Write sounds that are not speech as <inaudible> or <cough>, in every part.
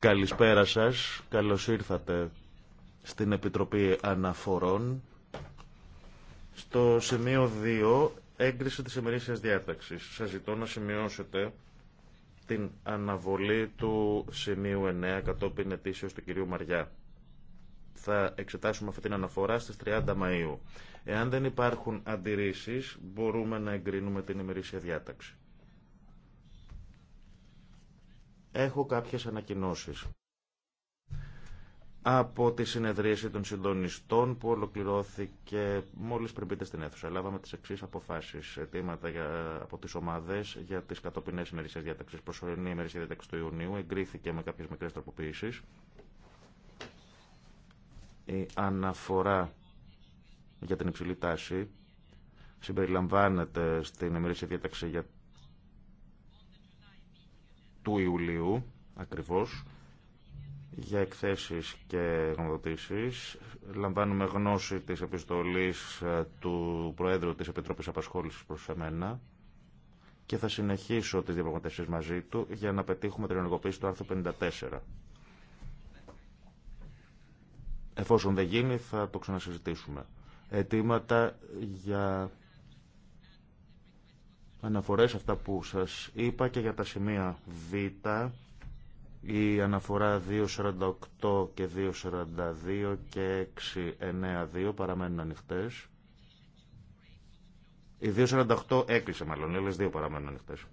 Καλησπέρα σας. Καλώς ήρθατε στην Επιτροπή Αναφορών. Στο σημείο 2, έγκριση της ημερήσιας διάταξης. Σας ζητώ να σημειώσετε την αναβολή του σημείου 9 κατόπιν ετήσεως του κυρίου Μαριά θα εξετάσουμε αυτή την αναφορά στις 30 Μαΐου. Εάν δεν υπάρχουν αντιρρήσεις, μπορούμε να εγκρίνουμε την ημερήσια διάταξη. Έχω κάποιες ανακοινώσεις. Από τη συνεδρίαση των συντονιστών που ολοκληρώθηκε μόλις πριν πείτε στην αίθουσα, λάβαμε τις εξής αποφάσεις, αιτήματα για, από τις ομάδες για τις κατοπινές ημερήσιες διάταξης. Προσωρινή ημερήσια διάταξη του Ιουνίου εγκρίθηκε με κάποιες μικρές τροποποιήσεις η αναφορά για την υψηλή τάση συμπεριλαμβάνεται στην ημερήσια διάταξη για... του Ιουλίου ακριβώς για εκθέσεις και γνωδοτήσεις. Λαμβάνουμε γνώση της επιστολής ε, του Προέδρου της Επιτροπής Απασχόλησης προς εμένα και θα συνεχίσω τις διαπραγματεύσεις μαζί του για να πετύχουμε την ενεργοποίηση του άρθρου 54. Εφόσον δεν γίνει θα το ξανασυζητήσουμε. Αιτήματα για αναφορές αυτά που σας είπα και για τα σημεία Β, η αναφορά 248 και 242 και 692 παραμένουν ανοιχτές. Η 248 έκλεισε μάλλον, οι άλλες δύο παραμένουν ανοιχτές.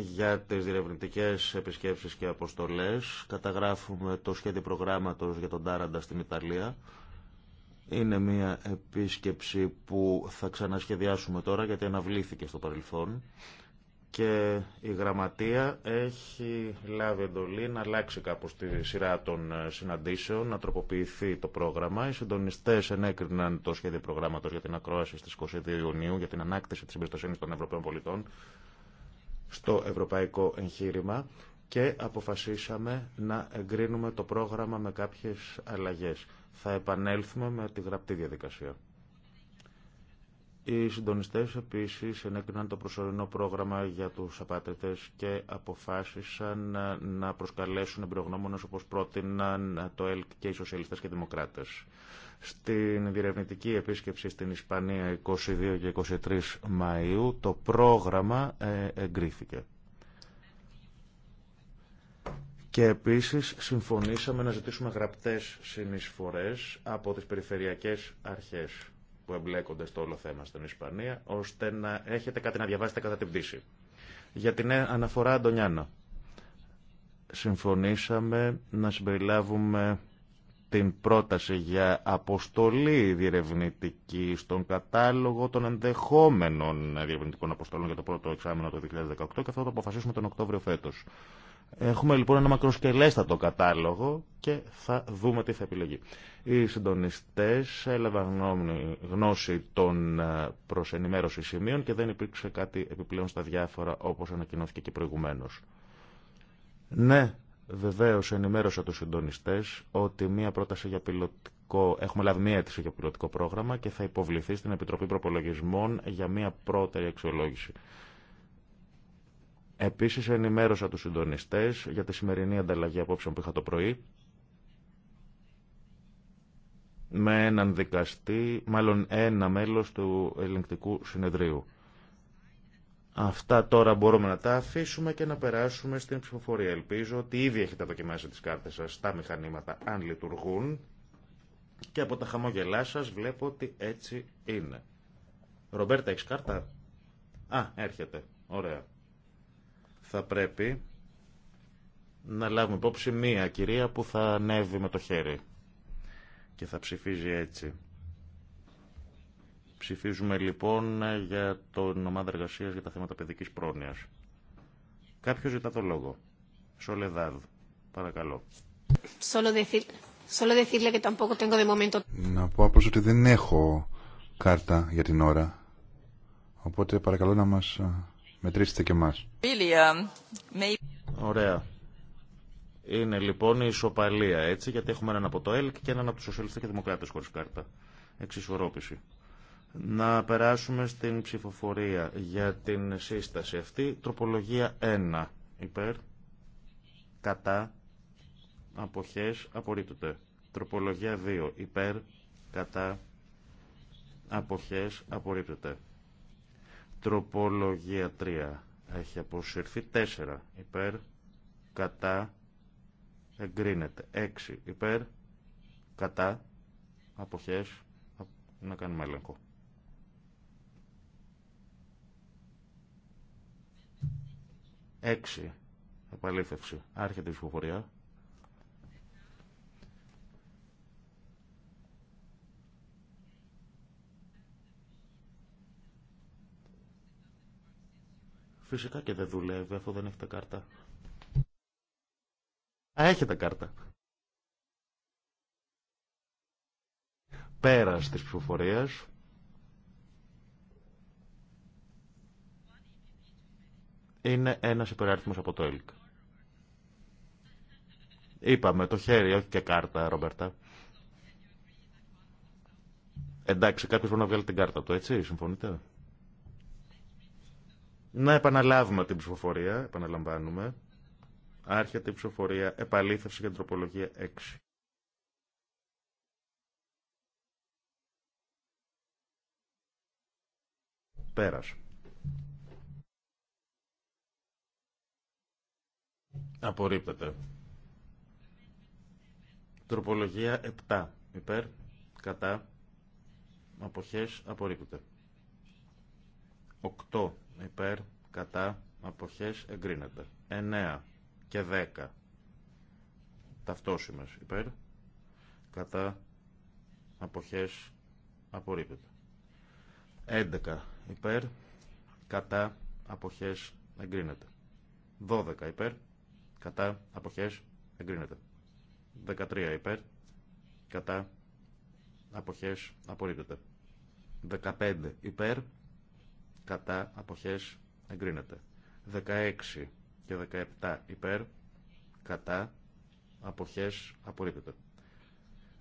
για τις διερευνητικές επισκέψεις και αποστολές. Καταγράφουμε το σχέδιο προγράμματος για τον Τάραντα στην Ιταλία. Είναι μια επίσκεψη που θα ξανασχεδιάσουμε τώρα γιατί αναβλήθηκε στο παρελθόν και η γραμματεία έχει λάβει εντολή να αλλάξει κάπως τη σειρά των ε, συναντήσεων, να τροποποιηθεί το πρόγραμμα. Οι συντονιστές ενέκριναν το σχέδιο προγράμματος για την ακρόαση στις 22 Ιουνίου για την ανάκτηση της εμπιστοσύνη των Ευρωπαίων πολιτών στο ευρωπαϊκό εγχείρημα και αποφασίσαμε να εγκρίνουμε το πρόγραμμα με κάποιες αλλαγές. Θα επανέλθουμε με τη γραπτή διαδικασία. Οι συντονιστές επίσης ενέκριναν το προσωρινό πρόγραμμα για τους απάτριτες και αποφάσισαν να προσκαλέσουν εμπειρογνώμονες όπως πρότειναν το ΕΛΚ και οι Σοσιαλιστές και Δημοκράτες. Στην διερευνητική επίσκεψη στην Ισπανία 22 και 23 Μαΐου το πρόγραμμα ε, εγκρίθηκε. Και επίσης συμφωνήσαμε να ζητήσουμε γραπτές συνεισφορές από τις περιφερειακές αρχές που εμπλέκονται στο όλο θέμα στην Ισπανία, ώστε να έχετε κάτι να διαβάσετε κατά την πτήση. Για την αναφορά Αντωνιάννα, Συμφωνήσαμε να συμπεριλάβουμε την πρόταση για αποστολή διερευνητική στον κατάλογο των ενδεχόμενων διερευνητικών αποστολών για το πρώτο εξάμεινο το 2018 και αυτό το αποφασίσουμε τον Οκτώβριο φέτος. Έχουμε λοιπόν ένα μακροσκελέστατο κατάλογο και θα δούμε τι θα επιλεγεί. Οι συντονιστές έλαβαν γνώση των ε, προ σημείων και δεν υπήρξε κάτι επιπλέον στα διάφορα όπως ανακοινώθηκε και προηγουμένω. Ναι, Βεβαίω ενημέρωσα του συντονιστέ ότι μία πρόταση για πιλωτικό, έχουμε λάβει μία αίτηση για πιλωτικό πρόγραμμα και θα υποβληθεί στην Επιτροπή Προπολογισμών για μία πρώτερη αξιολόγηση. Επίση ενημέρωσα του συντονιστέ για τη σημερινή ανταλλαγή απόψεων που είχα το πρωί με έναν δικαστή, μάλλον ένα μέλος του ελεγκτικού συνεδρίου. Αυτά τώρα μπορούμε να τα αφήσουμε και να περάσουμε στην ψηφοφορία. Ελπίζω ότι ήδη έχετε δοκιμάσει τις κάρτες σας, τα μηχανήματα, αν λειτουργούν. Και από τα χαμόγελά σας βλέπω ότι έτσι είναι. Ρομπέρτα, έχεις κάρτα? Α, έρχεται. Ωραία. Θα πρέπει να λάβουμε υπόψη μία κυρία που θα ανέβει με το χέρι και θα ψηφίζει έτσι. Ψηφίζουμε λοιπόν για το ομάδα εργασία για τα θέματα παιδική πρόνοιας. Κάποιο ζητά το λόγο. Σολεδάδ, παρακαλώ. Να πω απλώς ότι δεν έχω κάρτα για την ώρα. Οπότε παρακαλώ να μα μετρήσετε και εμά. Ωραία. Είναι λοιπόν η ισοπαλία έτσι, γιατί έχουμε έναν από το ΕΛΚ και έναν από του Σοσιαλιστέ και δημοκράτε χωρί κάρτα. Εξισορρόπηση να περάσουμε στην ψηφοφορία για την σύσταση αυτή. Τροπολογία 1. Υπέρ. Κατά. Αποχές. Απορρίπτεται. Τροπολογία 2. Υπέρ. Κατά. Αποχές. Απορρίπτεται. Τροπολογία 3. Έχει αποσυρθεί 4. Υπέρ. Κατά. Εγκρίνεται. 6. Υπέρ. Κατά. Αποχές. Να κάνουμε έλεγχο. Έξι, Επαλήθευση. Άρχεται η ψηφοφορία. Φυσικά και δεν δουλεύει αφού δεν έχετε κάρτα. Α, έχετε κάρτα. Πέρας της ψηφοφορίας. είναι ένας υπεράριθμος από το ΕΛΚ. Είπαμε το χέρι, όχι και κάρτα, Ρόμπερτα. Εντάξει, κάποιο μπορεί να βγάλει την κάρτα του, έτσι, συμφωνείτε. Να επαναλάβουμε την ψηφοφορία, επαναλαμβάνουμε. Άρχεται η ψηφοφορία, επαλήθευση για την τροπολογία 6. Πέρασε. Απορρίπτεται. Τροπολογία 7. Υπέρ, κατά, αποχές, απορρίπτεται. 8. Υπέρ, κατά, αποχές, εγκρίνεται. 9 και 10. Ταυτόσιμες. Υπέρ, κατά, αποχές, απορρίπτεται. 11. Υπέρ, κατά, αποχές, εγκρίνεται. 12. Υπέρ, Κατά. Αποχές. Εγκρίνεται. 13 υπέρ. Κατά. Αποχές. Απορρίπτεται. 15 υπέρ. Κατά. Αποχές. Εγκρίνεται. 16 και 17 υπέρ. Κατά. Αποχές. Απορρίπτεται.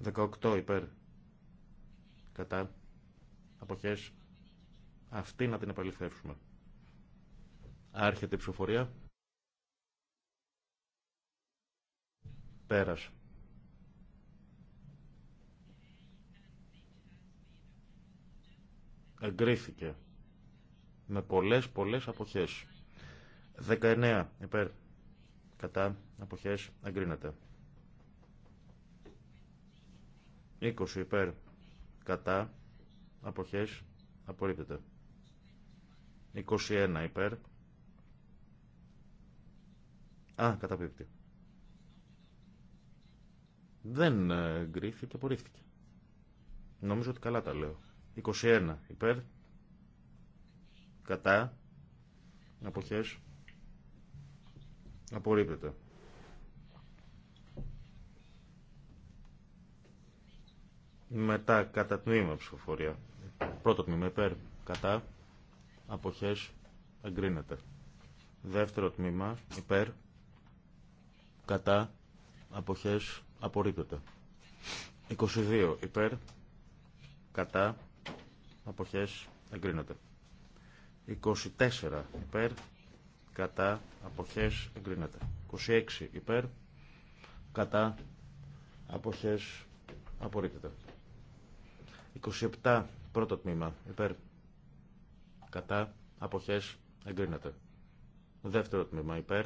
18 υπέρ. Κατά. Αποχές. Αυτή να την επαληθεύσουμε. Άρχεται η ψηφοφορία. Πέρας. Εγκρίθηκε. Με πολλές, πολλές αποχές. 19 υπέρ. Κατά αποχές εγκρίνεται. 20 υπέρ. Κατά αποχές απορρίπτεται. 21 υπέρ. Α, καταπίπτει δεν εγκρίθηκε, απορρίφθηκε. Νομίζω ότι καλά τα λέω. 21 υπέρ, κατά, αποχές, απορρίπτεται. Μετά κατά τμήμα ψηφοφορία. Πρώτο τμήμα υπέρ, κατά, αποχές, εγκρίνεται. Δεύτερο τμήμα υπέρ, κατά, αποχές, Απορρίπτεται. 22 υπέρ. Κατά. Αποχές. Εγκρίνεται. 24 υπέρ. Κατά. Αποχές. Εγκρίνεται. 26 υπέρ. Κατά. Αποχές. Απορρίπτεται. 27 πρώτο τμήμα υπέρ. Κατά. Αποχές. Εγκρίνεται. Δεύτερο τμήμα υπέρ.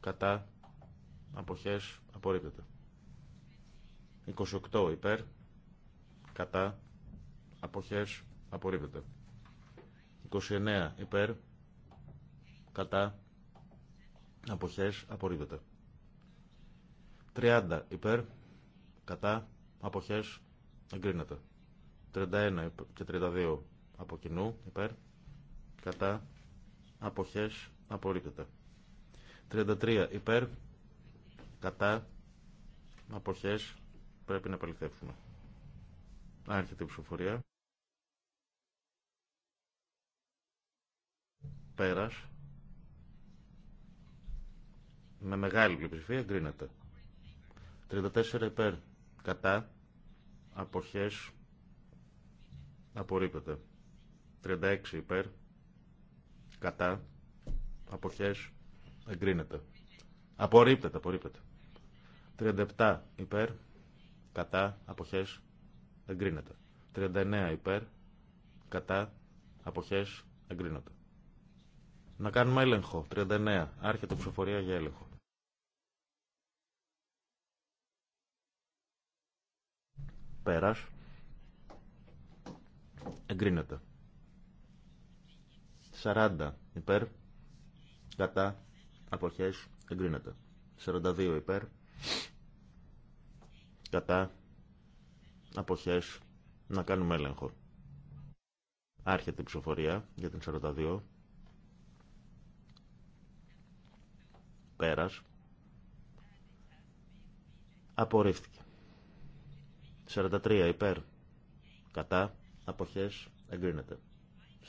Κατά αποχές απορρίπτεται. 28 υπέρ, κατά, αποχές απορρίπτεται. 29 υπέρ, κατά, αποχές απορρίπτεται. 30 υπέρ, κατά, αποχές εγκρίνεται. 31 και 32 από κοινού υπέρ, κατά, αποχές απορρίπτεται. 33 υπέρ, κατά αποχές πρέπει να επαληθεύσουμε. Άρχεται η ψηφοφορία. Πέρας. Με μεγάλη πλειοψηφία εγκρίνεται. 34 υπέρ κατά αποχές απορρίπτεται. 36 υπέρ κατά αποχές εγκρίνεται. Απορρίπτεται, απορρίπτεται. 37 υπέρ, κατά, αποχές, εγκρίνεται. 39 υπέρ, κατά, αποχές, εγκρίνεται. Να κάνουμε έλεγχο. 39. Άρχεται ψηφοφορία για έλεγχο. Πέρας. Εγκρίνεται. 40 υπέρ, κατά, αποχές, εγκρίνεται. 42 υπέρ, Κατά. Αποχές. Να κάνουμε έλεγχο. Άρχεται η ψηφοφορία για την 42. Πέρας. Απορρίφθηκε. 43 υπέρ. Κατά. Αποχές. Εγκρίνεται.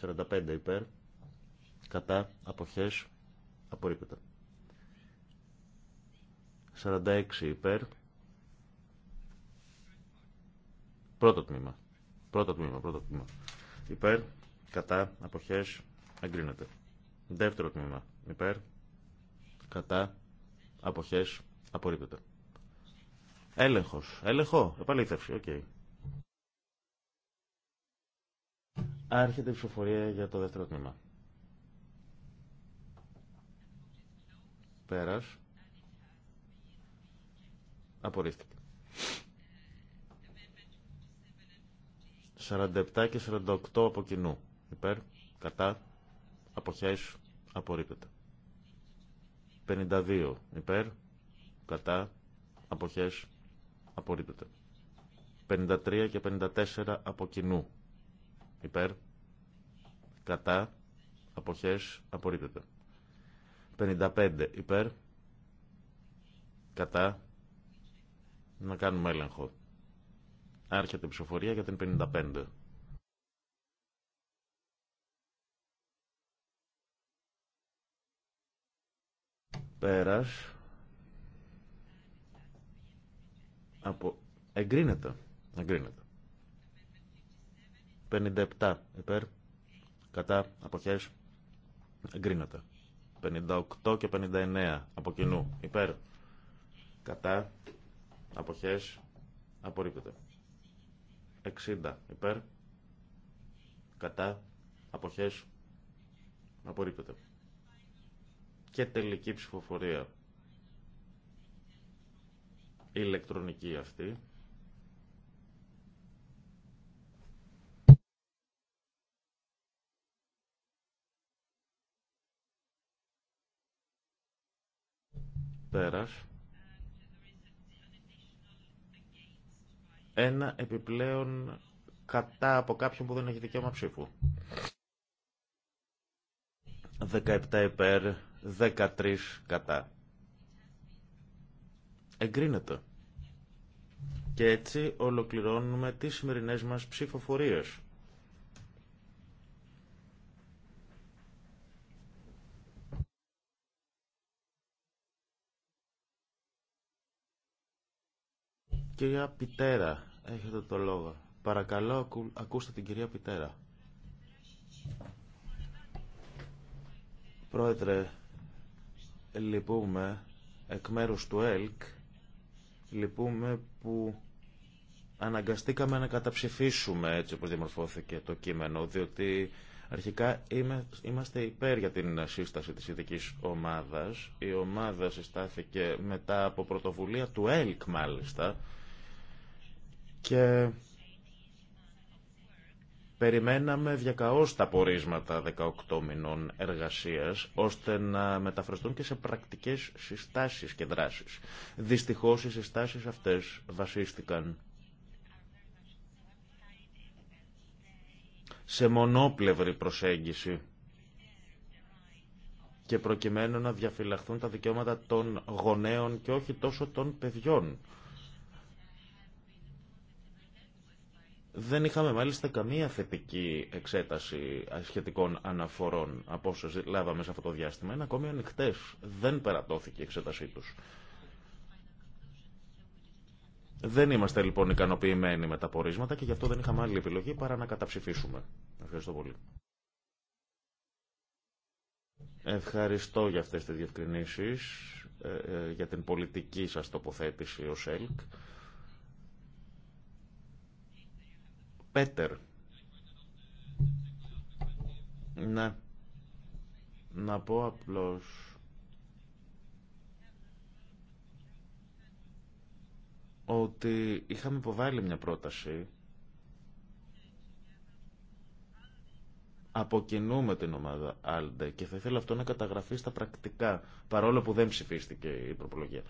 45 υπέρ. Κατά. Αποχές. Απορρίπτεται. 46 υπέρ. Πρώτο τμήμα. Πρώτο τμήμα, πρώτο τμήμα. Υπέρ, κατά, αποχές, αγκρίνεται Δεύτερο τμήμα. Υπέρ, κατά, αποχές, απορρίπτεται. Έλεγχος. Έλεγχο. Επαλήθευση. Οκ. Okay. Άρχεται η ψηφοφορία για το δεύτερο τμήμα. Πέρας. Απορρίφθηκε. 47 και 48 από κοινού. Υπέρ, κατά, αποχές, απορρίπτεται. 52 υπέρ, κατά, αποχές, απορρίπτεται. 53 και 54 από κοινού. Υπέρ, κατά, αποχές, απορρίπτεται. 55 υπέρ, κατά, να κάνουμε έλεγχο. Άρχεται η ψηφοφορία για την 55. Πέρας. Από... Εγκρίνεται. Εγκρίνεται. 57 υπέρ. Κατά. Αποχές. Εγκρίνεται. 58 και 59 από κοινού. Υπέρ. Κατά. Αποχές. Απορρίπτεται. 60 υπέρ. Κατά. Αποχές. Απορρίπτεται. Και τελική ψηφοφορία. ηλεκτρονική αυτή. Πέρας. ένα επιπλέον κατά από κάποιον που δεν έχει δικαίωμα ψήφου. 17 υπέρ, 13 κατά. Εγκρίνεται. Και έτσι ολοκληρώνουμε τις σημερινές μας ψηφοφορίες. Κυρία Πιτέρα, έχετε το λόγο. Παρακαλώ, ακούστε την κυρία Πιτέρα. Πρόεδρε, λυπούμε εκ μέρους του ΕΛΚ, λυπούμε που αναγκαστήκαμε να καταψηφίσουμε έτσι όπως διαμορφώθηκε το κείμενο, διότι αρχικά είμαστε υπέρ για την σύσταση της ειδική ομάδας. Η ομάδα συστάθηκε μετά από πρωτοβουλία του ΕΛΚ μάλιστα, και περιμέναμε διακαώς τα πορίσματα 18 μηνών εργασίας, ώστε να μεταφραστούν και σε πρακτικές συστάσεις και δράσεις. Δυστυχώς οι συστάσεις αυτές βασίστηκαν σε μονόπλευρη προσέγγιση και προκειμένου να διαφυλαχθούν τα δικαιώματα των γονέων και όχι τόσο των παιδιών Δεν είχαμε μάλιστα καμία θετική εξέταση σχετικών αναφορών από όσε λάβαμε σε αυτό το διάστημα. Είναι ακόμη ανοιχτέ. Δεν περατώθηκε η εξέτασή του. Δεν είμαστε λοιπόν ικανοποιημένοι με τα πορίσματα και γι' αυτό δεν είχαμε άλλη επιλογή παρά να καταψηφίσουμε. Ευχαριστώ πολύ. Ευχαριστώ για αυτές τις διευκρινήσεις, ε, ε, για την πολιτική σας τοποθέτηση ως ΕΛΚ. Πέτερ. Ναι. Να πω απλώς ότι είχαμε υποβάλει μια πρόταση αποκινούμε την ομάδα Άλντε και θα ήθελα αυτό να καταγραφεί στα πρακτικά παρόλο που δεν ψηφίστηκε η προπολογία.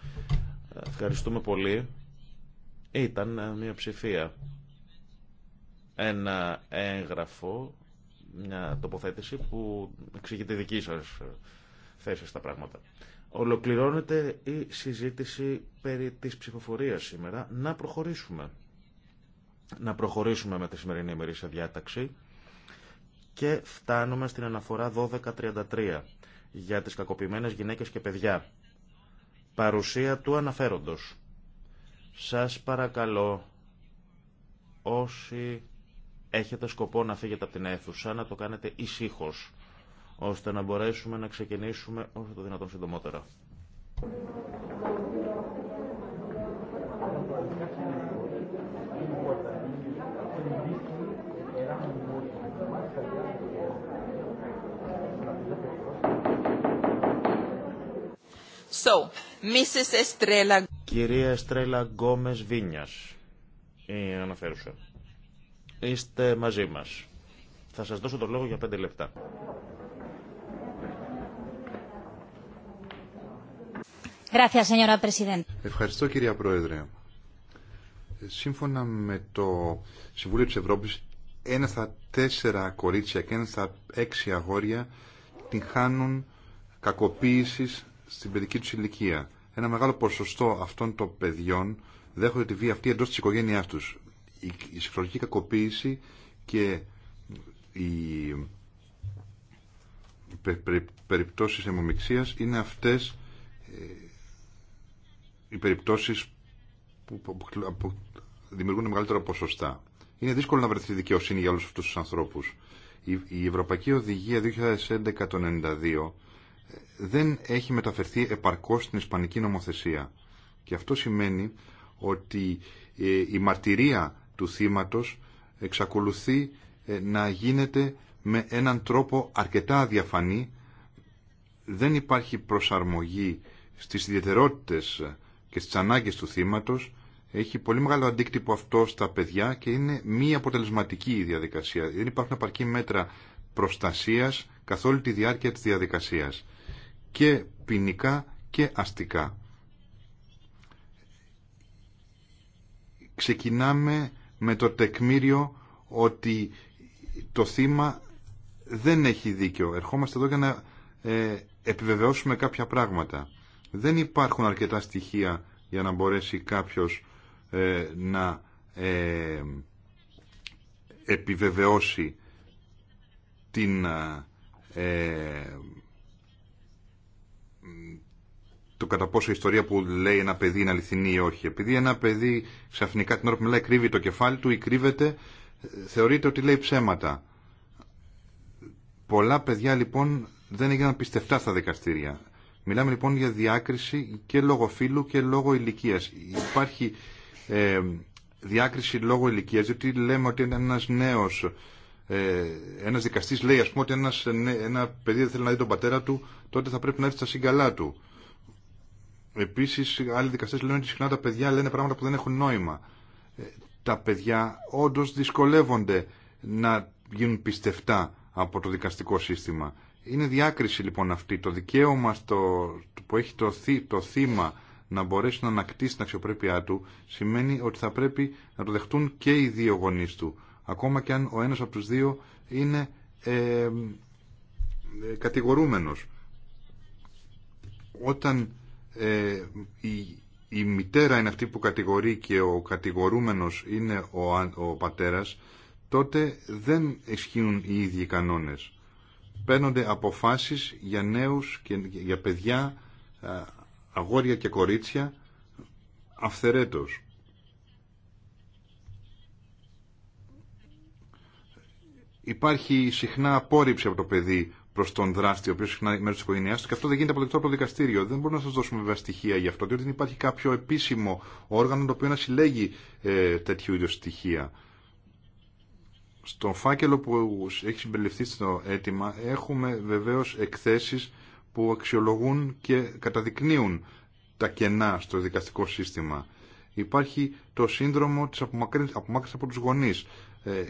Ευχαριστούμε πολύ. Ήταν μια ψηφία ένα έγγραφο, μια τοποθέτηση που εξηγεί τη δική σας θέση στα πράγματα. Ολοκληρώνεται η συζήτηση περί της ψηφοφορίας σήμερα. Να προχωρήσουμε. Να προχωρήσουμε με τη σημερινή ημερήσια διάταξη και φτάνουμε στην αναφορά 1233 για τις κακοποιημένες γυναίκες και παιδιά. Παρουσία του αναφέροντος. Σας παρακαλώ όσοι έχετε σκοπό να φύγετε από την αίθουσα, να το κάνετε ησύχω, ώστε να μπορέσουμε να ξεκινήσουμε όσο το δυνατόν συντομότερα. So, Mrs. Estrella... Κυρία Εστρέλα Γκόμες Βίνιας, η αναφέρουσα είστε μαζί μας. Θα σας δώσω το λόγο για πέντε λεπτά. Ευχαριστώ κυρία Πρόεδρε. Σύμφωνα με το Συμβούλιο της Ευρώπης, ένα στα τέσσερα κορίτσια και ένα στα έξι αγόρια την χάνουν κακοποίηση στην παιδική του ηλικία. Ένα μεγάλο ποσοστό αυτών των παιδιών δέχονται τη βία αυτή εντό τη οικογένειά του η συγχρονική κακοποίηση και οι περιπτώσεις αιμομιξίας είναι αυτές ε, οι περιπτώσεις που δημιουργούν μεγαλύτερα ποσοστά. Είναι δύσκολο να βρεθεί δικαιοσύνη για όλους αυτούς τους ανθρώπους. Η Ευρωπαϊκή Οδηγία 2011-92 ε, δεν έχει μεταφερθεί επαρκώς στην Ισπανική νομοθεσία. Και αυτό σημαίνει ότι ε, η μαρτυρία του θύματος εξακολουθεί ε, να γίνεται με έναν τρόπο αρκετά αδιαφανή. Δεν υπάρχει προσαρμογή στις ιδιαιτερότητες και στις ανάγκες του θύματος. Έχει πολύ μεγάλο αντίκτυπο αυτό στα παιδιά και είναι μη αποτελεσματική η διαδικασία. Δεν υπάρχουν απαρκή μέτρα προστασίας καθ' όλη τη διάρκεια της διαδικασίας. Και ποινικά και αστικά. Ξεκινάμε με το τεκμήριο ότι το θύμα δεν έχει δίκιο. Ερχόμαστε εδώ για να ε, επιβεβαιώσουμε κάποια πράγματα. Δεν υπάρχουν αρκετά στοιχεία για να μπορέσει κάποιος ε, να ε, επιβεβαιώσει την, ε, το κατά πόσο η ιστορία που λέει ένα παιδί είναι αληθινή ή όχι. Επειδή ένα παιδί ξαφνικά την ώρα που μιλάει κρύβει το κεφάλι του ή κρύβεται, θεωρείται ότι λέει ψέματα. Πολλά παιδιά λοιπόν δεν έγιναν πιστευτά στα δικαστήρια. Μιλάμε λοιπόν για διάκριση και λόγω φύλου και λόγω ηλικία. Υπάρχει ε, διάκριση λόγω ηλικία, διότι λέμε ότι ένα νέο, ε, ένα δικαστή λέει α πούμε ότι ένας, ένα παιδί δεν θέλει να δει τον πατέρα του, τότε θα πρέπει να έρθει στα συγκαλά του. Επίσης, άλλοι δικαστές λένε ότι συχνά τα παιδιά λένε πράγματα που δεν έχουν νόημα. Ε, τα παιδιά όντω δυσκολεύονται να γίνουν πιστευτά από το δικαστικό σύστημα. Είναι διάκριση λοιπόν αυτή. Το δικαίωμα στο, που έχει το, το θύμα να μπορέσει να ανακτήσει την αξιοπρέπειά του σημαίνει ότι θα πρέπει να το δεχτούν και οι δύο γονεί του. Ακόμα και αν ο ένα από του δύο είναι ε, ε, κατηγορούμενος. Όταν ε, η, μητέρα είναι αυτή που κατηγορεί και ο κατηγορούμενος είναι ο, ο πατέρας, τότε δεν ισχύουν οι ίδιοι κανόνες. Παίρνονται αποφάσεις για νέους και για παιδιά, αγόρια και κορίτσια, αυθερέτως. Υπάρχει συχνά απόρριψη από το παιδί προ τον δράστη, ο οποίο συχνά είναι μέρο τη οικογένειά του, και αυτό δεν γίνεται αποδεκτό από το δικαστήριο. Δεν μπορούμε να σα δώσουμε βέβαια στοιχεία γι' αυτό, διότι δεν υπάρχει κάποιο επίσημο όργανο το οποίο να συλλέγει ε, τέτοιου είδου στοιχεία. Στον φάκελο που έχει συμπεριληφθεί στο αίτημα έχουμε βεβαίω εκθέσει που αξιολογούν και καταδεικνύουν τα κενά στο δικαστικό σύστημα. Υπάρχει το σύνδρομο τη απομάκρυνσης από του γονεί. Ε,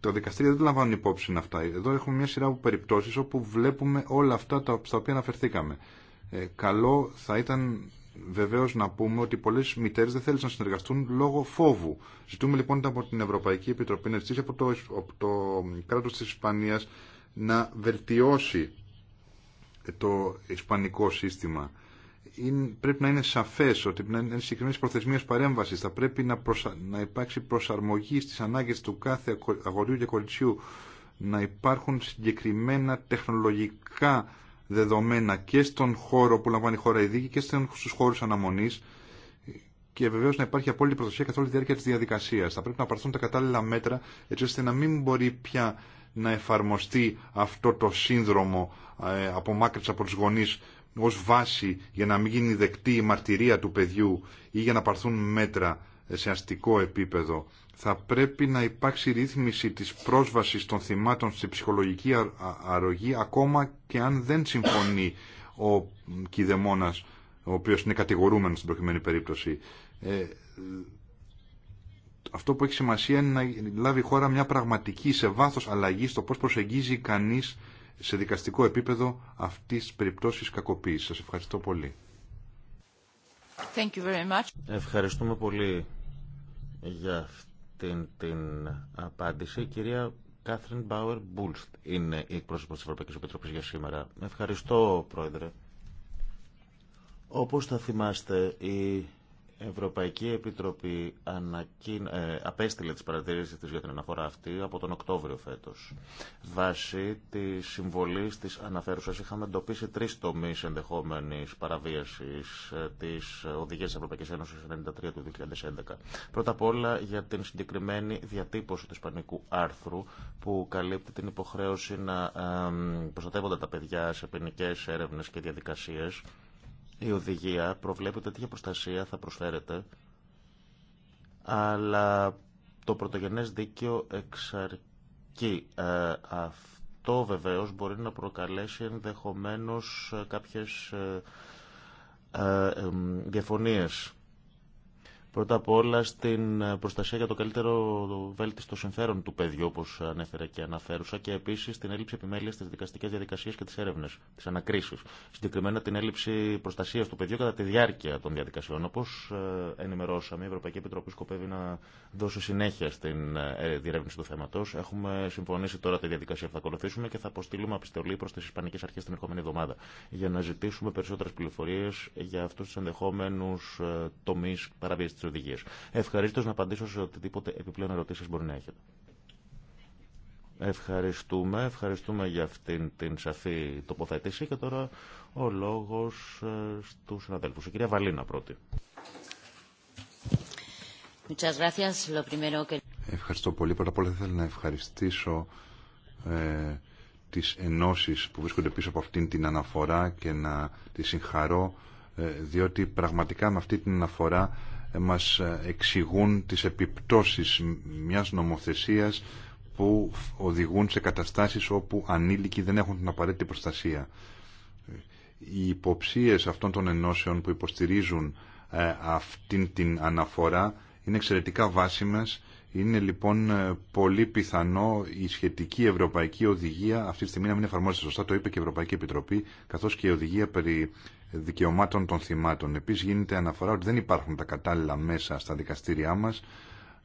τα δικαστήρια δεν λαμβάνουν υπόψη αυτά. Εδώ έχουμε μια σειρά από περιπτώσεις όπου βλέπουμε όλα αυτά τα, στα οποία αναφερθήκαμε. Ε, καλό θα ήταν βεβαίω να πούμε ότι πολλέ μητέρε δεν θέλουν να συνεργαστούν λόγω φόβου. Ζητούμε λοιπόν από την Ευρωπαϊκή Επιτροπή να ζητήσει από το, από το κράτο τη Ισπανία να βελτιώσει το ισπανικό σύστημα είναι, πρέπει να είναι σαφές ότι να είναι συγκεκριμένες προθεσμίες παρέμβασης. Θα πρέπει να, να υπάρξει προσαρμογή στις ανάγκες του κάθε αγοριού και κοριτσιού. Να υπάρχουν συγκεκριμένα τεχνολογικά δεδομένα και στον χώρο που λαμβάνει η χώρα η δίκη και στους χώρους αναμονής και βεβαίως να υπάρχει απόλυτη προστασία καθ' όλη τη διάρκεια της διαδικασίας. Θα πρέπει να πάρθουν τα κατάλληλα μέτρα έτσι ώστε να μην μπορεί πια να εφαρμοστεί αυτό το σύνδρομο ε, από του ως βάση για να μην γίνει δεκτή η μαρτυρία του παιδιού ή για να παρθούν μέτρα σε αστικό επίπεδο. Θα πρέπει να υπάρξει ρύθμιση της πρόσβασης των θυμάτων στη ψυχολογική αρρωγή ακόμα και αν δεν συμφωνεί ο κηδεμόνας, ο οποίος είναι κατηγορούμενος στην προκειμένη περίπτωση. Ε, αυτό που έχει σημασία είναι να λάβει η χώρα μια πραγματική σε βάθος αλλαγή στο πώς προσεγγίζει κανείς σε δικαστικό επίπεδο αυτής της περιπτώσης κακοποίηση. Σας ευχαριστώ πολύ. Thank you very much. Ευχαριστούμε πολύ για αυτήν την απάντηση. Κυρία Κάθριν Μπάουερ Μπούλστ είναι η εκπρόσωπος τη Ευρωπαϊκή Επιτροπή για σήμερα. Ευχαριστώ, Πρόεδρε. Όπως θα θυμάστε, η Ευρωπαϊκή Επιτροπή ε, απέστειλε τις παρατηρήσεις της για την αναφορά αυτή από τον Οκτώβριο φέτος. Βάσει τη συμβολής της αναφέρουσας είχαμε εντοπίσει τρεις τομείς ενδεχόμενης παραβίασης ε, της Οδηγίας της Ευρωπαϊκής Ένωσης 93 του 2011. Πρώτα απ' όλα για την συγκεκριμένη διατύπωση του ισπανικού άρθρου που καλύπτει την υποχρέωση να ε, προστατεύονται τα παιδιά σε ποινικέ έρευνες και διαδικασίες η οδηγία προβλέπει ότι τέτοια προστασία θα προσφέρεται, αλλά το πρωτογενές δίκαιο εξαρκεί. Ε, αυτό βεβαίως μπορεί να προκαλέσει ενδεχομένως κάποιες ε, ε, διαφωνίες Πρώτα απ' όλα στην προστασία για το καλύτερο βέλτιστο συμφέρον του παιδιού, όπω ανέφερα και αναφέρουσα, και επίση την έλλειψη επιμέλεια στι δικαστικέ διαδικασίε και τι έρευνε, τι ανακρίσει. Συγκεκριμένα την έλλειψη προστασία του παιδιού κατά τη διάρκεια των διαδικασιών. Όπω ε, ενημερώσαμε, η Ευρωπαϊκή Επιτροπή σκοπεύει να δώσει συνέχεια στην ε, διερεύνηση του θέματο. Έχουμε συμφωνήσει τώρα τη διαδικασία που θα ακολουθήσουμε και θα αποστείλουμε επιστολή προ τι Ισπανικέ Αρχέ την ερχόμενη εβδομάδα για να ζητήσουμε περισσότερε πληροφορίε για αυτού του ενδεχόμενου ε, τομεί παραβίαση τι οδηγίε. Ευχαρίστω να απαντήσω σε οτιδήποτε επιπλέον ερωτήσει μπορεί να έχετε. Ευχαριστούμε, ευχαριστούμε για αυτήν την σαφή τοποθέτηση και τώρα ο λόγος ε, στους συναδέλφους. Η κυρία Βαλίνα πρώτη. Ευχαριστώ πολύ. Πρώτα απ' όλα θέλω να ευχαριστήσω ε, τις ενώσεις που βρίσκονται πίσω από αυτήν την αναφορά και να τη συγχαρώ ε, διότι πραγματικά με αυτή την αναφορά μας εξηγούν τις επιπτώσεις μιας νομοθεσίας που οδηγούν σε καταστάσεις όπου ανήλικοι δεν έχουν την απαραίτητη προστασία. Οι υποψίες αυτών των ενώσεων που υποστηρίζουν ε, αυτήν την αναφορά είναι εξαιρετικά βάσιμες είναι λοιπόν ε, πολύ πιθανό η σχετική ευρωπαϊκή οδηγία αυτή τη στιγμή να μην εφαρμόζεται σωστά, το είπε και η Ευρωπαϊκή Επιτροπή, καθώ και η οδηγία περί δικαιωμάτων των θυμάτων. Επίση γίνεται αναφορά ότι δεν υπάρχουν τα κατάλληλα μέσα στα δικαστήριά μα,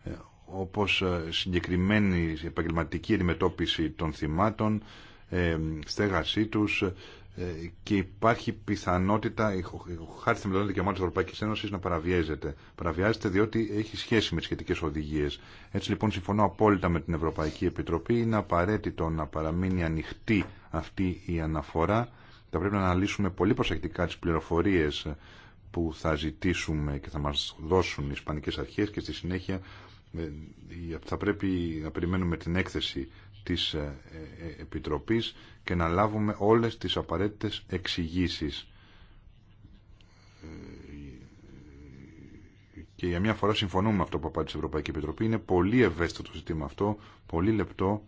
ε, όπω ε, συγκεκριμένη επαγγελματική αντιμετώπιση των θυμάτων, στέγασή του. Ε, και υπάρχει πιθανότητα η χάρτη θεμελιών δικαιωμάτων τη Ευρωπαϊκή Ένωσης να παραβιάζεται. Παραβιάζεται διότι έχει σχέση με τι σχετικέ οδηγίε. Έτσι λοιπόν συμφωνώ απόλυτα με την Ευρωπαϊκή Επιτροπή. Είναι απαραίτητο να παραμείνει ανοιχτή αυτή η αναφορά. Θα πρέπει να αναλύσουμε πολύ προσεκτικά τις πληροφορίες που θα ζητήσουμε και θα μας δώσουν οι Ισπανικές Αρχές και στη συνέχεια ε, θα πρέπει να περιμένουμε την έκθεση της ε, Επιτροπής και να λάβουμε όλες τις απαραίτητες εξηγήσει. Και για μια φορά συμφωνούμε με αυτό που απάντησε η Ευρωπαϊκή Επιτροπή. Είναι πολύ ευαίσθητο το ζήτημα αυτό, πολύ λεπτό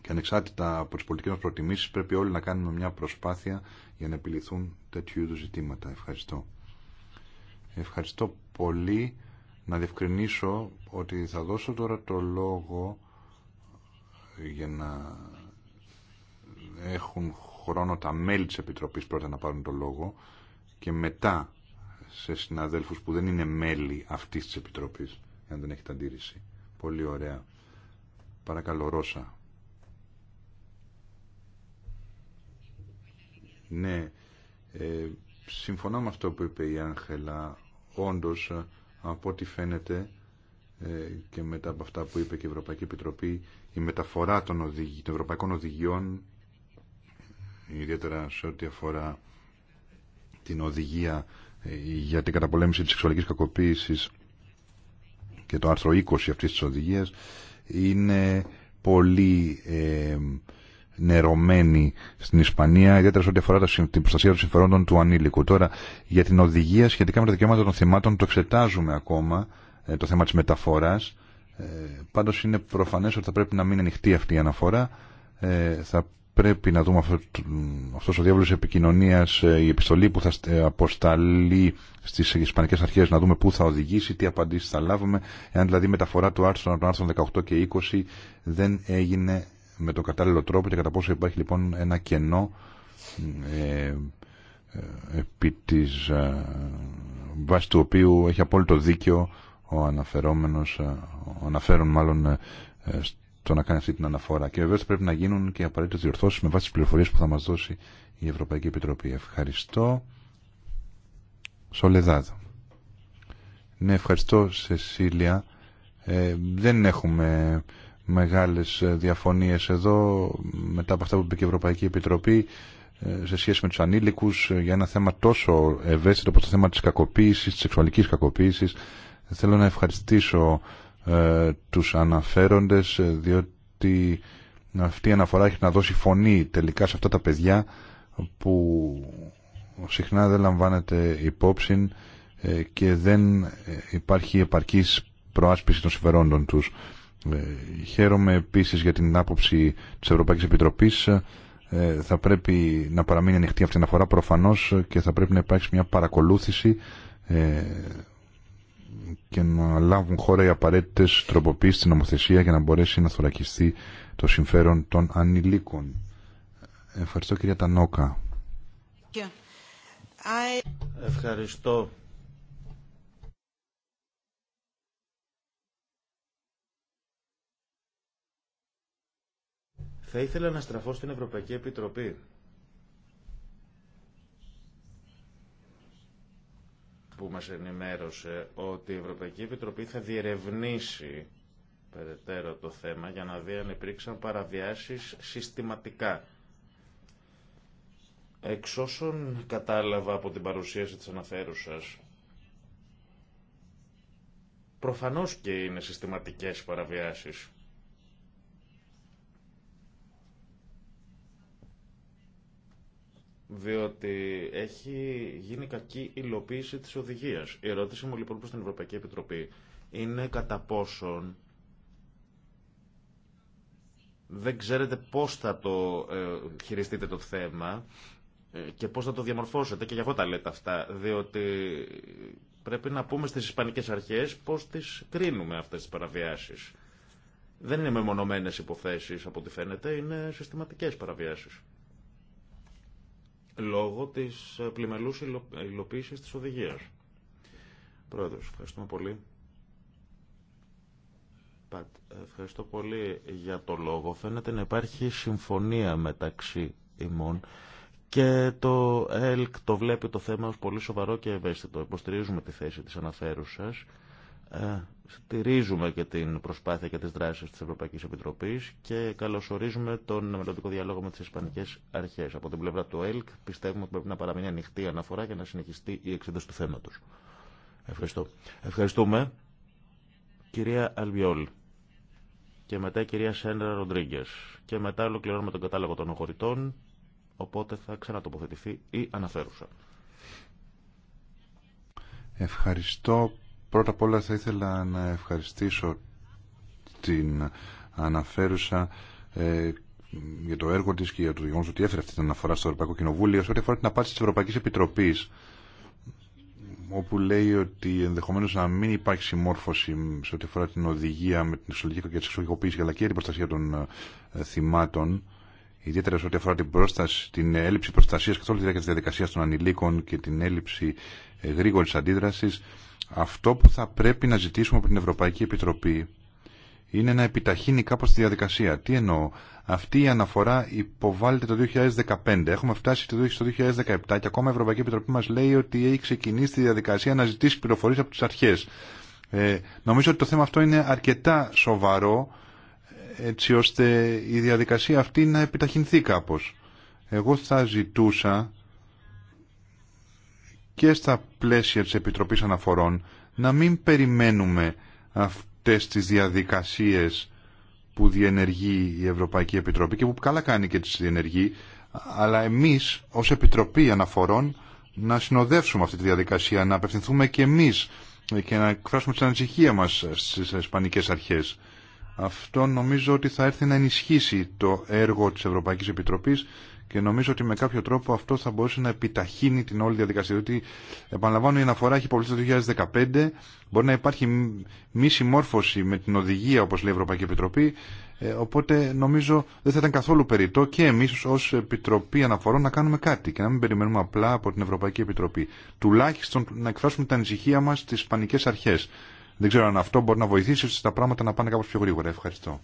και ανεξάρτητα από τις πολιτικές μας προτιμήσεις πρέπει όλοι να κάνουμε μια προσπάθεια για να επιληθούν τέτοιου είδου ζητήματα. Ευχαριστώ. Ευχαριστώ πολύ. Να διευκρινίσω ότι θα δώσω τώρα το λόγο για να έχουν χρόνο τα μέλη της Επιτροπής πρώτα να πάρουν το λόγο και μετά σε συναδέλφους που δεν είναι μέλη αυτής της Επιτροπής, αν δεν έχετε αντίρρηση. Πολύ ωραία. Παρακαλώ, Ρώσα. Ναι, ε, συμφωνώ με αυτό που είπε η Άγγελα. Όντως, από ό,τι φαίνεται ε, και μετά από αυτά που είπε και η Ευρωπαϊκή Επιτροπή, η μεταφορά των, των ευρωπαϊκών οδηγιών ιδιαίτερα σε ό,τι αφορά την οδηγία ε, για την καταπολέμηση της σεξουαλικής κακοποίησης και το άρθρο 20 αυτής της οδηγίας είναι πολύ ε, νερωμένη στην Ισπανία, ιδιαίτερα σε ό,τι αφορά την προστασία των συμφερόντων του ανήλικου. Τώρα, για την οδηγία σχετικά με τα δικαιώματα των θυμάτων, το εξετάζουμε ακόμα, ε, το θέμα της μεταφοράς. Ε, πάντως είναι προφανές ότι θα πρέπει να μην ανοιχτεί αυτή η αναφορά. Ε, θα πρέπει να δούμε αυτό, αυτός ο διάβολος επικοινωνίας, ε, η επιστολή που θα ε, αποσταλεί στις ισπανικές αρχές, να δούμε πού θα οδηγήσει, τι απαντήσεις θα λάβουμε, εάν δηλαδή η μεταφορά του άρθρου από τον 18 και 20 δεν έγινε με τον κατάλληλο τρόπο και κατά πόσο υπάρχει λοιπόν ένα κενό ε, ε επί της ε, του οποίου έχει απόλυτο δίκιο ο αναφερόμενος, αναφέρον μάλλον το να κάνει αυτή την αναφορά. Και βεβαίω πρέπει να γίνουν και απαραίτητε διορθώσει με βάση τι πληροφορίε που θα μα δώσει η Ευρωπαϊκή Επιτροπή. Ευχαριστώ. Σολεδάδο. Ναι, ευχαριστώ Σεσίλια. Ε, δεν έχουμε μεγάλες διαφωνίε εδώ μετά από αυτά που είπε και η Ευρωπαϊκή Επιτροπή ε, σε σχέση με τους ανήλικους για ένα θέμα τόσο ευαίσθητο όπως το θέμα της κακοποίησης, της σεξουαλικής κακοποίηση. Θέλω να ευχαριστήσω ε, τους αναφέροντες ε, διότι αυτή η αναφορά έχει να δώσει φωνή τελικά σε αυτά τα παιδιά που συχνά δεν λαμβάνεται υπόψη ε, και δεν ε, υπάρχει επαρκής προάσπιση των συμφερόντων τους. Ε, χαίρομαι επίσης για την άποψη της Ευρωπαϊκής Επιτροπής θα πρέπει να παραμείνει ανοιχτή αυτή η αναφορά προφανώς και θα πρέπει να υπάρξει μια παρακολούθηση και να λάβουν χώρα οι απαραίτητε τροποποιήσει στην νομοθεσία για να μπορέσει να θωρακιστεί το συμφέρον των ανηλίκων. Ευχαριστώ κυρία Τανόκα. Ευχαριστώ. Θα ήθελα να στραφώ στην Ευρωπαϊκή Επιτροπή μας ενημέρωσε ότι η Ευρωπαϊκή Επιτροπή θα διερευνήσει περαιτέρω το θέμα για να δει αν υπήρξαν παραβιάσεις συστηματικά. Εξ όσων κατάλαβα από την παρουσίαση της αναφέρουσας, προφανώς και είναι συστηματικές παραβιάσεις. διότι έχει γίνει κακή υλοποίηση της οδηγίας. Η ερώτηση μου λοιπόν προς την Ευρωπαϊκή Επιτροπή είναι κατά πόσον δεν ξέρετε πώς θα το ε, χειριστείτε το θέμα ε, και πώς θα το διαμορφώσετε και για αυτό τα λέτε αυτά, διότι πρέπει να πούμε στις Ισπανικές αρχές πώς τις κρίνουμε αυτές τις παραβιάσεις. Δεν είναι μεμονωμένες υποθέσεις από ό,τι φαίνεται, είναι συστηματικές παραβιάσεις λόγω της ε, πλημελούς υλοποίηση υλοποίησης της οδηγίας. Πρόεδρος, ευχαριστούμε πολύ. Ευχαριστώ πολύ για το λόγο. Φαίνεται να υπάρχει συμφωνία μεταξύ ημών και το ΕΛΚ το βλέπει το θέμα ως πολύ σοβαρό και ευαίσθητο. Υποστηρίζουμε τη θέση της αναφέρουσας ε, στηρίζουμε και την προσπάθεια και τις δράσεις της Ευρωπαϊκής Επιτροπής και καλωσορίζουμε τον μελλοντικό διάλογο με τις Ισπανικές Αρχές. Από την πλευρά του ΕΛΚ πιστεύουμε ότι πρέπει να παραμείνει ανοιχτή αναφορά για να συνεχιστεί η εξέταση του θέματος. Ευχαριστώ. Ευχαριστούμε. Κυρία Αλβιόλ και μετά η κυρία Σέντρα Ροντρίγκε. Και μετά ολοκληρώνουμε τον κατάλογο των αγορητών οπότε θα ξανατοποθετηθεί η αναφέρουσα. Ευχαριστώ Πρώτα απ' όλα θα ήθελα να ευχαριστήσω την αναφέρουσα ε, για το έργο της και για το γεγονός ότι έφερε αυτή την αναφορά στο Ευρωπαϊκό Κοινοβούλιο σε ό,τι αφορά την απάντηση της Ευρωπαϊκής Επιτροπής όπου λέει ότι ενδεχομένω να μην υπάρχει συμμόρφωση σε ό,τι αφορά την οδηγία με την εξολογική και τη εξολογικοποίηση αλλά και την προστασία των ε, θυμάτων, ιδιαίτερα σε ό,τι αφορά την, πρόσταση, την έλλειψη προστασία καθ' όλη τη διάρκεια τη διαδικασία των ανηλίκων και την έλλειψη ε, γρήγορη αντίδραση. Αυτό που θα πρέπει να ζητήσουμε από την Ευρωπαϊκή Επιτροπή είναι να επιταχύνει κάπως τη διαδικασία. Τι εννοώ. Αυτή η αναφορά υποβάλλεται το 2015. Έχουμε φτάσει στο 2017 και ακόμα η Ευρωπαϊκή Επιτροπή μας λέει ότι έχει ξεκινήσει τη διαδικασία να ζητήσει πληροφορίες από τις αρχές. Ε, νομίζω ότι το θέμα αυτό είναι αρκετά σοβαρό έτσι ώστε η διαδικασία αυτή να επιταχυνθεί κάπως. Εγώ θα ζητούσα και στα πλαίσια της Επιτροπής Αναφορών να μην περιμένουμε αυτές τις διαδικασίες που διενεργεί η Ευρωπαϊκή Επιτροπή και που καλά κάνει και τις διενεργεί αλλά εμείς ως Επιτροπή Αναφορών να συνοδεύσουμε αυτή τη διαδικασία, να απευθυνθούμε και εμείς και να εκφράσουμε την ανησυχία μας στις Ισπανικές Αρχές. Αυτό νομίζω ότι θα έρθει να ενισχύσει το έργο της Ευρωπαϊκής Επιτροπής και νομίζω ότι με κάποιο τρόπο αυτό θα μπορούσε να επιταχύνει την όλη διαδικασία. Διότι, επαναλαμβάνω, η αναφορά έχει υποβληθεί το 2015, μπορεί να υπάρχει μη συμμόρφωση με την οδηγία, όπω λέει η Ευρωπαϊκή Επιτροπή, ε, οπότε νομίζω δεν θα ήταν καθόλου περιττό και εμεί ω Επιτροπή Αναφορών να κάνουμε κάτι και να μην περιμένουμε απλά από την Ευρωπαϊκή Επιτροπή. Τουλάχιστον να εκφράσουμε την ανησυχία μα στι πανικέ αρχέ. Δεν ξέρω αν αυτό μπορεί να βοηθήσει ώστε τα πράγματα να πάνε κάπω πιο γρήγορα. Ευχαριστώ.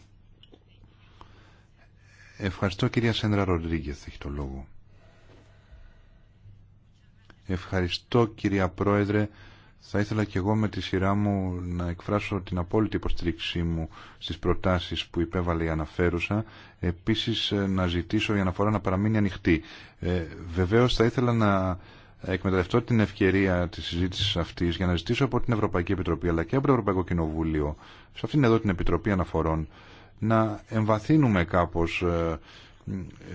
Ευχαριστώ κυρία Σέντρα Ροντρίγκεθ, έχει το λόγο. Ευχαριστώ κυρία Πρόεδρε. Θα ήθελα και εγώ με τη σειρά μου να εκφράσω την απόλυτη υποστήριξή μου στις προτάσεις που υπέβαλε η αναφέρουσα. Επίσης ε, να ζητήσω η αναφορά να παραμείνει ανοιχτή. Ε, βεβαίως θα ήθελα να εκμεταλλευτώ την ευκαιρία της συζήτησης αυτής για να ζητήσω από την Ευρωπαϊκή Επιτροπή αλλά και από το Ευρωπαϊκό Κοινοβούλιο σε αυτήν εδώ την Επιτροπή Αναφορών να εμβαθύνουμε κάπως ε,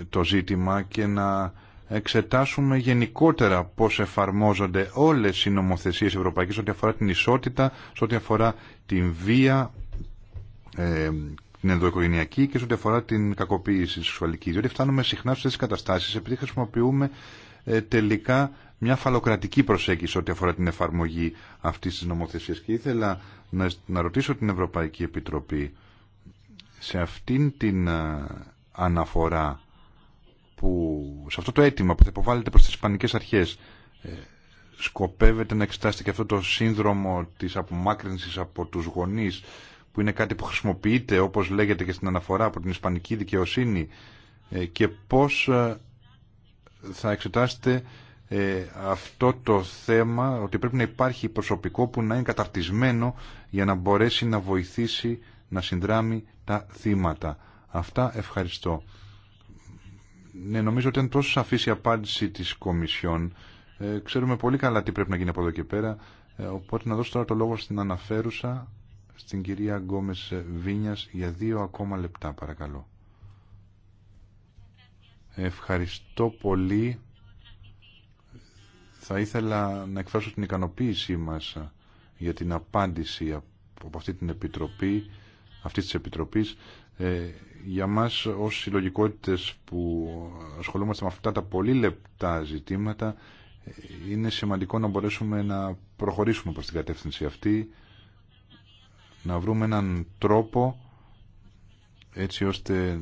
το ζήτημα και να εξετάσουμε γενικότερα πώς εφαρμόζονται όλες οι νομοθεσίες ευρωπαϊκές ό,τι αφορά την ισότητα, ό,τι αφορά την βία, ε, την ενδοοικογενειακή και ό,τι αφορά την κακοποίηση σεξουαλική. Διότι φτάνουμε συχνά σε αυτές τις καταστάσεις επειδή χρησιμοποιούμε ε, τελικά μια φαλοκρατική προσέγγιση ό,τι αφορά την εφαρμογή αυτής της νομοθεσίας. Και ήθελα να, να ρωτήσω την Ευρωπαϊκή Επιτροπή σε αυτήν την ε, αναφορά που, σε αυτό το αίτημα που θα υποβάλλεται προς τις ισπανικές αρχές ε, σκοπεύετε να εξετάσετε και αυτό το σύνδρομο της απομάκρυνσης από τους γονείς που είναι κάτι που χρησιμοποιείται όπως λέγεται και στην αναφορά από την ισπανική δικαιοσύνη ε, και πώς θα εξετάσετε αυτό το θέμα ότι πρέπει να υπάρχει προσωπικό που να είναι καταρτισμένο για να μπορέσει να βοηθήσει να συνδράμει τα θύματα. Αυτά ευχαριστώ. Ναι, νομίζω ότι ήταν τόσο σαφή η απάντηση της Κομισιόν. Ε, ξέρουμε πολύ καλά τι πρέπει να γίνει από εδώ και πέρα. Ε, οπότε να δώσω τώρα το λόγο στην αναφέρουσα, στην κυρία Γκόμες Βίνιας, για δύο ακόμα λεπτά παρακαλώ. Ευχαριστώ πολύ. Θα ήθελα να εκφράσω την ικανοποίησή μας ε, για την απάντηση από αυτή την Επιτροπή αυτής της Επιτροπής. Ε, για μας ως συλλογικότητες που ασχολούμαστε με αυτά τα πολύ λεπτά ζητήματα είναι σημαντικό να μπορέσουμε να προχωρήσουμε προς την κατεύθυνση αυτή να βρούμε έναν τρόπο έτσι ώστε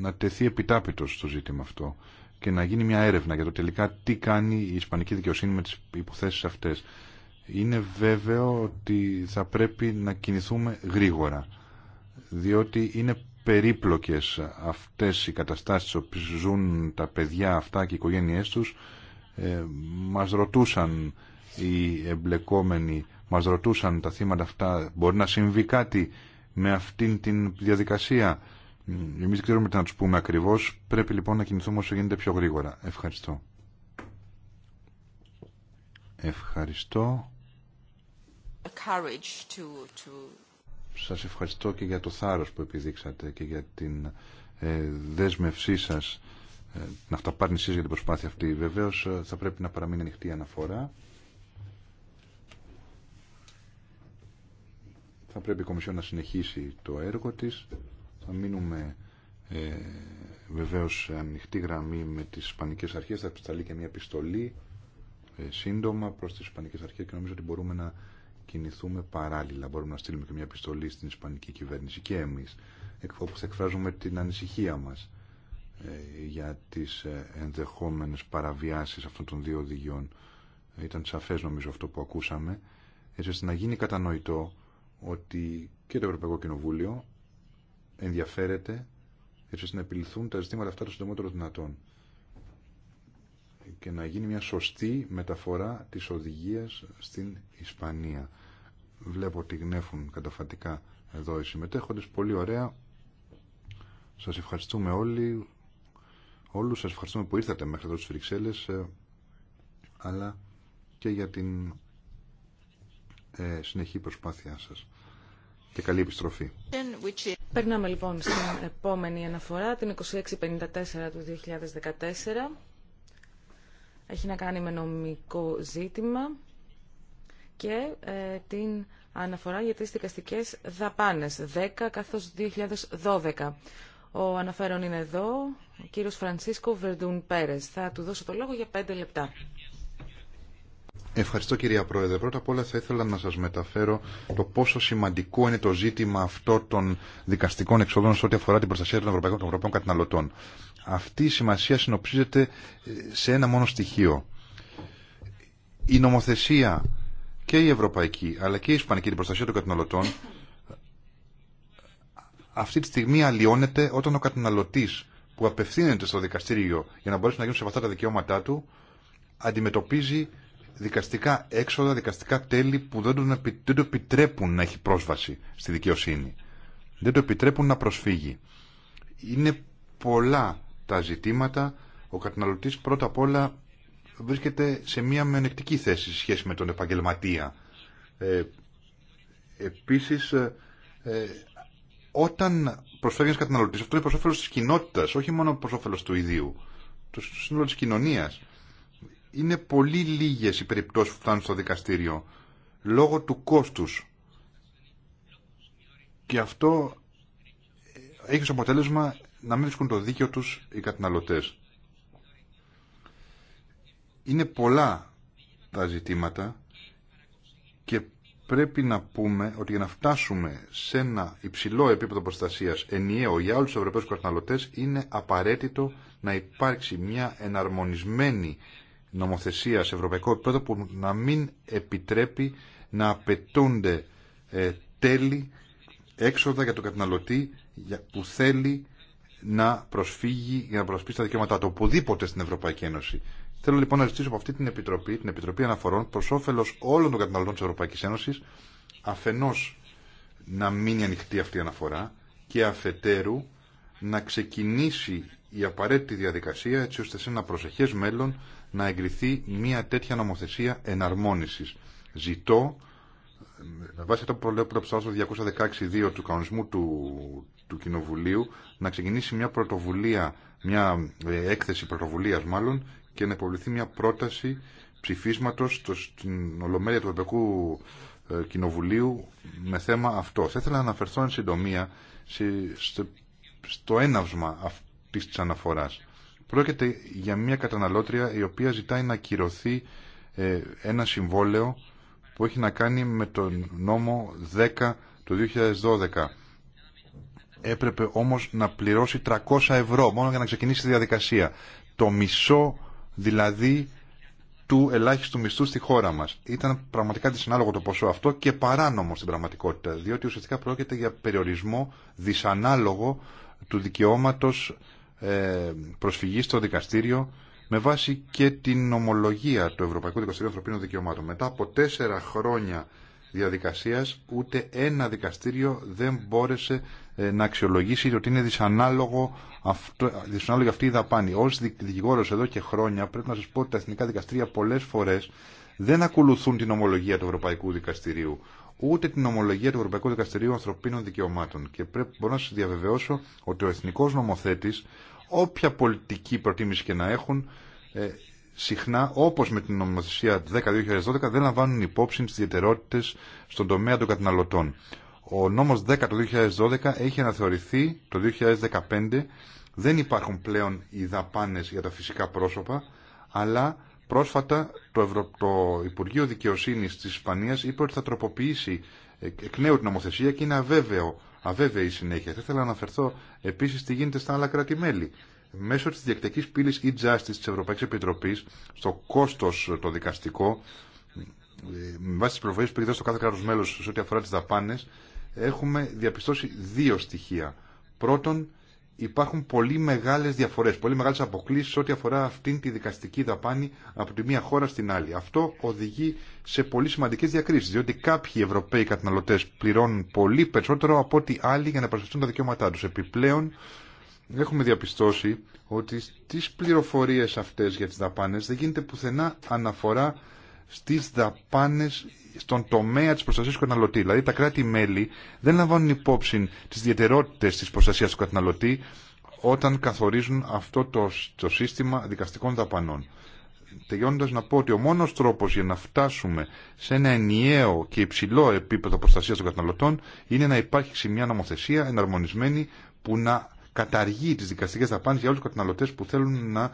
να τεθεί επιτάπητος στο ζήτημα αυτό και να γίνει μια έρευνα για το τελικά τι κάνει η Ισπανική δικαιοσύνη με τις υποθέσεις αυτές. Είναι βέβαιο ότι θα πρέπει να κινηθούμε γρήγορα διότι είναι περίπλοκες αυτές οι καταστάσεις όπου ζουν τα παιδιά αυτά και οι οικογένειές τους ε, μας ρωτούσαν οι εμπλεκόμενοι μας ρωτούσαν τα θύματα αυτά μπορεί να συμβεί κάτι με αυτήν την διαδικασία εμείς δεν ξέρουμε τι να τους πούμε ακριβώς πρέπει λοιπόν να κινηθούμε όσο γίνεται πιο γρήγορα ευχαριστώ ευχαριστώ σας ευχαριστώ και για το θάρρος που επιδείξατε και για την ε, δέσμευσή σας, ε, να αυταπάρνησή για την προσπάθεια αυτή. Βεβαίως ε, θα πρέπει να παραμείνει ανοιχτή η αναφορά. Θα πρέπει η Κομισιόν να συνεχίσει το έργο της. Θα μείνουμε ε, βεβαίως ανοιχτή γραμμή με τις Ισπανικές Αρχές. Θα επισταλεί και μια επιστολή σύντομα προς τις Ισπανικές Αρχές και νομίζω ότι μπορούμε να κινηθούμε παράλληλα. Μπορούμε να στείλουμε και μια επιστολή στην Ισπανική κυβέρνηση και εμείς, όπου θα εκφράζουμε την ανησυχία μας ε, για τις ε, ενδεχόμενες παραβιάσεις αυτών των δύο οδηγιών. Ε, ήταν σαφές νομίζω αυτό που ακούσαμε, έτσι ώστε να γίνει κατανοητό ότι και το Ευρωπαϊκό Κοινοβούλιο ενδιαφέρεται έτσι ώστε να επιληθούν τα ζητήματα αυτά το συντομότερο δυνατόν και να γίνει μια σωστή μεταφορά της οδηγίας στην Ισπανία. Βλέπω ότι γνέφουν καταφατικά εδώ οι συμμετέχοντες. Πολύ ωραία. Σας ευχαριστούμε όλοι. Όλους σας ευχαριστούμε που ήρθατε μέχρι εδώ στις ε, αλλά και για την ε, συνεχή προσπάθειά σας και καλή επιστροφή. Περνάμε λοιπόν στην επόμενη αναφορά, την 2654 του 2014 έχει να κάνει με νομικό ζήτημα και ε, την αναφορά για τις δικαστικές δαπάνες 10 καθώς 2012. Ο αναφέρον είναι εδώ, ο κύριος Φρανσίσκο Βερντούν Πέρες. Θα του δώσω το λόγο για 5 λεπτά. Ευχαριστώ κυρία Πρόεδρε. Πρώτα απ' όλα θα ήθελα να σας μεταφέρω το πόσο σημαντικό είναι το ζήτημα αυτό των δικαστικών εξόδων σε ό,τι αφορά την προστασία των ευρωπαϊκών, των καταναλωτών αυτή η σημασία συνοψίζεται ε, σε ένα μόνο στοιχείο. Η νομοθεσία και η ευρωπαϊκή αλλά και η ισπανική την προστασία των καταναλωτών αυτή τη στιγμή αλλοιώνεται όταν ο καταναλωτή που απευθύνεται στο δικαστήριο για να μπορέσει να γίνουν αυτά τα δικαιώματά του αντιμετωπίζει δικαστικά έξοδα, δικαστικά τέλη που δεν του επιτρέπουν να έχει πρόσβαση στη δικαιοσύνη. Δεν του επιτρέπουν να προσφύγει. Είναι πολλά τα ζητήματα, ο καταναλωτής πρώτα απ' όλα βρίσκεται σε μια μενεκτική θέση σε σχέση με τον επαγγελματία. Ε, επίσης, ε, ε όταν προσφέρει ένα καταναλωτή, αυτό είναι προ όφελο τη κοινότητα, όχι μόνο προ όφελο του ιδίου, το σύνολο τη κοινωνία Είναι πολύ λίγες οι περιπτώσεις που φτάνουν στο δικαστήριο, λόγω του κόστους. Και αυτό ε, έχει ως αποτέλεσμα να μην βρίσκουν το δίκαιο τους οι καταναλωτές. Είναι πολλά τα ζητήματα και πρέπει να πούμε ότι για να φτάσουμε σε ένα υψηλό επίπεδο προστασίας ενιαίο για όλου του Ευρωπαίου καταναλωτές, είναι απαραίτητο να υπάρξει μια εναρμονισμένη νομοθεσία σε ευρωπαϊκό επίπεδο που να μην επιτρέπει να απαιτούνται ε, τέλη έξοδα για τον καταναλωτή που θέλει να προσφύγει για να προσπίσει τα δικαιώματά του οπουδήποτε στην Ευρωπαϊκή Ένωση. Θέλω λοιπόν να ζητήσω από αυτή την Επιτροπή, την Επιτροπή Αναφορών, προ όφελο όλων των καταναλωτών τη Ευρωπαϊκή Ένωση, αφενό να μείνει ανοιχτή αυτή η αναφορά και αφετέρου να ξεκινήσει η απαραίτητη διαδικασία έτσι ώστε σε ένα προσεχέ μέλλον να εγκριθεί μια τέτοια νομοθεσία εναρμόνιση. Ζητώ, με βάση αυτό που το 216.2 του κανονισμού του, του Κοινοβουλίου να ξεκινήσει μια πρωτοβουλία, μια ε, έκθεση πρωτοβουλίας μάλλον και να υποβληθεί μια πρόταση ψηφίσματος στο, στην Ολομέλεια του Ευρωπαϊκού ε, Κοινοβουλίου με θέμα αυτό. Θα ήθελα να αναφερθώ εν συντομία στο έναυσμα αυτής της αναφοράς. Πρόκειται για μια καταναλώτρια η οποία ζητάει να ε, ένα συμβόλαιο που έχει να κάνει με τον νόμο 10 του 2012 έπρεπε όμως να πληρώσει 300 ευρώ μόνο για να ξεκινήσει τη διαδικασία. Το μισό δηλαδή του ελάχιστου μισθού στη χώρα μας. Ήταν πραγματικά δυσανάλογο το ποσό αυτό και παράνομο στην πραγματικότητα, διότι ουσιαστικά πρόκειται για περιορισμό δυσανάλογο του δικαιώματος ε, προσφυγής στο δικαστήριο με βάση και την ομολογία του Ευρωπαϊκού Δικαστηρίου Ανθρωπίνων Δικαιωμάτων. Μετά από τέσσερα χρόνια διαδικασίας ούτε ένα δικαστήριο δεν μπόρεσε ε, να αξιολογήσει ότι είναι δυσανάλογο αυτό, δυσανάλογη αυτή η δαπάνη. Ω δικηγόρο εδώ και χρόνια πρέπει να σα πω ότι τα εθνικά δικαστήρια πολλέ φορέ δεν ακολουθούν την ομολογία του Ευρωπαϊκού Δικαστηρίου ούτε την ομολογία του Ευρωπαϊκού Δικαστηρίου Ανθρωπίνων Δικαιωμάτων. Και πρέπει, μπορώ να σα διαβεβαιώσω ότι ο εθνικό νομοθέτη, όποια πολιτική προτίμηση και να έχουν, ε, συχνά, όπως με την νομοθεσία 10-2012, δεν λαμβάνουν υπόψη τις ιδιαιτερότητες στον τομέα των καταναλωτών. Ο νόμος 10 του 2012 έχει αναθεωρηθεί το 2015. Δεν υπάρχουν πλέον οι δαπάνες για τα φυσικά πρόσωπα, αλλά πρόσφατα το, το Υπουργείο Δικαιοσύνης της Ισπανίας είπε ότι θα τροποποιήσει ε, εκ νέου την νομοθεσία και είναι αβέβαιο, αβέβαιη η συνέχεια. Θα ήθελα να αναφερθώ επίσης τι γίνεται στα άλλα κράτη-μέλη. Μέσω της διεκτικής πύλης e-justice της Ευρωπαϊκής Επιτροπής, στο κόστος το δικαστικό, ε, με βάση τι πληροφορίε που έχει δώσει το κάθε κράτος μέλο σε ό,τι αφορά τι δαπάνε, έχουμε διαπιστώσει δύο στοιχεία. Πρώτον, υπάρχουν πολύ μεγάλε διαφορέ, πολύ μεγάλε αποκλήσει ό,τι αφορά αυτήν τη δικαστική δαπάνη από τη μία χώρα στην άλλη. Αυτό οδηγεί σε πολύ σημαντικέ διακρίσει, διότι κάποιοι Ευρωπαίοι καταναλωτέ πληρώνουν πολύ περισσότερο από ότι άλλοι για να προστατευτούν τα δικαιώματά του. Επιπλέον, έχουμε διαπιστώσει ότι στι πληροφορίε αυτέ για τι δαπάνε δεν γίνεται πουθενά αναφορά Στι δαπάνε στον τομέα τη προστασία του καταναλωτή. Δηλαδή τα κράτη-μέλη δεν λαμβάνουν υπόψη τι ιδιαιτερότητε τη προστασία του καταναλωτή όταν καθορίζουν αυτό το, το σύστημα δικαστικών δαπανών. Τελειώνοντα να πω ότι ο μόνο τρόπο για να φτάσουμε σε ένα ενιαίο και υψηλό επίπεδο προστασία των καταναλωτών είναι να υπάρχει μια νομοθεσία εναρμονισμένη που να καταργεί τι δικαστικέ δαπάνε για όλου του καταναλωτέ που θέλουν να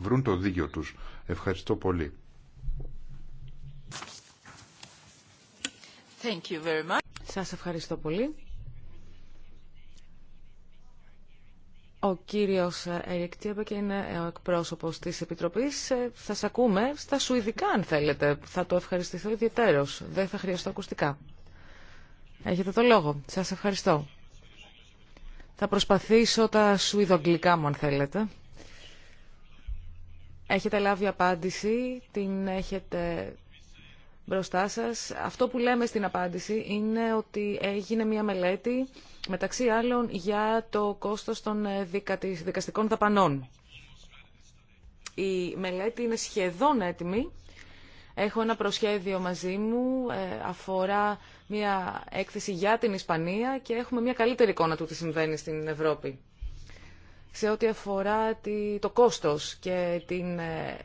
βρουν το δίκιο του. Ευχαριστώ πολύ. Thank Σας ευχαριστώ πολύ. Ο κύριος Ερικ και είναι ο εκπρόσωπος της Επιτροπής. Ε, θα σας ακούμε στα σουηδικά αν θέλετε. Θα το ευχαριστηθώ ιδιαίτερος. Δεν θα χρειαστώ ακουστικά. Έχετε το λόγο. Σας ευχαριστώ. Θα προσπαθήσω τα σουηδογγλικά μου αν θέλετε. Έχετε λάβει απάντηση, την έχετε μπροστά Αυτό που λέμε στην απάντηση είναι ότι έγινε μια μελέτη μεταξύ άλλων για το κόστος των ε, δικαστικών δαπανών. Η μελέτη είναι σχεδόν έτοιμη. Έχω ένα προσχέδιο μαζί μου, ε, αφορά μια έκθεση για την Ισπανία και έχουμε μια καλύτερη εικόνα του τι συμβαίνει στην Ευρώπη. Σε ό,τι αφορά το κόστος και την ε,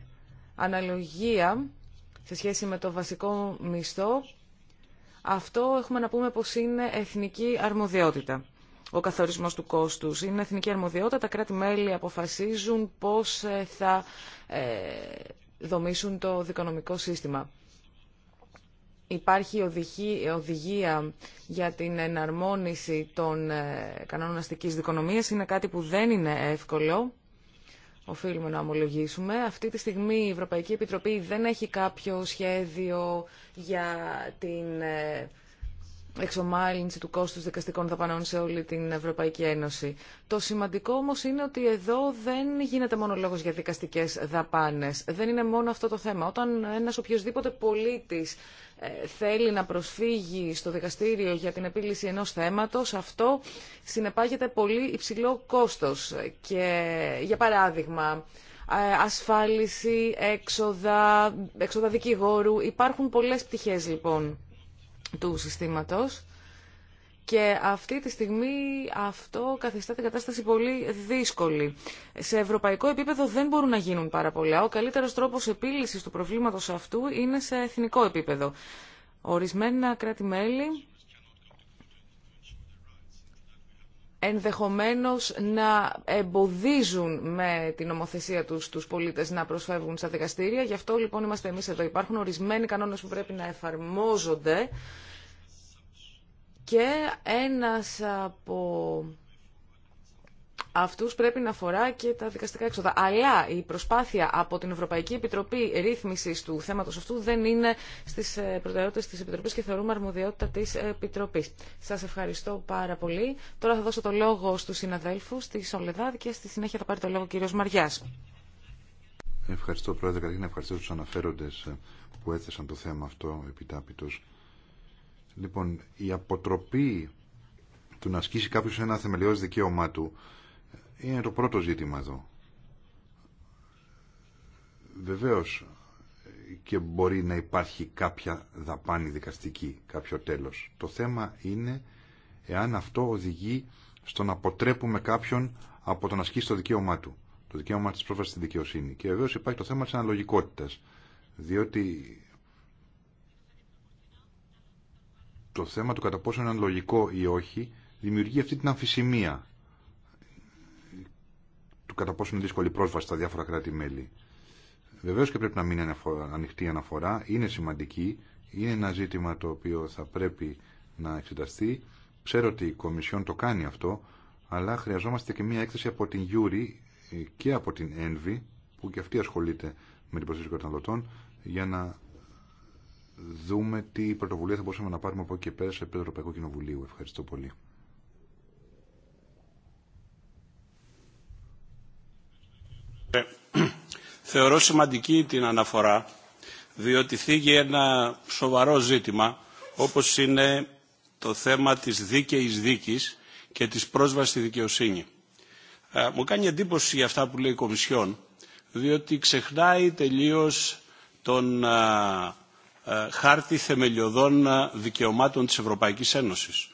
αναλογία σε σχέση με το βασικό μισθό, αυτό έχουμε να πούμε πως είναι εθνική αρμοδιότητα. Ο καθορισμός του κόστους είναι εθνική αρμοδιότητα. Τα κράτη-μέλη αποφασίζουν πώς ε, θα ε, δομήσουν το δικονομικό σύστημα. Υπάρχει οδηγία για την εναρμόνιση των ε, κανόνων αστικής δικονομίας. Είναι κάτι που δεν είναι εύκολο οφείλουμε να ομολογήσουμε. Αυτή τη στιγμή η Ευρωπαϊκή Επιτροπή δεν έχει κάποιο σχέδιο για την ε, εξομάλυνση του κόστους δικαστικών δαπανών σε όλη την Ευρωπαϊκή Ένωση. Το σημαντικό όμως είναι ότι εδώ δεν γίνεται μόνο λόγος για δικαστικές δαπάνες. Δεν είναι μόνο αυτό το θέμα. Όταν ένας οποιοδήποτε πολίτης ε, θέλει να προσφύγει στο δικαστήριο για την επίλυση ενός θέματος, αυτό συνεπάγεται πολύ υψηλό κόστος. Και, για παράδειγμα, ε, ασφάλιση, έξοδα, έξοδα δικηγόρου. Υπάρχουν πολλές πτυχές, λοιπόν, του συστήματος. Και αυτή τη στιγμή αυτό καθιστά την κατάσταση πολύ δύσκολη. Σε ευρωπαϊκό επίπεδο δεν μπορούν να γίνουν πάρα πολλά. Ο καλύτερος τρόπος επίλυσης του προβλήματος αυτού είναι σε εθνικό επίπεδο. Ορισμένα κράτη-μέλη ενδεχομένως να εμποδίζουν με την νομοθεσία τους τους πολίτες να προσφεύγουν στα δικαστήρια. Γι' αυτό λοιπόν είμαστε εμείς εδώ. Υπάρχουν ορισμένοι κανόνες που πρέπει να εφαρμόζονται και ένας από αυτούς πρέπει να αφορά και τα δικαστικά έξοδα. Αλλά η προσπάθεια από την Ευρωπαϊκή Επιτροπή ρύθμισης του θέματος αυτού δεν είναι στις ε, προτεραιότητες της Επιτροπής και θεωρούμε αρμοδιότητα της Επιτροπής. Σας ευχαριστώ πάρα πολύ. Τώρα θα δώσω το λόγο στους συναδέλφους τη Σολεδάδη και στη συνέχεια θα πάρει το λόγο ο κύριος Μαριάς. Ευχαριστώ Πρόεδρε, καταρχήν ευχαριστώ τους αναφέροντες που έθεσαν το θέμα αυτό επιτάπητος. Λοιπόν, η αποτροπή του να ασκήσει κάποιος ένα θεμελιώδη δικαίωμά του είναι το πρώτο ζήτημα εδώ. Βεβαίως και μπορεί να υπάρχει κάποια δαπάνη δικαστική, κάποιο τέλος. Το θέμα είναι εάν αυτό οδηγεί στο να αποτρέπουμε κάποιον από το να ασκήσει το δικαίωμά του. Το δικαίωμά της πρόφασης στη δικαιοσύνη. Και βεβαίως υπάρχει το θέμα της αναλογικότητας. Διότι το θέμα του κατά πόσο είναι λογικό ή όχι δημιουργεί αυτή την αμφισημία του κατά πόσο είναι δύσκολη πρόσβαση στα διάφορα κράτη-μέλη. Βεβαίω και πρέπει να μείνει ανοιχτή η αναφορά, είναι σημαντική, είναι ένα ζήτημα το οποίο θα πρέπει να εξεταστεί. Ξέρω ότι η Κομισιόν το κάνει αυτό, αλλά χρειαζόμαστε και μία έκθεση από την Γιούρη ε, και από την Ένβη, που και αυτή ασχολείται με την προστασία των καταναλωτών, για να δούμε τι πρωτοβουλία θα μπορούσαμε να πάρουμε από εκεί και πέρα σε επίπεδο Ευρωπαϊκού Κοινοβουλίου. Ευχαριστώ πολύ. Θεωρώ σημαντική την αναφορά, διότι θίγει ένα σοβαρό ζήτημα, όπως είναι το θέμα της δίκαιης δίκης και της πρόσβασης στη δικαιοσύνη. Ε, μου κάνει εντύπωση για αυτά που λέει η Κομισιόν, διότι ξεχνάει τελείως τον ε, ε, χάρτη θεμελιωδών ε, δικαιωμάτων της Ευρωπαϊκής Ένωσης,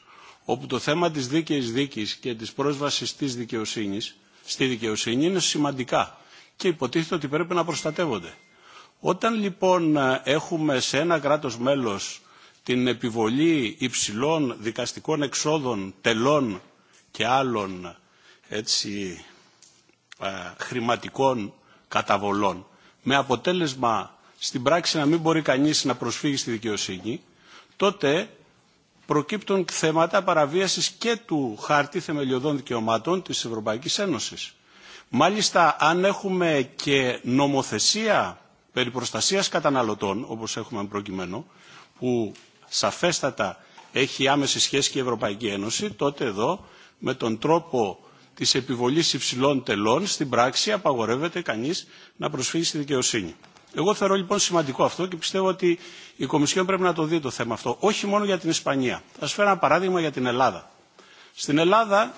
όπου το θέμα της δίκαιης δίκης και της πρόσβασης της δικαιοσύνης, στη δικαιοσύνη είναι σημαντικά και υποτίθεται ότι πρέπει να προστατεύονται. Όταν λοιπόν ε, έχουμε σε ένα κράτος μέλος την επιβολή υψηλών δικαστικών εξόδων, τελών και άλλων έτσι, χρηματικών καταβολών με αποτέλεσμα στην πράξη να μην μπορεί κανείς να προσφύγει στη δικαιοσύνη, τότε προκύπτουν θέματα παραβίασης και του χάρτη θεμελιωδών δικαιωμάτων της Ευρωπαϊκής Ένωσης. Μάλιστα, αν έχουμε και νομοθεσία περί προστασίας καταναλωτών, όπως έχουμε προκειμένο, που σαφέστατα έχει άμεση σχέση και η Ευρωπαϊκή Ένωση, τότε εδώ με τον τρόπο της επιβολής υψηλών τελών στην πράξη απαγορεύεται κανείς να προσφύγει στη δικαιοσύνη. Εγώ θεωρώ λοιπόν σημαντικό αυτό και πιστεύω ότι η Κομισιόν πρέπει να το δει το θέμα αυτό. Όχι μόνο για την Ισπανία. Θα σα φέρω ένα παράδειγμα για την Ελλάδα. Στην Ελλάδα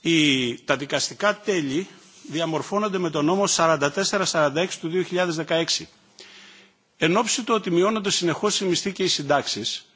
η, τα δικαστικά τέλη διαμορφώνονται με τον νόμο 4446 του 2016. Εν ώψη του ότι μειώνονται συνεχώς οι μισθοί και οι συντάξεις,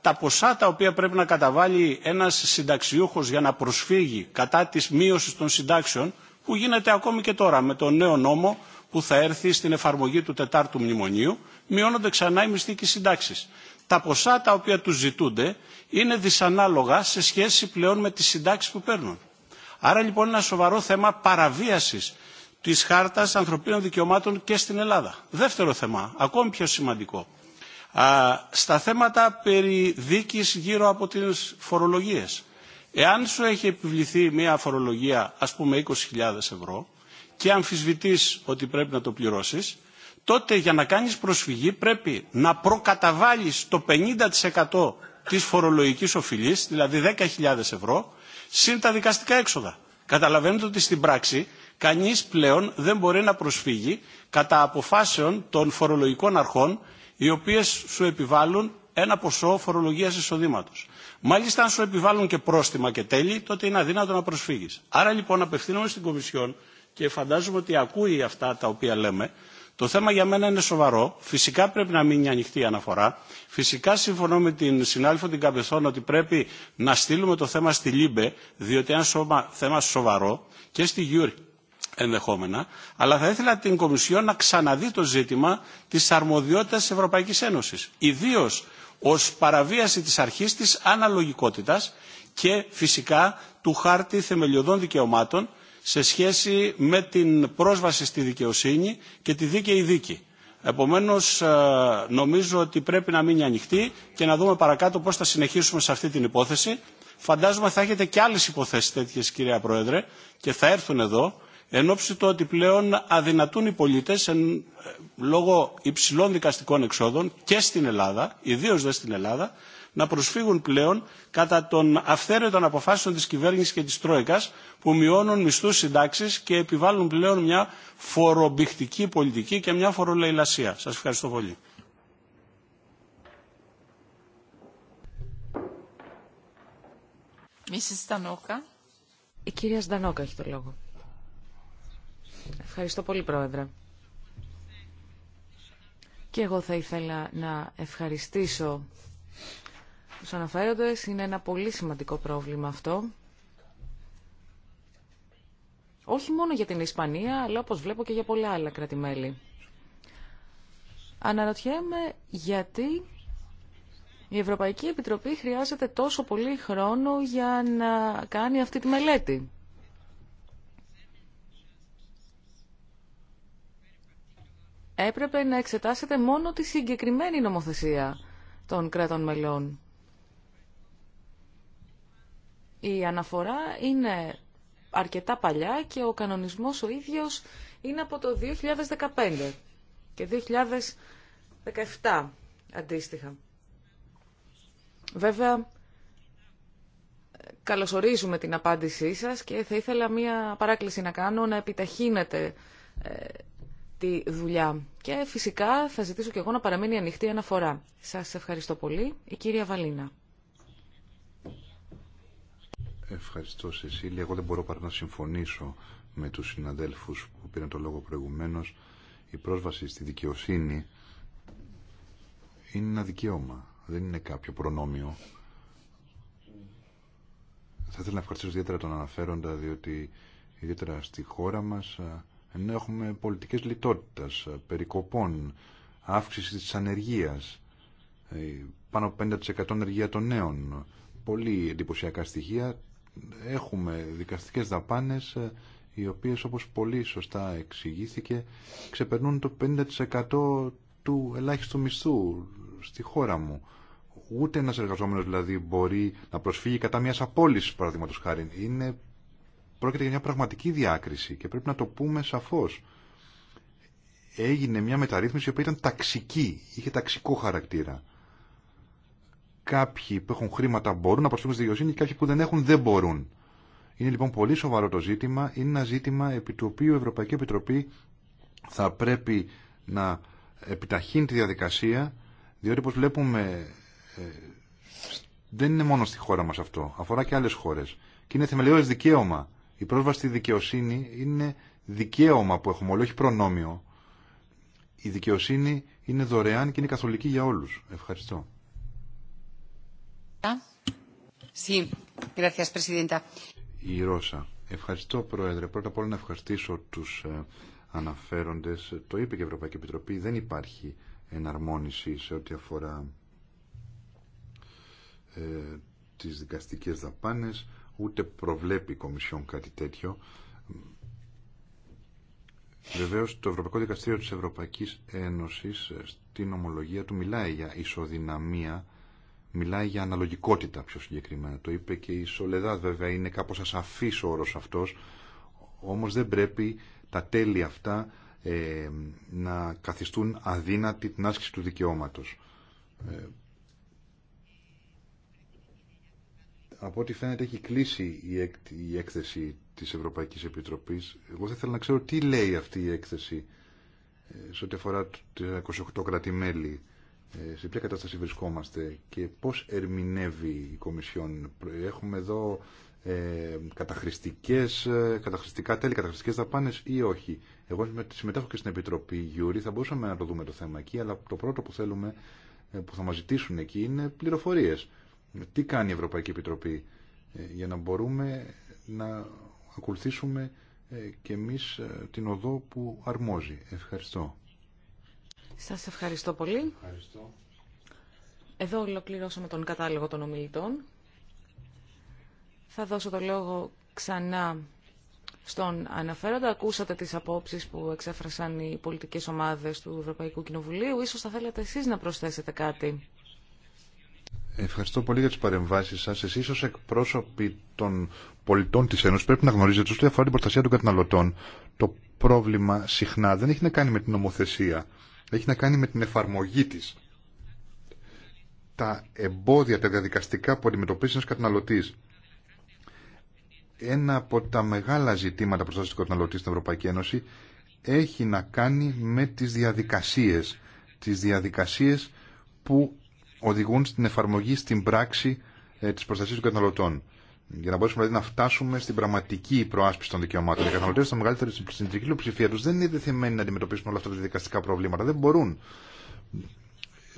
τα ποσά τα οποία πρέπει να καταβάλει ένας συνταξιούχος για να προσφύγει κατά της μείωσης των συντάξεων, που γίνεται ακόμη και τώρα με τον νέο νόμο που θα έρθει στην εφαρμογή του τετάρτου μνημονίου, μειώνονται ξανά οι μισθοί και οι συντάξει. Τα ποσά τα οποία του ζητούνται είναι δυσανάλογα σε σχέση πλέον με τι συντάξει που παίρνουν. Άρα λοιπόν είναι ένα σοβαρό θέμα παραβίαση τη Χάρτα Ανθρωπίνων Δικαιωμάτων και στην Ελλάδα. Δεύτερο θέμα, ακόμη πιο σημαντικό. Α, στα θέματα περί δίκης γύρω από τι φορολογίε. Εάν σου έχει επιβληθεί μια φορολογία α πούμε 20.000 ευρώ, και αμφισβητείς ότι πρέπει να το πληρώσεις, τότε για να κάνεις προσφυγή πρέπει να προκαταβάλεις το 50% της φορολογικής οφειλής, δηλαδή 10.000 ευρώ, συν τα δικαστικά έξοδα. Καταλαβαίνετε ότι στην πράξη κανείς πλέον δεν μπορεί να προσφύγει κατά αποφάσεων των φορολογικών αρχών οι οποίες σου επιβάλλουν ένα ποσό φορολογίας εισοδήματος. Μάλιστα αν σου επιβάλλουν και πρόστιμα και τέλη τότε είναι αδύνατο να προσφύγεις. Άρα λοιπόν απευθύνομαι στην Κομισιόν και φαντάζομαι ότι ακούει αυτά τα οποία λέμε. Το θέμα για μένα είναι σοβαρό. Φυσικά πρέπει να μείνει ανοιχτή η αναφορά. Φυσικά συμφωνώ με την συνάδελφο την Καπεθόν ότι πρέπει να στείλουμε το θέμα στη ΛΥΜΠΕ, διότι είναι ένα θέμα σοβαρό και στη Γιούρη ενδεχόμενα. Αλλά θα ήθελα την Κομισιό να ξαναδεί το ζήτημα τη αρμοδιότητα τη Ευρωπαϊκή Ένωση. Ιδίω ω παραβίαση τη αρχή τη αναλογικότητα και φυσικά του χάρτη θεμελιωδών δικαιωμάτων σε σχέση με την πρόσβαση στη δικαιοσύνη και τη δίκαιη δίκη. Επομένως, ε, νομίζω ότι πρέπει να μείνει ανοιχτή και να δούμε παρακάτω πώς θα συνεχίσουμε σε αυτή την υπόθεση. Φαντάζομαι θα έχετε και άλλες υποθέσεις τέτοιες, κυρία Πρόεδρε, και θα έρθουν εδώ, εν ώψη του ότι πλέον αδυνατούν οι πολίτες ε, λόγω υψηλών δικαστικών εξόδων και στην Ελλάδα, ιδίως δεν στην Ελλάδα, να προσφύγουν πλέον κατά των αυθαίρετων αποφάσεων της κυβέρνησης και της Τρόικας που μειώνουν μισθούς συντάξεις και επιβάλλουν πλέον μια φορομπηχτική πολιτική και μια φορολαϊλασία. Σας ευχαριστώ πολύ. Η κυρία Στανόκα έχει το λόγο. Ευχαριστώ πολύ, Πρόεδρε. Και εγώ θα ήθελα να ευχαριστήσω τους αναφέροντες. Είναι ένα πολύ σημαντικό πρόβλημα αυτό. Όχι μόνο για την Ισπανία, αλλά όπως βλέπω και για πολλά άλλα κράτη-μέλη Αναρωτιέμαι γιατί η Ευρωπαϊκή Επιτροπή χρειάζεται τόσο πολύ χρόνο για να κάνει αυτή τη μελέτη. Έπρεπε να εξετάσετε μόνο τη συγκεκριμένη νομοθεσία των κρατών μελών. Η αναφορά είναι αρκετά παλιά και ο κανονισμός ο ίδιος είναι από το 2015 και 2017 αντίστοιχα. Βέβαια, καλωσορίζουμε την απάντησή σας και θα ήθελα μία παράκληση να κάνω να επιταχύνετε ε, τη δουλειά. Και φυσικά θα ζητήσω και εγώ να παραμείνει ανοιχτή αναφορά. Σας ευχαριστώ πολύ. Η κυρία Βαλίνα. Ευχαριστώ Σεσίλη. Εγώ δεν μπορώ παρά να συμφωνήσω με τους συναδέλφους που πήραν το λόγο προηγουμένως. Η πρόσβαση στη δικαιοσύνη είναι ένα δικαίωμα, δεν είναι κάποιο προνόμιο. Θα ήθελα να ευχαριστήσω ιδιαίτερα τον αναφέροντα, διότι ιδιαίτερα στη χώρα μας ενώ έχουμε πολιτικές λιτότητας, περικοπών, αύξηση της ανεργίας, ε, πάνω από 50% ανεργία των νέων, πολύ εντυπωσιακά στοιχεία, έχουμε δικαστικές δαπάνες ε, οι οποίες όπως πολύ σωστά εξηγήθηκε ξεπερνούν το 50% του ελάχιστου μισθού στη χώρα μου. Ούτε ένας εργαζόμενος δηλαδή μπορεί να προσφύγει κατά μιας απόλυσης παραδείγματος χάρη. Είναι, πρόκειται για μια πραγματική διάκριση και πρέπει να το πούμε σαφώς. Έγινε μια μεταρρύθμιση η οποία ήταν ταξική, είχε ταξικό χαρακτήρα κάποιοι που έχουν χρήματα μπορούν να προσφύγουν στη δικαιοσύνη και κάποιοι που δεν έχουν δεν μπορούν. Είναι λοιπόν πολύ σοβαρό το ζήτημα. Είναι ένα ζήτημα επί του οποίου η Ευρωπαϊκή Επιτροπή θα πρέπει να επιταχύνει τη διαδικασία, διότι όπω βλέπουμε ε, δεν είναι μόνο στη χώρα μα αυτό, αφορά και άλλε χώρε. Και είναι θεμελιώδε δικαίωμα. Η πρόσβαση στη δικαιοσύνη είναι δικαίωμα που έχουμε όλοι, όχι προνόμιο. Η δικαιοσύνη είναι δωρεάν και είναι καθολική για όλους. Ευχαριστώ. Ρώσα. Ευχαριστώ, Πρόεδρε. Πρώτα απ' όλα να ευχαριστήσω τους ε, αναφέροντες. Το είπε και η Ευρωπαϊκή Επιτροπή. Δεν υπάρχει εναρμόνιση σε ό,τι αφορά ε, τις δικαστικές δαπάνες. Ούτε προβλέπει η Κομισιόν κάτι τέτοιο. Βεβαίω, το Ευρωπαϊκό Δικαστήριο της Ευρωπαϊκής Ένωσης ε, στην ομολογία του μιλάει για ισοδυναμία μιλάει για αναλογικότητα πιο συγκεκριμένα. Το είπε και η Σολεδά βέβαια, είναι κάπως ασαφής ο όρος αυτός, όμως δεν πρέπει τα τέλη αυτά ε, να καθιστούν αδύνατη την άσκηση του δικαιώματος. Ε, από ό,τι φαίνεται έχει κλείσει η, έκ, η έκθεση της Ευρωπαϊκής Επιτροπής. Εγώ θα ήθελα να ξέρω τι λέει αυτή η έκθεση ε, σε ό,τι αφορά τα 28 κράτη-μέλη ε, σε ποια κατάσταση βρισκόμαστε και πώς ερμηνεύει η Κομισιόν. Έχουμε εδώ ε, καταχρηστικές, ε, καταχρηστικά τέλη, καταχρηστικές δαπάνες ή όχι. Εγώ συμμετέχω και στην Επιτροπή Γιούρη, θα μπορούσαμε να το δούμε το θέμα εκεί, αλλά το πρώτο που θέλουμε, ε, που θα μας ζητήσουν εκεί, είναι πληροφορίες. Τι κάνει η Ευρωπαϊκή Επιτροπή για να μπορούμε να ακολουθήσουμε και εμείς την οδό που αρμόζει. Ευχαριστώ. Σας ευχαριστώ πολύ. Ευχαριστώ. Εδώ ολοκληρώσαμε τον κατάλογο των ομιλητών. Θα δώσω το λόγο ξανά στον αναφέροντα. Ακούσατε τις απόψεις που εξέφρασαν οι πολιτικές ομάδες του Ευρωπαϊκού Κοινοβουλίου. Ίσως θα θέλατε εσείς να προσθέσετε κάτι. Ευχαριστώ πολύ για τις παρεμβάσεις σας. Εσείς ως εκπρόσωποι των πολιτών της Ένωσης πρέπει να γνωρίζετε ότι αφορά την προστασία των καταναλωτών. Το πρόβλημα συχνά δεν έχει να κάνει με την νομοθεσία έχει να κάνει με την εφαρμογή της. Τα εμπόδια, τα διαδικαστικά που αντιμετωπίζει ένας καταναλωτής. Ένα από τα μεγάλα ζητήματα προστασία του καταναλωτή στην Ευρωπαϊκή Ένωση έχει να κάνει με τις διαδικασίες. Τις διαδικασίες που οδηγούν στην εφαρμογή στην πράξη ε, της προστασίας των καταναλωτών για να μπορέσουμε δηλαδή, να φτάσουμε στην πραγματική προάσπιση των δικαιωμάτων. Οι καταναλωτέ, στο μεγαλύτερο στην τρική ψηφία του, δεν είναι δεθειμένοι να αντιμετωπίσουν όλα αυτά τα δικαστικά προβλήματα. Δεν μπορούν.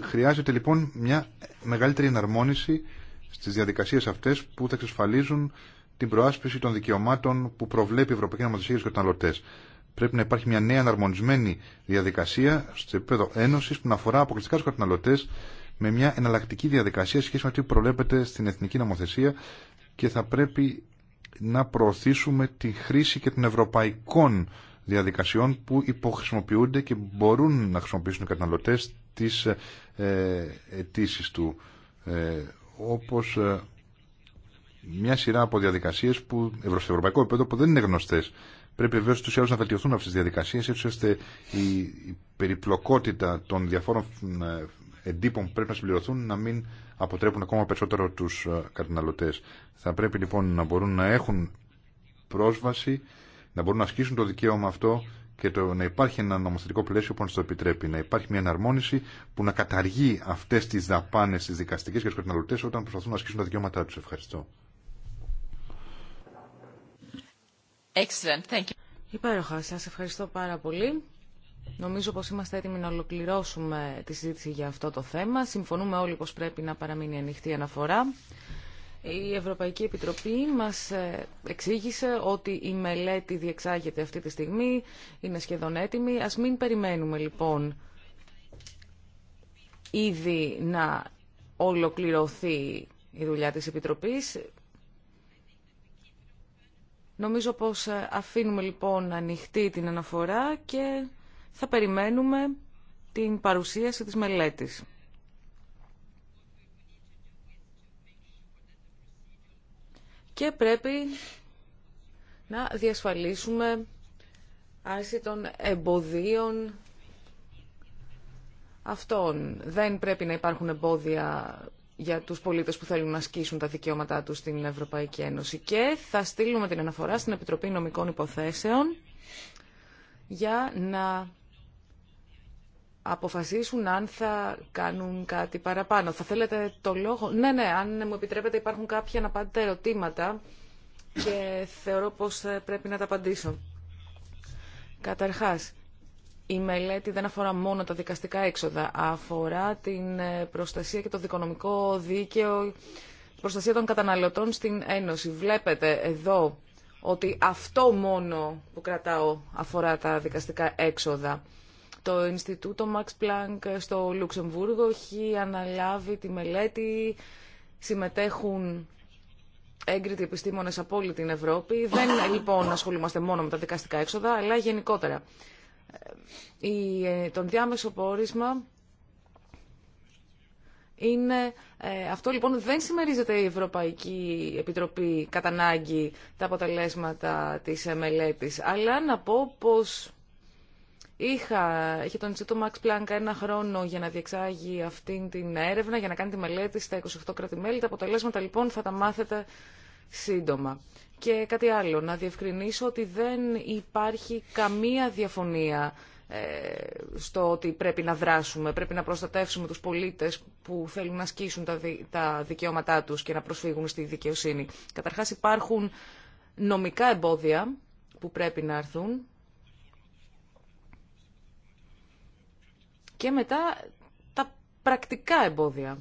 Χρειάζεται λοιπόν μια μεγαλύτερη εναρμόνιση στι διαδικασίε αυτέ που θα εξασφαλίζουν την προάσπιση των δικαιωμάτων που προβλέπει η Ευρωπαϊκή Νομοθεσία για του καταναλωτέ. Πρέπει να υπάρχει μια νέα αναρμονισμένη διαδικασία στο επίπεδο Ένωση που να αφορά αποκλειστικά του καταναλωτέ με μια εναλλακτική διαδικασία σχέση με αυτή που προβλέπεται στην Εθνική Νομοθεσία και θα πρέπει να προωθήσουμε τη χρήση και των ευρωπαϊκών διαδικασιών που υποχρησιμοποιούνται και μπορούν να χρησιμοποιήσουν οι καταναλωτές τις ε, αιτήσει του ε, όπως ε, μια σειρά από διαδικασίες που στο ευρωπαϊκό επίπεδο που δεν είναι γνωστές πρέπει βέβαια τους άλλους να βελτιωθούν αυτές τις διαδικασίες έτσι ώστε η, η περιπλοκότητα των διαφόρων ε, εντύπων που πρέπει να συμπληρωθούν να μην αποτρέπουν ακόμα περισσότερο τους ε, καταναλωτές. Θα πρέπει λοιπόν να μπορούν να έχουν πρόσβαση, να μπορούν να ασκήσουν το δικαίωμα αυτό και το, να υπάρχει ένα νομοθετικό πλαίσιο που να το επιτρέπει. Να υπάρχει μια εναρμόνιση που να καταργεί αυτές τις δαπάνες στις δικαστικές και του καταναλωτέ όταν προσπαθούν να ασκήσουν τα δικαιώματά του. Ευχαριστώ. ευχαριστώ πάρα πολύ. Νομίζω πως είμαστε έτοιμοι να ολοκληρώσουμε τη συζήτηση για αυτό το θέμα. Συμφωνούμε όλοι πως πρέπει να παραμείνει ανοιχτή η αναφορά. Η Ευρωπαϊκή Επιτροπή μας ε, εξήγησε ότι η μελέτη διεξάγεται αυτή τη στιγμή, είναι σχεδόν έτοιμη. Ας μην περιμένουμε λοιπόν ήδη να ολοκληρωθεί η δουλειά της Επιτροπής. Νομίζω πως ε, αφήνουμε λοιπόν ανοιχτή την αναφορά και θα περιμένουμε την παρουσίαση της μελέτης. Και πρέπει να διασφαλίσουμε άρση των εμποδίων αυτών. Δεν πρέπει να υπάρχουν εμπόδια για τους πολίτες που θέλουν να ασκήσουν τα δικαιώματά τους στην Ευρωπαϊκή Ένωση. Και θα στείλουμε την αναφορά στην Επιτροπή Νομικών Υποθέσεων για να αποφασίσουν αν θα κάνουν κάτι παραπάνω. Θα θέλετε το λόγο. Ναι, ναι, αν μου επιτρέπετε υπάρχουν κάποια να ερωτήματα και θεωρώ πως ε, πρέπει να τα απαντήσω. Καταρχάς, η μελέτη δεν αφορά μόνο τα δικαστικά έξοδα, αφορά την ε, προστασία και το δικονομικό δίκαιο, προστασία των καταναλωτών στην Ένωση. Βλέπετε εδώ ότι αυτό μόνο που κρατάω αφορά τα δικαστικά έξοδα. Το Ινστιτούτο Max Planck στο Λουξεμβούργο έχει αναλάβει τη μελέτη. Συμμετέχουν έγκριτοι επιστήμονες από όλη την Ευρώπη. Δεν λοιπόν ασχολούμαστε μόνο με τα δικαστικά έξοδα, αλλά γενικότερα. Ε, ε, τον διάμεσο πόρισμα είναι, ε, αυτό λοιπόν δεν συμμερίζεται η Ευρωπαϊκή Επιτροπή κατά ανάγκη τα αποτελέσματα της μελέτης, αλλά να πω πως Είχα, είχε τον Ινστιτούτο Max Πλάνκα ένα χρόνο για να διεξάγει αυτή την έρευνα, για να κάνει τη μελέτη στα 28 κράτη-μέλη. Τα αποτελέσματα λοιπόν θα τα μάθετε σύντομα. Και κάτι άλλο, να διευκρινίσω ότι δεν υπάρχει καμία διαφωνία ε, στο ότι πρέπει να δράσουμε, πρέπει να προστατεύσουμε τους πολίτες που θέλουν να ασκήσουν τα, τα δικαιώματά τους και να προσφύγουν στη δικαιοσύνη. Καταρχάς υπάρχουν νομικά εμπόδια που πρέπει να έρθουν Και μετά τα πρακτικά εμπόδια.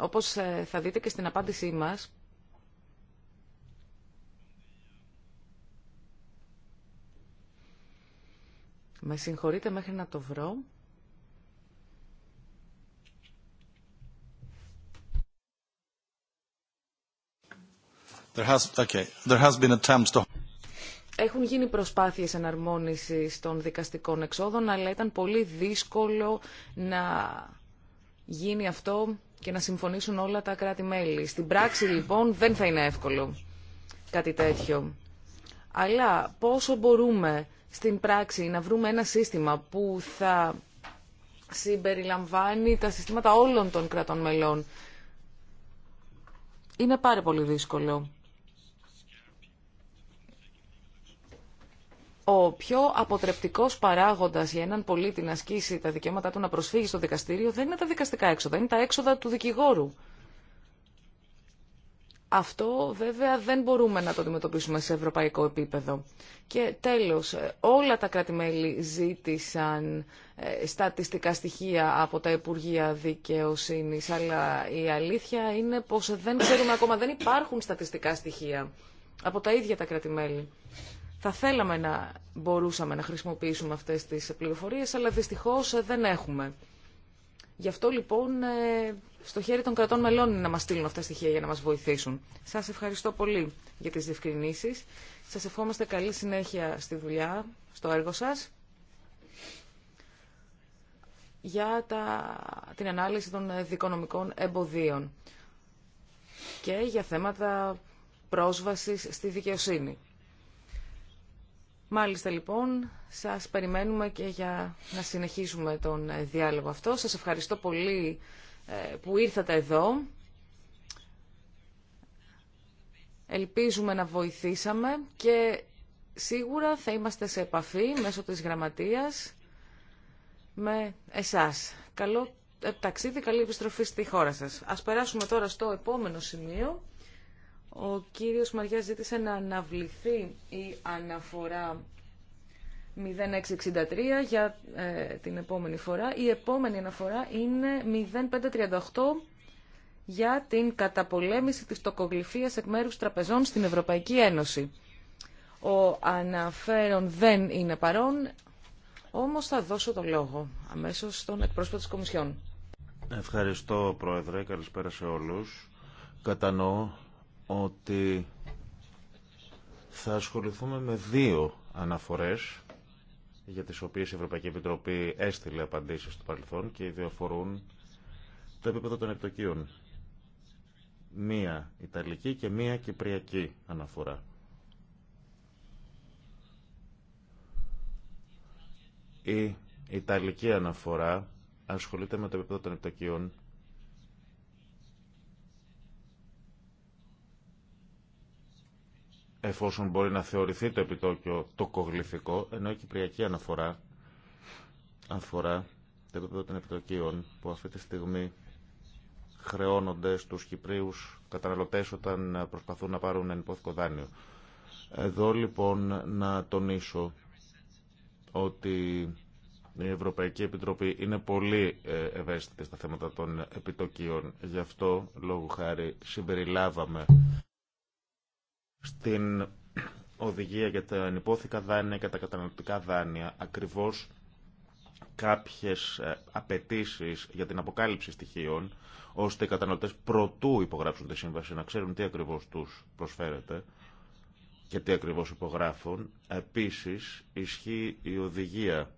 Όπως ε, θα δείτε και στην απάντησή μας, Με συγχωρείτε μέχρι να το βρω. There has, okay. There has been έχουν γίνει προσπάθειες εναρμόνισης των δικαστικών εξόδων, αλλά ήταν πολύ δύσκολο να γίνει αυτό και να συμφωνήσουν όλα τα κράτη-μέλη. Στην πράξη, λοιπόν, δεν θα είναι εύκολο κάτι τέτοιο. Αλλά πόσο μπορούμε στην πράξη να βρούμε ένα σύστημα που θα συμπεριλαμβάνει τα συστήματα όλων των κρατών μελών. Είναι πάρα πολύ δύσκολο. ο πιο αποτρεπτικός παράγοντας για έναν πολίτη να ασκήσει τα δικαιώματά του να προσφύγει στο δικαστήριο δεν είναι τα δικαστικά έξοδα, είναι τα έξοδα του δικηγόρου. Αυτό βέβαια δεν μπορούμε να το αντιμετωπίσουμε σε ευρωπαϊκό επίπεδο. Και τέλος, ε, όλα τα κράτη-μέλη ζήτησαν ε, στατιστικά στοιχεία από τα Υπουργεία Δικαιοσύνης, αλλά η αλήθεια είναι πως δεν ξέρουμε ακόμα, δεν υπάρχουν στατιστικά στοιχεία από τα ίδια τα κράτη-μέλη. Θα θέλαμε να μπορούσαμε να χρησιμοποιήσουμε αυτές τις πληροφορίες, αλλά δυστυχώς ε, δεν έχουμε. Γι' αυτό λοιπόν ε, στο χέρι των κρατών μελών είναι να μας στείλουν αυτά τα στοιχεία για να μας βοηθήσουν. Σας ευχαριστώ πολύ για τις διευκρινήσεις. Σας ευχόμαστε καλή συνέχεια στη δουλειά, στο έργο σας. Για τα, την ανάλυση των δικονομικών εμποδίων και για θέματα πρόσβασης στη δικαιοσύνη. Μάλιστα λοιπόν, σας περιμένουμε και για να συνεχίσουμε τον ε, διάλογο αυτό. Σας ευχαριστώ πολύ ε, που ήρθατε εδώ. Ελπίζουμε να βοηθήσαμε και σίγουρα θα είμαστε σε επαφή μέσω της γραμματείας με εσάς. Καλό ε, ταξίδι, καλή επιστροφή στη χώρα σας. Ας περάσουμε τώρα στο επόμενο σημείο. Ο κύριος Μαρια ζήτησε να αναβληθεί η αναφορά 0663 για ε, την επόμενη φορά. Η επόμενη αναφορά είναι 0538 για την καταπολέμηση της τοκογλυφίας εκ μέρους τραπεζών στην Ευρωπαϊκή Ένωση. Ο αναφέρον δεν είναι παρόν, όμως θα δώσω το λόγο αμέσως στον εκπρόσωπο της Κομισιόν. Ευχαριστώ Πρόεδρε, καλησπέρα σε όλους. Κατανοώ ότι θα ασχοληθούμε με δύο αναφορές για τις οποίες η Ευρωπαϊκή Επιτροπή έστειλε απαντήσεις στο παρελθόν και οι δύο αφορούν το επίπεδο των επιτοκίων. Μία Ιταλική και μία Κυπριακή αναφορά. Η Ιταλική αναφορά ασχολείται με το επίπεδο των επιτοκίων εφόσον μπορεί να θεωρηθεί το επιτόκιο τοκογλυθικό, ενώ η κυπριακή αναφορά αφορά το επίπεδο των επιτοκίων που αυτή τη στιγμή χρεώνονται στους Κυπρίους καταναλωτές όταν προσπαθούν να πάρουν ένα υπόθηκο δάνειο. Εδώ λοιπόν να τονίσω ότι η Ευρωπαϊκή Επιτροπή είναι πολύ ε, ευαίσθητη στα θέματα των επιτοκίων. Γι' αυτό, λόγου χάρη, συμπεριλάβαμε στην οδηγία για τα ανυπόθηκα δάνεια και τα καταναλωτικά δάνεια ακριβώς κάποιες ε, απαιτήσει για την αποκάλυψη στοιχείων ώστε οι καταναλωτές προτού υπογράψουν τη σύμβαση να ξέρουν τι ακριβώς τους προσφέρεται και τι ακριβώς υπογράφουν. Επίσης ισχύει η οδηγία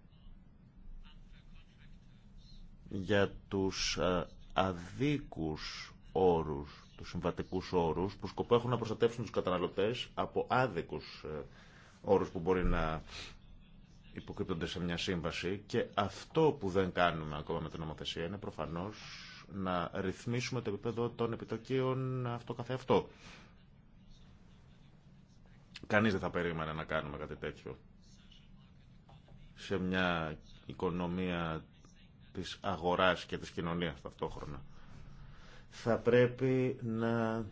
για τους ε, αδίκους όρους τους συμβατικού όρου που σκοπό έχουν να προστατεύσουν τους καταναλωτές από άδικου ε, όρου που μπορεί να υποκρύπτονται σε μια σύμβαση και αυτό που δεν κάνουμε ακόμα με την νομοθεσία είναι προφανώ να ρυθμίσουμε το επίπεδο των επιτοκίων αυτό καθεαυτό. Κανείς δεν θα περίμενε να κάνουμε κάτι τέτοιο σε μια οικονομία της αγοράς και της κοινωνίας ταυτόχρονα. Θα πρέπει να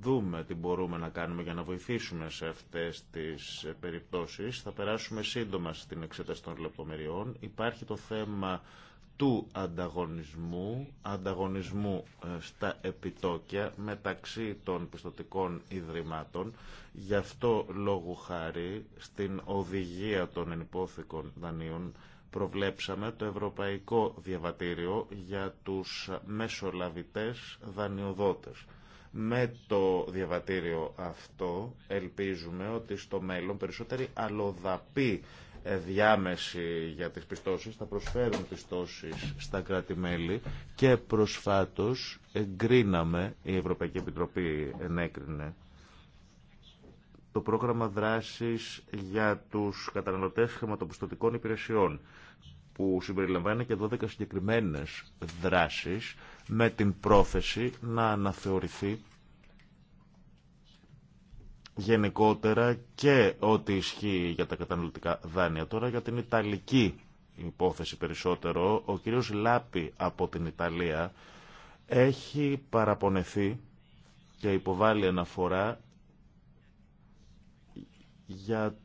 δούμε τι μπορούμε να κάνουμε για να βοηθήσουμε σε αυτές τις περιπτώσεις. Θα περάσουμε σύντομα στην εξέταση των λεπτομεριών. Υπάρχει το θέμα του ανταγωνισμού, ανταγωνισμού ε, στα επιτόκια μεταξύ των πιστοτικών ιδρυμάτων. Γι' αυτό λόγου χάρη στην οδηγία των ενυπόθηκων δανείων προβλέψαμε το Ευρωπαϊκό Διαβατήριο για τους μεσολαβητές δανειοδότες. Με το διαβατήριο αυτό ελπίζουμε ότι στο μέλλον περισσότεροι αλλοδαποί ε, διάμεση για τις πιστώσεις θα προσφέρουν πιστώσεις στα κράτη-μέλη και προσφάτως εγκρίναμε, η Ευρωπαϊκή Επιτροπή ενέκρινε το πρόγραμμα δράσης για τους καταναλωτές χρηματοπιστωτικών υπηρεσιών που συμπεριλαμβάνει και 12 συγκεκριμένες δράσεις με την πρόθεση να αναθεωρηθεί γενικότερα και ό,τι ισχύει για τα καταναλωτικά δάνεια. Τώρα για την Ιταλική υπόθεση περισσότερο, ο κύριος Λάπη από την Ιταλία έχει παραπονεθεί και υποβάλει αναφορά για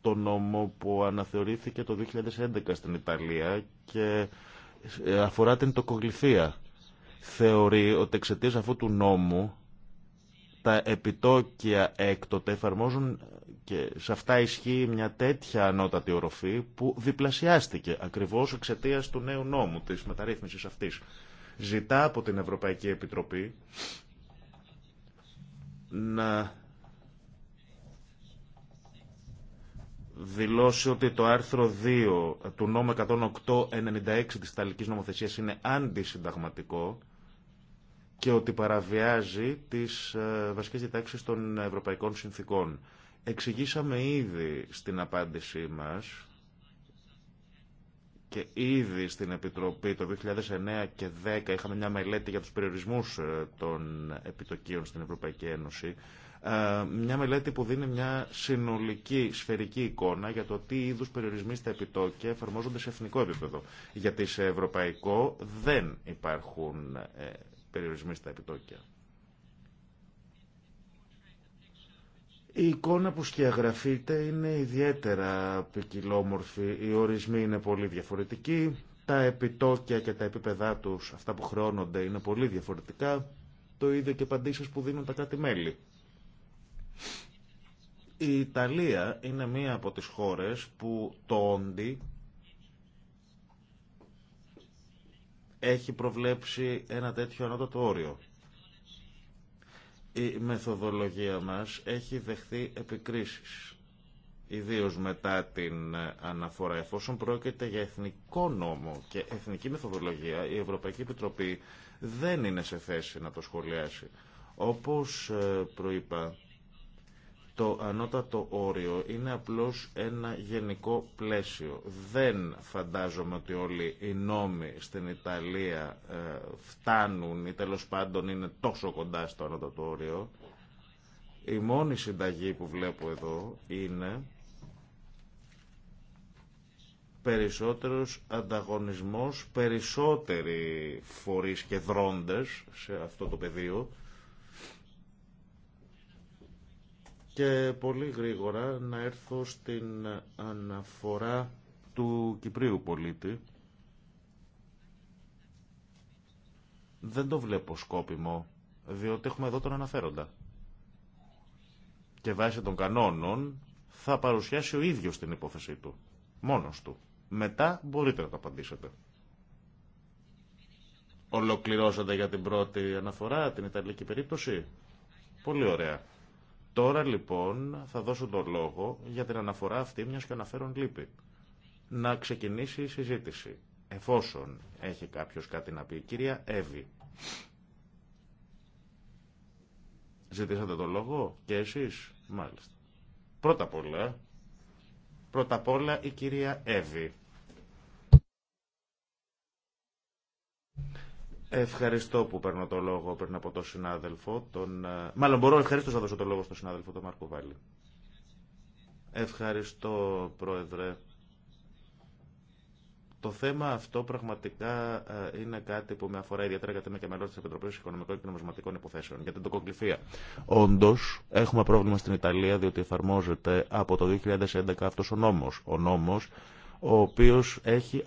το νόμο που αναθεωρήθηκε το 2011 στην Ιταλία και ε, αφορά την τοκογλυφία. Θεωρεί ότι εξαιτία αυτού του νόμου τα επιτόκια έκτοτε εφαρμόζουν και σε αυτά ισχύει μια τέτοια ανώτατη οροφή που διπλασιάστηκε ακριβώς εξαιτία του νέου νόμου, της μεταρρύθμισης αυτής. Ζητά από την Ευρωπαϊκή Επιτροπή να δηλώσει ότι το άρθρο 2 του νόμου 108-96 της Ιταλικής νομοθεσίας είναι αντισυνταγματικό και ότι παραβιάζει τις ε, βασικές διτάξεις των ευρωπαϊκών συνθήκων. Εξηγήσαμε ήδη στην απάντησή μας και ήδη στην Επιτροπή το 2009 και 2010 είχαμε μια μελέτη για τους περιορισμούς ε, των επιτοκίων στην Ευρωπαϊκή Ένωση ε, μια μελέτη που δίνει μια συνολική σφαιρική εικόνα για το τι είδους περιορισμοί στα επιτόκια εφαρμόζονται σε εθνικό επίπεδο. Γιατί σε ευρωπαϊκό δεν υπάρχουν ε, περιορισμοί στα επιτόκια. Η εικόνα που σκιαγραφείται είναι ιδιαίτερα ποικιλόμορφη. Οι ορισμοί είναι πολύ διαφορετικοί. Τα επιτόκια και τα επίπεδά τους, αυτά που χρεώνονται, είναι πολύ διαφορετικά. Το ίδιο και απαντήσει που δίνουν τα κάτι μέλη. Η Ιταλία είναι μία από τις χώρες που το όντι έχει προβλέψει ένα τέτοιο ανώτατο όριο. Η μεθοδολογία μας έχει δεχθεί επικρίσεις, ιδίως μετά την αναφορά. Εφόσον πρόκειται για εθνικό νόμο και εθνική μεθοδολογία, η Ευρωπαϊκή Επιτροπή δεν είναι σε θέση να το σχολιάσει. Όπως ε, προείπα, το ανώτατο όριο είναι απλώς ένα γενικό πλαίσιο. Δεν φαντάζομαι ότι όλοι οι νόμοι στην Ιταλία ε, φτάνουν ή τέλος πάντων είναι τόσο κοντά στο ανώτατο όριο. Η μόνη συνταγή που βλέπω εδώ είναι περισσότερος ανταγωνισμός, περισσότεροι φορείς και δρόντες σε αυτό το πεδίο Και πολύ γρήγορα να έρθω στην αναφορά του Κυπρίου πολίτη. Δεν το βλέπω σκόπιμο, διότι έχουμε εδώ τον αναφέροντα. Και βάσει των κανόνων θα παρουσιάσει ο ίδιος την υπόθεσή του, μόνος του. Μετά μπορείτε να το απαντήσετε. Ολοκληρώσατε για την πρώτη αναφορά την Ιταλική περίπτωση. Πολύ ωραία. Τώρα λοιπόν θα δώσω τον λόγο για την αναφορά αυτή μιας και αναφέρον λύπη. Να ξεκινήσει η συζήτηση, εφόσον έχει κάποιος κάτι να πει. Κυρία Εύη, ζητήσατε τον λόγο και εσείς, μάλιστα. Πρώτα απ' όλα, πρώτα απ' όλα η κυρία Εύη. Ευχαριστώ που παίρνω το λόγο πριν από τον συνάδελφο. Τον... Ε, μάλλον μπορώ ευχαρίστω να δώσω το λόγο στον συνάδελφο, τον Μάρκο Βάλλη. Ευχαριστώ, Πρόεδρε. Το θέμα αυτό πραγματικά ε, είναι κάτι που με αφορά ιδιαίτερα γιατί είμαι και μέλο τη Επιτροπή Οικονομικών και Νομισματικών Υποθέσεων για την τοκοκληφία. Όντω, έχουμε πρόβλημα στην Ιταλία διότι εφαρμόζεται από το 2011 αυτό ο νόμο. Ο νόμο ο οποίος έχει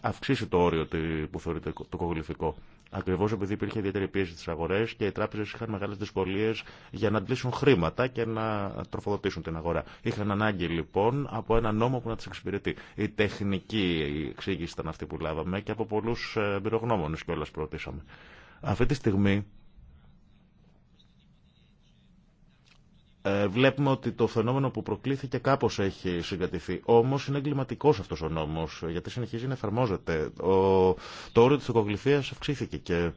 αυξήσει το όριο που θεωρείται το κογλυφικό. Ακριβώ επειδή υπήρχε ιδιαίτερη πίεση στι αγορέ και οι τράπεζε είχαν μεγάλε δυσκολίε για να αντλήσουν χρήματα και να τροφοδοτήσουν την αγορά. Είχαν ανάγκη λοιπόν από ένα νόμο που να τι εξυπηρετεί. Η τεχνική εξήγηση ήταν αυτή που λάβαμε και από πολλού ε, εμπειρογνώμονε κιόλα προωτήσαμε. Αυτή τη στιγμή Ε, βλέπουμε ότι το φαινόμενο που προκλήθηκε κάπως έχει συγκατηθεί. Όμως είναι εγκληματικό αυτός ο νόμος, γιατί συνεχίζει να εφαρμόζεται. το όριο της οικογλυφίας αυξήθηκε και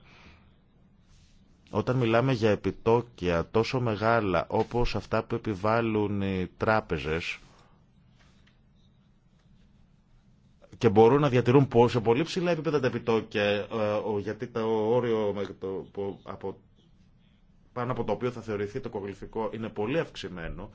όταν μιλάμε για επιτόκια τόσο μεγάλα όπως αυτά που επιβάλλουν οι τράπεζες και μπορούν να διατηρούν σε πολύ ψηλά επίπεδα τα επιτόκια, ε, γιατί το όριο από πάνω από το οποίο θα θεωρηθεί το κογλυφικό είναι πολύ αυξημένο,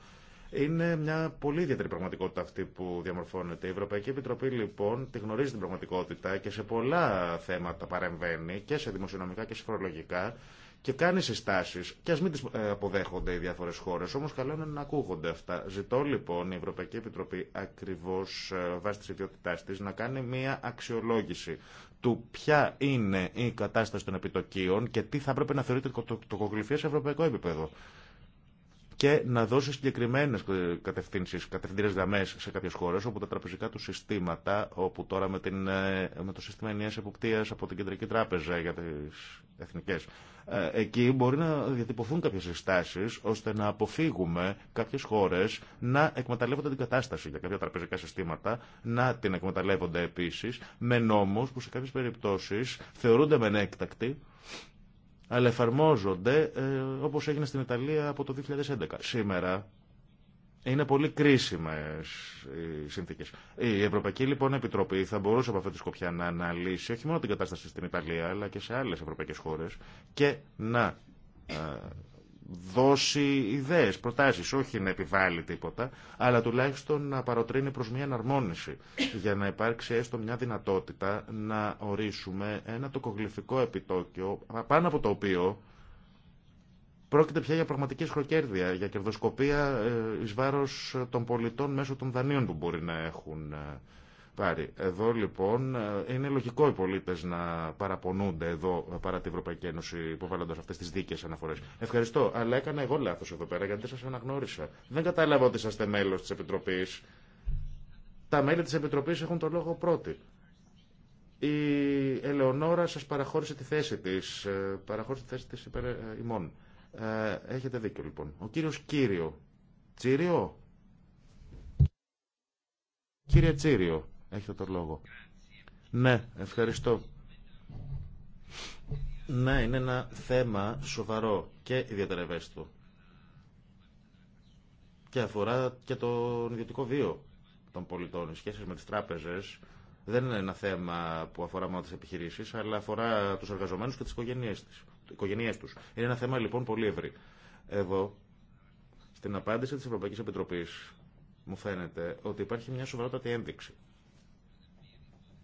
είναι μια πολύ ιδιαίτερη πραγματικότητα αυτή που διαμορφώνεται. Η Ευρωπαϊκή Επιτροπή λοιπόν τη γνωρίζει την πραγματικότητα και σε πολλά θέματα παρεμβαίνει και σε δημοσιονομικά και σε φορολογικά και κάνει συστάσει. Και α μην τι ε, αποδέχονται οι διάφορε χώρε, όμω καλό είναι να ακούγονται αυτά. Ζητώ λοιπόν η Ευρωπαϊκή Επιτροπή ακριβώ ε, βάσει τη ιδιότητά τη να κάνει μια αξιολόγηση του ποια είναι η κατάσταση των επιτοκίων και τι θα έπρεπε να θεωρείται τοκογλυφία σε ευρωπαϊκό επίπεδο και να δώσει συγκεκριμένε κατευθύνσει, κατευθυντήρε γραμμέ σε κάποιε χώρε όπου τα τραπεζικά του συστήματα, όπου τώρα με, την, ε, με το σύστημα ενιαία εποπτεία από την Κεντρική Τράπεζα για τι εθνικέ, ε, εκεί μπορεί να διατυπωθούν κάποιε συστάσει ώστε να αποφύγουμε κάποιε χώρε να εκμεταλλεύονται την κατάσταση για κάποια τραπεζικά συστήματα, να την εκμεταλλεύονται επίση με νόμου που σε κάποιε περιπτώσει θεωρούνται μεν αλλά εφαρμόζονται ε, όπως έγινε στην Ιταλία από το 2011. Σήμερα είναι πολύ κρίσιμες οι συνθήκες. Η Ευρωπαϊκή λοιπόν Επιτροπή θα μπορούσε από αυτή τη σκοπιά να αναλύσει όχι μόνο την κατάσταση στην Ιταλία αλλά και σε άλλες ευρωπαϊκές χώρες και να ε, δώσει ιδέες, προτάσεις, όχι να επιβάλλει τίποτα, αλλά τουλάχιστον να παροτρύνει προς μια εναρμόνιση, για να υπάρξει έστω μια δυνατότητα να ορίσουμε ένα τοκογλυφικό επιτόκιο, πάνω από το οποίο πρόκειται πια για πραγματική χροκέρδια, για κερδοσκοπία ε, εις βάρος των πολιτών μέσω των δανείων που μπορεί να έχουν ε, πάρει. Εδώ λοιπόν ε, είναι λογικό οι πολίτε να παραπονούνται εδώ ε, παρά την Ευρωπαϊκή Ένωση υποβάλλοντα αυτέ τι δίκαιε αναφορέ. Ευχαριστώ, αλλά έκανα εγώ λάθο εδώ πέρα γιατί δεν σα αναγνώρισα. Δεν κατάλαβα ότι είσαστε μέλο τη Επιτροπή. Τα μέλη τη Επιτροπή έχουν το λόγο πρώτη. Η Ελεονόρα σα παραχώρησε τη θέση τη. Ε, παραχώρησε τη θέση τη υπέρ ημών. Έχετε δίκιο λοιπόν. Ο κύριο Κύριο. Τσίριο. Κύριε Τσίριο. Έχετε το λόγο. Ναι, ευχαριστώ. Ναι, είναι ένα θέμα σοβαρό και ιδιαίτερα ευαίσθητο. Και αφορά και τον ιδιωτικό βίο των πολιτών. Οι σχέσεις με τις τράπεζες δεν είναι ένα θέμα που αφορά μόνο τις επιχειρήσεις, αλλά αφορά τους εργαζομένους και τις οικογένειές, του. οικογένειές τους. Είναι ένα θέμα λοιπόν πολύ ευρύ. Εδώ, στην απάντηση της Ευρωπαϊκής Επιτροπής, μου φαίνεται ότι υπάρχει μια σοβαρότατη ένδειξη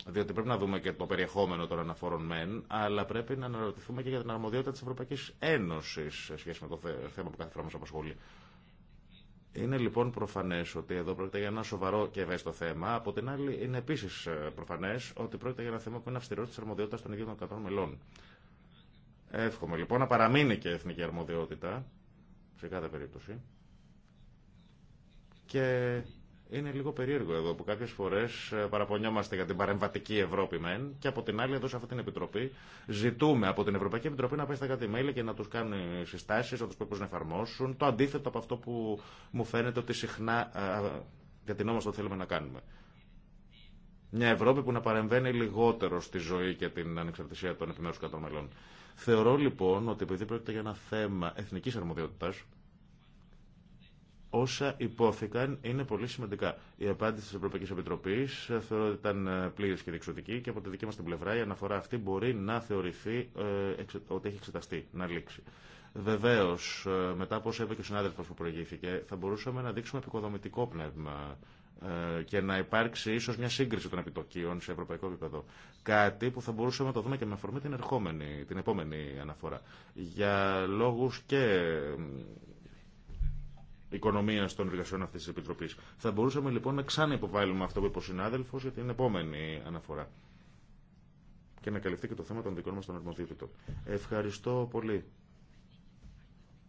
διότι πρέπει να δούμε και το περιεχόμενο των αναφορών μεν, αλλά πρέπει να αναρωτηθούμε και για την αρμοδιότητα τη Ευρωπαϊκή Ένωση σε σχέση με το θέμα που κάθε φορά μα απασχολεί. Είναι λοιπόν προφανέ ότι εδώ πρόκειται για ένα σοβαρό και ευαίσθητο θέμα. Από την άλλη, είναι επίση ε, προφανέ ότι πρόκειται για ένα θέμα που είναι αυστηρό τη αρμοδιότητα των ίδιων των κρατών μελών. Εύχομαι λοιπόν να παραμείνει και εθνική αρμοδιότητα σε κάθε περίπτωση. Και είναι λίγο περίεργο εδώ που κάποιε φορέ ε, παραπονιόμαστε για την παρεμβατική Ευρώπη μεν και από την άλλη εδώ σε αυτή την Επιτροπή ζητούμε από την Ευρωπαϊκή Επιτροπή να πάει στα κάτι μέλη και να του κάνει συστάσει, να του πει να εφαρμόσουν. Το αντίθετο από αυτό που μου φαίνεται ότι συχνά για όμως το θέλουμε να κάνουμε. Μια Ευρώπη που να παρεμβαίνει λιγότερο στη ζωή και την ανεξαρτησία των επιμέρου κατ' μελών. Θεωρώ λοιπόν ότι επειδή πρόκειται για ένα θέμα εθνική αρμοδιότητα, όσα υπόθηκαν είναι πολύ σημαντικά. Η απάντηση τη Ευρωπαϊκή Επιτροπή ε, θεωρώ ότι ήταν ε, πλήρη και διεξοδική και από τη δική μα την πλευρά η αναφορά αυτή μπορεί να θεωρηθεί ε, ότι έχει εξεταστεί, να λήξει. Βεβαίω, μετά από όσα είπε και ο συνάδελφο που προηγήθηκε, θα μπορούσαμε να δείξουμε επικοδομητικό πνεύμα και να υπάρξει ίσω μια σύγκριση των επιτοκίων σε ευρωπαϊκό επίπεδο. Κάτι που θα μπορούσαμε να το δούμε και με αφορμή την, ερχόμενη, την επόμενη αναφορά. Για λόγου και οικονομία των εργασιών αυτή τη Επιτροπή. Θα μπορούσαμε λοιπόν να ξανεποβάλουμε αυτό που είπε ο συνάδελφο για την επόμενη αναφορά. Και να καλυφθεί και το θέμα των δικών μα των αρμοδιότητων. Ευχαριστώ πολύ.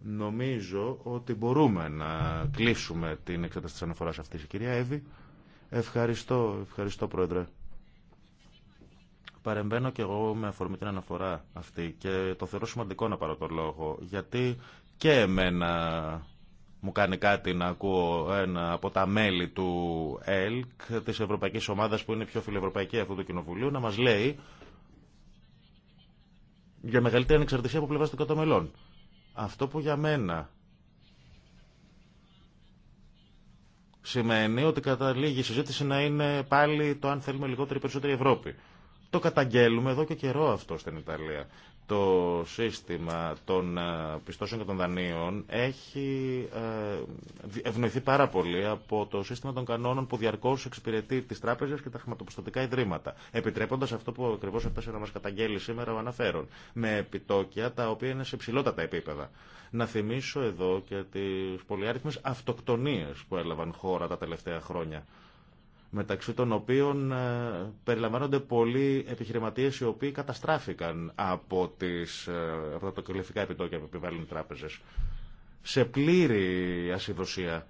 Νομίζω ότι μπορούμε να κλείσουμε την εξέταση τη αναφορά αυτή. Η κυρία Εύη. Ευχαριστώ, ευχαριστώ Πρόεδρε. Παρεμβαίνω και εγώ με αφορμή την αναφορά αυτή και το θεωρώ σημαντικό να πάρω τον λόγο γιατί και εμένα μου κάνει κάτι να ακούω ένα από τα μέλη του ΕΛΚ, της Ευρωπαϊκής Ομάδας που είναι πιο φιλευρωπαϊκή αυτού του κοινοβουλίου, να μας λέει για μεγαλύτερη ανεξαρτησία από πλευρά των κατομελών. Αυτό που για μένα σημαίνει ότι καταλήγει η συζήτηση να είναι πάλι το αν θέλουμε λιγότερη ή περισσότερη Ευρώπη. Το καταγγέλουμε εδώ και καιρό αυτό στην Ιταλία το σύστημα των ε, πιστώσεων και των δανείων έχει ε, ευνοηθεί πάρα πολύ από το σύστημα των κανόνων που διαρκώς εξυπηρετεί τις τράπεζες και τα χρηματοπιστωτικά ιδρύματα, επιτρέποντας αυτό που ακριβώς έφτασε να μας καταγγέλει σήμερα ο αναφέρον, με επιτόκια τα οποία είναι σε ψηλότατα επίπεδα. Να θυμίσω εδώ και τις πολυάριθμες αυτοκτονίες που έλαβαν χώρα τα τελευταία χρόνια μεταξύ των οποίων ε, περιλαμβάνονται πολλοί επιχειρηματίες οι οποίοι καταστράφηκαν από, τις, ε, από τα επιτόκια που επιβάλλουν οι τράπεζες. Σε πλήρη ασυδοσία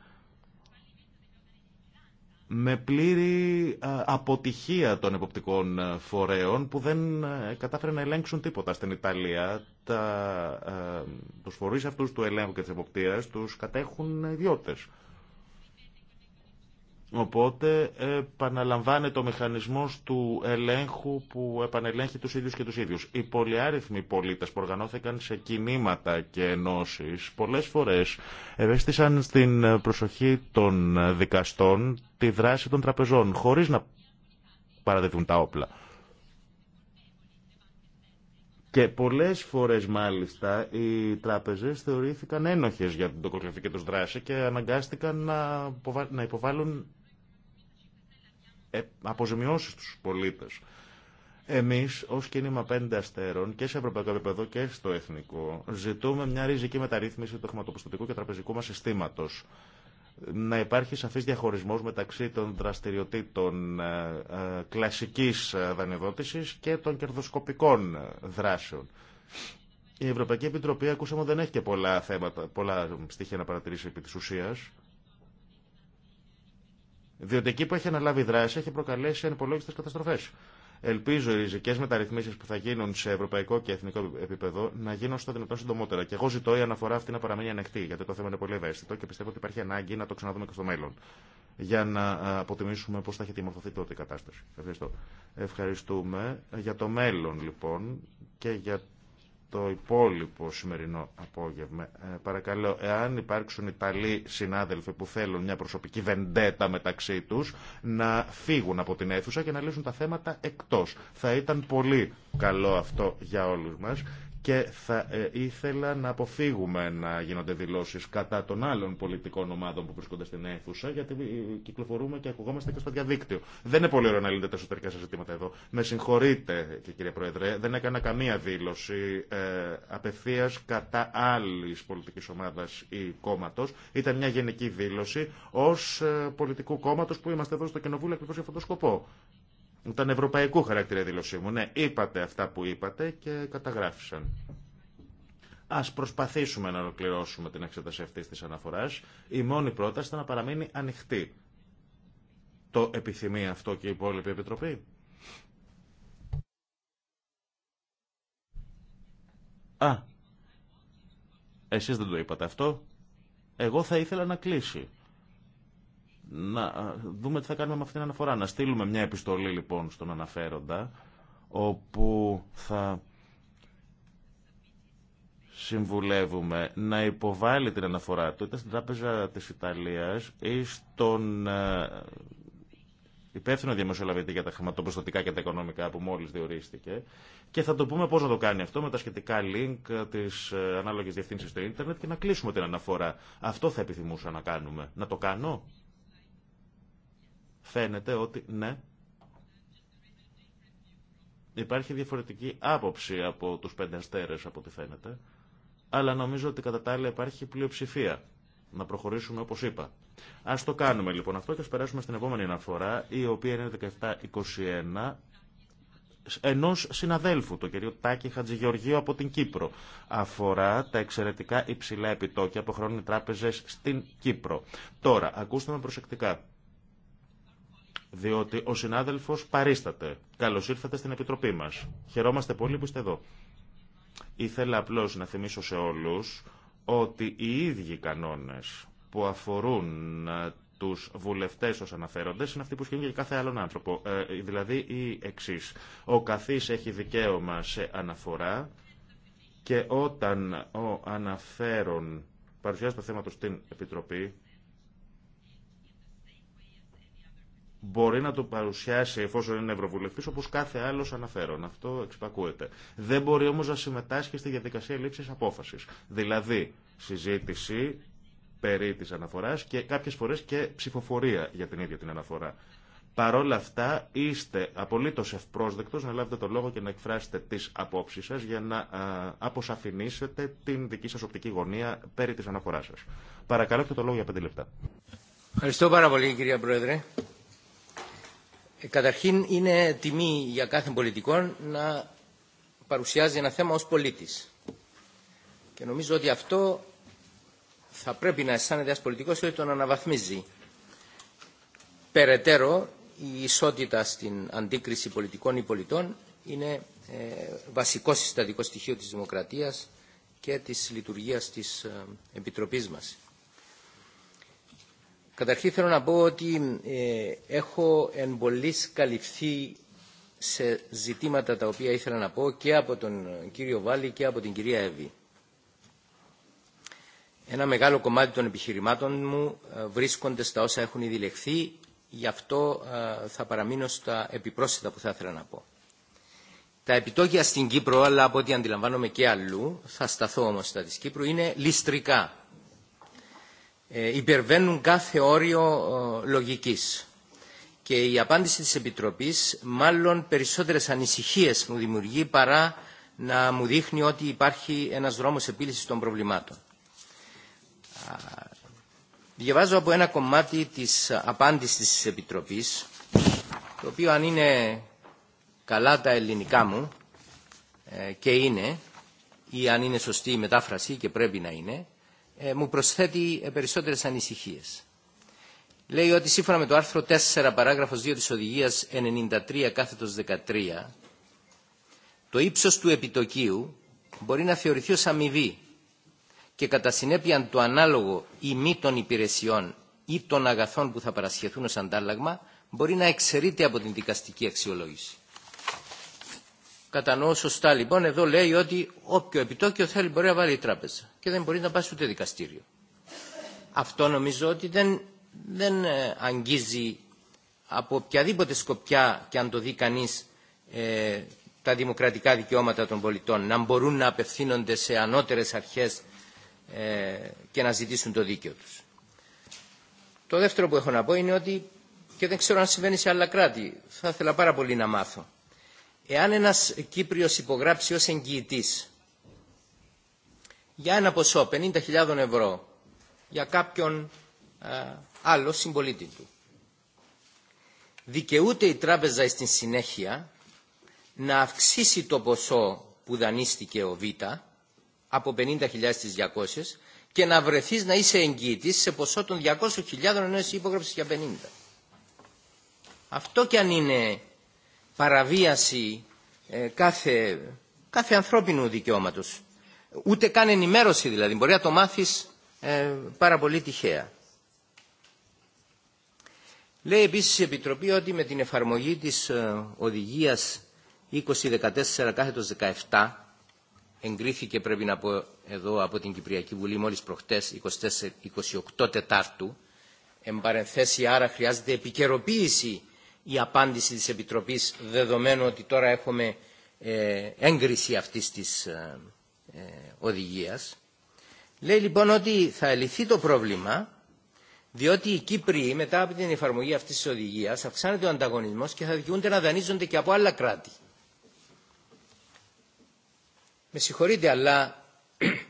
με πλήρη ε, αποτυχία των εποπτικών φορέων που δεν κατάφεραν να ελέγξουν τίποτα στην Ιταλία. Τα, ε, τους φορείς αυτούς του ελέγχου και της εποπτείας τους κατέχουν ιδιώτες. Οπότε επαναλαμβάνεται ο μηχανισμός του ελέγχου που επανελέγχει τους ίδιους και τους ίδιους. Οι πολυάριθμοι πολίτες που οργανώθηκαν σε κινήματα και ενώσεις πολλές φορές ευαίσθησαν στην προσοχή των δικαστών τη δράση των τραπεζών χωρίς να παραδεθούν τα όπλα. Και πολλέ φορές μάλιστα οι τράπεζε θεωρήθηκαν ένοχε για την τοκογραφική του δράση και αναγκάστηκαν να υποβάλουν ε, αποζημιώσει στους πολίτες. Εμείς ως κίνημα πέντε αστέρων και σε ευρωπαϊκό επίπεδο και στο εθνικό ζητούμε μια ριζική μεταρρύθμιση του χρηματοπιστωτικού και τραπεζικού μας συστήματος να υπάρχει σαφής διαχωρισμός μεταξύ των δραστηριοτήτων ε, ε, κλασικής δανειοδότησης και των κερδοσκοπικών δράσεων. Η Ευρωπαϊκή Επιτροπή, ακούσαμε, δεν έχει και πολλά, θέματα, πολλά στοιχεία να παρατηρήσει επί της ουσίας. Διότι εκεί που έχει αναλάβει δράση έχει προκαλέσει ανυπολόγιστε καταστροφέ. Ελπίζω οι ριζικέ μεταρρυθμίσει που θα γίνουν σε ευρωπαϊκό και εθνικό επίπεδο να γίνουν στο δυνατόν συντομότερα. Και εγώ ζητώ η αναφορά αυτή να παραμείνει ανοιχτή, γιατί το θέμα είναι πολύ ευαίσθητο και πιστεύω ότι υπάρχει ανάγκη να το ξαναδούμε και στο μέλλον. Για να αποτιμήσουμε πώ θα έχει διαμορφωθεί τότε η κατάσταση. Ευχαριστώ. Ευχαριστούμε. Για το μέλλον, λοιπόν, και για το υπόλοιπο σημερινό απόγευμα. Ε, παρακαλώ, εάν υπάρξουν Ιταλοί συνάδελφοι που θέλουν μια προσωπική βεντέτα μεταξύ τους, να φύγουν από την αίθουσα και να λύσουν τα θέματα εκτός. Θα ήταν πολύ καλό αυτό για όλους μας και θα ε, ήθελα να αποφύγουμε να γίνονται δηλώσει κατά των άλλων πολιτικών ομάδων που βρίσκονται στην αίθουσα, γιατί ε, κυκλοφορούμε και ακουγόμαστε και στο διαδίκτυο. Δεν είναι πολύ ωραίο να λύνετε τα εσωτερικά σα ζητήματα εδώ. Με συγχωρείτε, κύριε Πρόεδρε, δεν έκανα καμία δήλωση ε, απευθεία κατά άλλη πολιτική ομάδα ή κόμματο. Ήταν μια γενική δήλωση ω ε, πολιτικού κόμματο που είμαστε εδώ στο Κοινοβούλιο ακριβώ για αυτόν τον σκοπό. Ήταν ευρωπαϊκού χαρακτήρα η δήλωσή μου. Ναι, είπατε αυτά που είπατε και καταγράφησαν. Α προσπαθήσουμε να ολοκληρώσουμε την εξέταση αυτή τη αναφορά. Η μόνη πρόταση ήταν να παραμείνει ανοιχτή. Το επιθυμεί αυτό και η υπόλοιπη επιτροπή. Α, εσείς δεν το είπατε αυτό. Εγώ θα ήθελα να κλείσει να δούμε τι θα κάνουμε με αυτήν την αναφορά. Να στείλουμε μια επιστολή λοιπόν στον αναφέροντα, όπου θα συμβουλεύουμε να υποβάλει την αναφορά του είτε στην Τράπεζα της Ιταλίας ή στον ε, υπεύθυνο διαμεσολαβητή για τα χρηματοπροστατικά και τα οικονομικά που μόλις διορίστηκε και θα το πούμε πώς να το κάνει αυτό με τα σχετικά link της ε, ανάλογης διευθύνσης στο ίντερνετ και να κλείσουμε την αναφορά. Αυτό θα επιθυμούσα να κάνουμε. Να το κάνω φαίνεται ότι ναι, υπάρχει διαφορετική άποψη από τους πέντε αστέρες από ό,τι φαίνεται, αλλά νομίζω ότι κατά τα άλλα υπάρχει πλειοψηφία. Να προχωρήσουμε όπως είπα. Ας το κάνουμε λοιπόν αυτό και ας περάσουμε στην επόμενη αναφορά, η οποία είναι είναι 17-21, ενό συναδέλφου, το κύριο Τάκη Χατζηγεωργίου από την Κύπρο. Αφορά τα εξαιρετικά υψηλά επιτόκια που χρώνουν οι τράπεζε στην Κύπρο. Τώρα, ακούστε με προσεκτικά διότι ο συνάδελφος παρίσταται. Καλώς ήρθατε στην Επιτροπή μας. Χαιρόμαστε πολύ που είστε εδώ. Ήθελα απλώς να θυμίσω σε όλους ότι οι ίδιοι κανόνες που αφορούν ε, τους βουλευτέ ω αναφέροντε είναι αυτοί που σχεδόν για κάθε άλλον άνθρωπο. Ε, δηλαδή η εξή. Ο καθή έχει δικαίωμα σε αναφορά και όταν ο αναφέρον παρουσιάζει το θέμα του στην Επιτροπή, μπορεί να το παρουσιάσει εφόσον είναι ευρωβουλευτή όπω κάθε άλλο αναφέρον. Αυτό εξυπακούεται. Δεν μπορεί όμω να συμμετάσχει στη διαδικασία λήψη απόφαση. Δηλαδή, συζήτηση περί τη αναφορά και κάποιε φορέ και ψηφοφορία για την ίδια την αναφορά. Παρ' όλα αυτά, είστε απολύτω ευπρόσδεκτο να λάβετε το λόγο και να εκφράσετε τι απόψει σα για να αποσαφηνίσετε την δική σα οπτική γωνία περί τη αναφορά σα. Παρακαλώ, έχετε το λόγο για πέντε λεπτά. Ευχαριστώ πάρα πολύ, κυρία Πρόεδρε. Καταρχήν είναι τιμή για κάθε πολιτικό να παρουσιάζει ένα θέμα ως πολίτης. Και νομίζω ότι αυτό θα πρέπει να αισθάνεται ένας πολιτικός ότι τον αναβαθμίζει. Περαιτέρω, η ισότητα στην αντίκριση πολιτικών ή πολιτών είναι ε, βασικό συστατικό στοιχείο της δημοκρατίας και της λειτουργίας της ε, Επιτροπής μας. Καταρχήν θέλω να πω ότι ε, έχω εν καλυφθεί σε ζητήματα τα οποία ήθελα να πω και από τον κύριο Βάλη και από την κυρία Εύη. Ένα μεγάλο κομμάτι των επιχειρημάτων μου ε, βρίσκονται στα όσα έχουν ήδη λεχθεί, γι' αυτό ε, θα παραμείνω στα επιπρόσθετα που θα ήθελα να πω. Τα επιτόκια στην Κύπρο, αλλά από ό,τι αντιλαμβάνομαι και αλλού, θα σταθώ όμως στα της Κύπρου, είναι ληστρικά. Ε, υπερβαίνουν κάθε όριο λογικής. Και η απάντηση της Επιτροπής μάλλον περισσότερες ανησυχίες μου δημιουργεί παρά να μου δείχνει ότι υπάρχει ένας δρόμος επίλυσης των προβλημάτων. Διαβάζω από ένα κομμάτι της απάντησης της Επιτροπής, το οποίο αν είναι καλά τα ελληνικά μου, ε, και είναι, ή αν είναι σωστή η μετάφραση και πρέπει να είναι, ε, μου προσθέτει ε, περισσότερες ανησυχίες. Λέει ότι σύμφωνα με το άρθρο 4 παράγραφος 2 της οδηγίας 93 κάθετος 13 το ύψος του επιτοκίου μπορεί να θεωρηθεί ως αμοιβή και κατά συνέπεια το ανάλογο ή μη των υπηρεσιών ή των αγαθών που θα παρασχεθούν ως αντάλλαγμα μπορεί να εξαιρείται από την δικαστική αξιολόγηση κατανοώ σωστά λοιπόν, εδώ λέει ότι όποιο επιτόκιο θέλει μπορεί να βάλει η τράπεζα και δεν μπορεί να πάει ούτε δικαστήριο. Αυτό νομίζω ότι δεν, δεν ε, αγγίζει από οποιαδήποτε σκοπιά και αν το δει κανεί ε, τα δημοκρατικά δικαιώματα των πολιτών να μπορούν να απευθύνονται σε ανώτερες αρχές ε, και να ζητήσουν το δίκαιο τους. Το δεύτερο που έχω να πω είναι ότι και δεν ξέρω αν συμβαίνει σε άλλα κράτη. Θα ήθελα πάρα πολύ να μάθω. Εάν ένας Κύπριος υπογράψει ως εγγυητής για ένα ποσό 50.000 ευρώ για κάποιον άλλο συμπολίτη του, δικαιούται η τράπεζα στην συνέχεια να αυξήσει το ποσό που δανείστηκε ο Β από 50.000 στις 200 και να βρεθείς να είσαι εγγυητής σε ποσό των 200.000 ενώ εσύ υπογράψεις για 50. Αυτό και αν είναι παραβίαση ε, κάθε, κάθε ανθρώπινου δικαιώματος. Ούτε καν ενημέρωση δηλαδή. Μπορεί να το μάθεις ε, πάρα πολύ τυχαία. Λέει επίσης η Επιτροπή ότι με την εφαρμογή της ε, οδηγίας 2014-17 εγκρίθηκε πρέπει να πω εδώ από την Κυπριακή Βουλή μόλις προχτές 24, 28 Τετάρτου εν άρα χρειάζεται επικαιροποίηση η απάντηση της Επιτροπής δεδομένου ότι τώρα έχουμε ε, έγκριση αυτής της ε, ε, οδηγίας. Λέει λοιπόν ότι θα λυθεί το πρόβλημα διότι οι Κύπροι μετά από την εφαρμογή αυτής της οδηγίας αυξάνεται ο ανταγωνισμός και θα δικαιούνται να δανείζονται και από άλλα κράτη. Με συγχωρείτε αλλά <clears throat>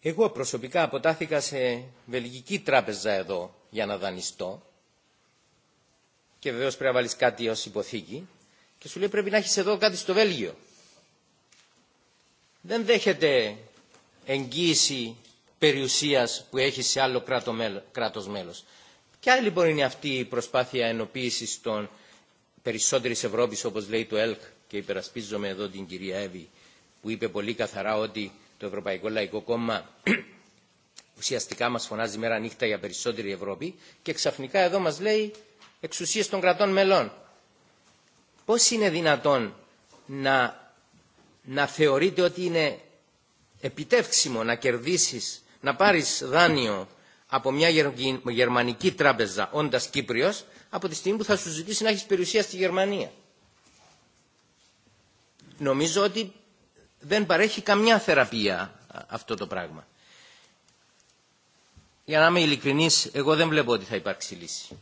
εγώ προσωπικά αποτάθηκα σε βελγική τράπεζα εδώ για να δανειστώ και βεβαίω πρέπει να βάλει κάτι ω υποθήκη. Και σου λέει πρέπει να έχει εδώ κάτι στο Βέλγιο. Δεν δέχεται εγγύηση περιουσία που έχει σε άλλο κράτο μέλο. Ποια λοιπόν είναι αυτή η προσπάθεια ενοποίηση των περισσότερη Ευρώπη, όπω λέει το ΕΛΚ, και υπερασπίζομαι εδώ την κυρία Εύη, που είπε πολύ καθαρά ότι το Ευρωπαϊκό Λαϊκό Κόμμα <clears throat> ουσιαστικά μα φωνάζει μέρα νύχτα για περισσότερη Ευρώπη, και ξαφνικά εδώ μα λέει εξουσίες των κρατών μελών. Πώς είναι δυνατόν να, να θεωρείτε ότι είναι επιτεύξιμο να κερδίσεις, να πάρεις δάνειο από μια γερμανική τράπεζα όντας Κύπριος από τη στιγμή που θα σου ζητήσει να έχεις περιουσία στη Γερμανία. Νομίζω ότι δεν παρέχει καμιά θεραπεία αυτό το πράγμα. Για να είμαι ειλικρινής, εγώ δεν βλέπω ότι θα υπάρξει λύση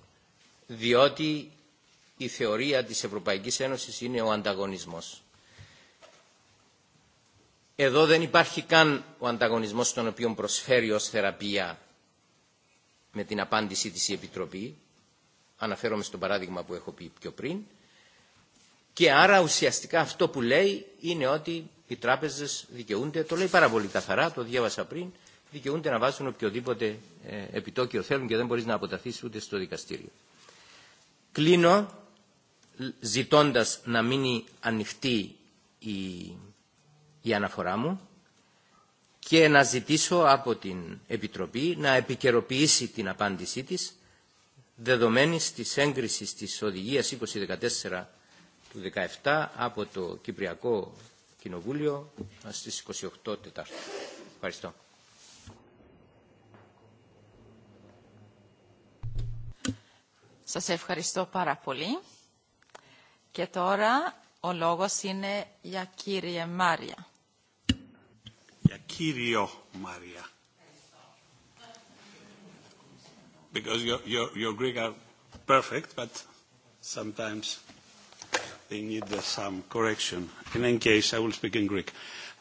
διότι η θεωρία της Ευρωπαϊκής Ένωσης είναι ο ανταγωνισμός. Εδώ δεν υπάρχει καν ο ανταγωνισμός τον οποίο προσφέρει ως θεραπεία με την απάντησή της η Επιτροπή, αναφέρομαι στο παράδειγμα που έχω πει πιο πριν, και άρα ουσιαστικά αυτό που λέει είναι ότι οι τράπεζες δικαιούνται, το λέει πάρα πολύ καθαρά, το διάβασα πριν, δικαιούνται να βάζουν οποιοδήποτε ε, επιτόκιο θέλουν και δεν μπορείς να αποταθείς ούτε στο δικαστήριο. Κλείνω ζητώντας να μείνει ανοιχτή η, η αναφορά μου και να ζητήσω από την Επιτροπή να επικαιροποιήσει την απάντησή της δεδομένης της έγκρισης της Οδηγίας 2014 του 17 από το Κυπριακό Κοινοβούλιο στις 28 τετάρτη. Ευχαριστώ. Σας ευχαριστώ πάρα πολύ. Και τώρα ο λόγος είναι για κύριε Μάρια. Για κύριο Μάρια. Because your, your, your Greek are perfect, but sometimes they need uh, some correction. In any case, I will speak in Greek.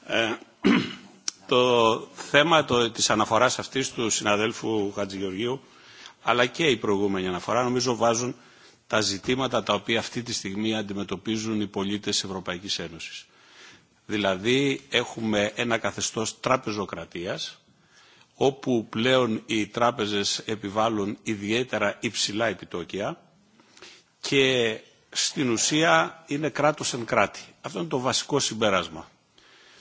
Uh, <clears throat> το θέμα το, της αναφοράς αυτής του συναδέλφου Χατζηγεωργίου αλλά και η προηγούμενη αναφορά νομίζω βάζουν τα ζητήματα τα οποία αυτή τη στιγμή αντιμετωπίζουν οι πολίτες Ευρωπαϊκής Ένωσης. Δηλαδή έχουμε ένα καθεστώς τραπεζοκρατίας όπου πλέον οι τράπεζες επιβάλλουν ιδιαίτερα υψηλά επιτόκια και στην ουσία είναι κράτος εν κράτη. Αυτό είναι το βασικό συμπέρασμα.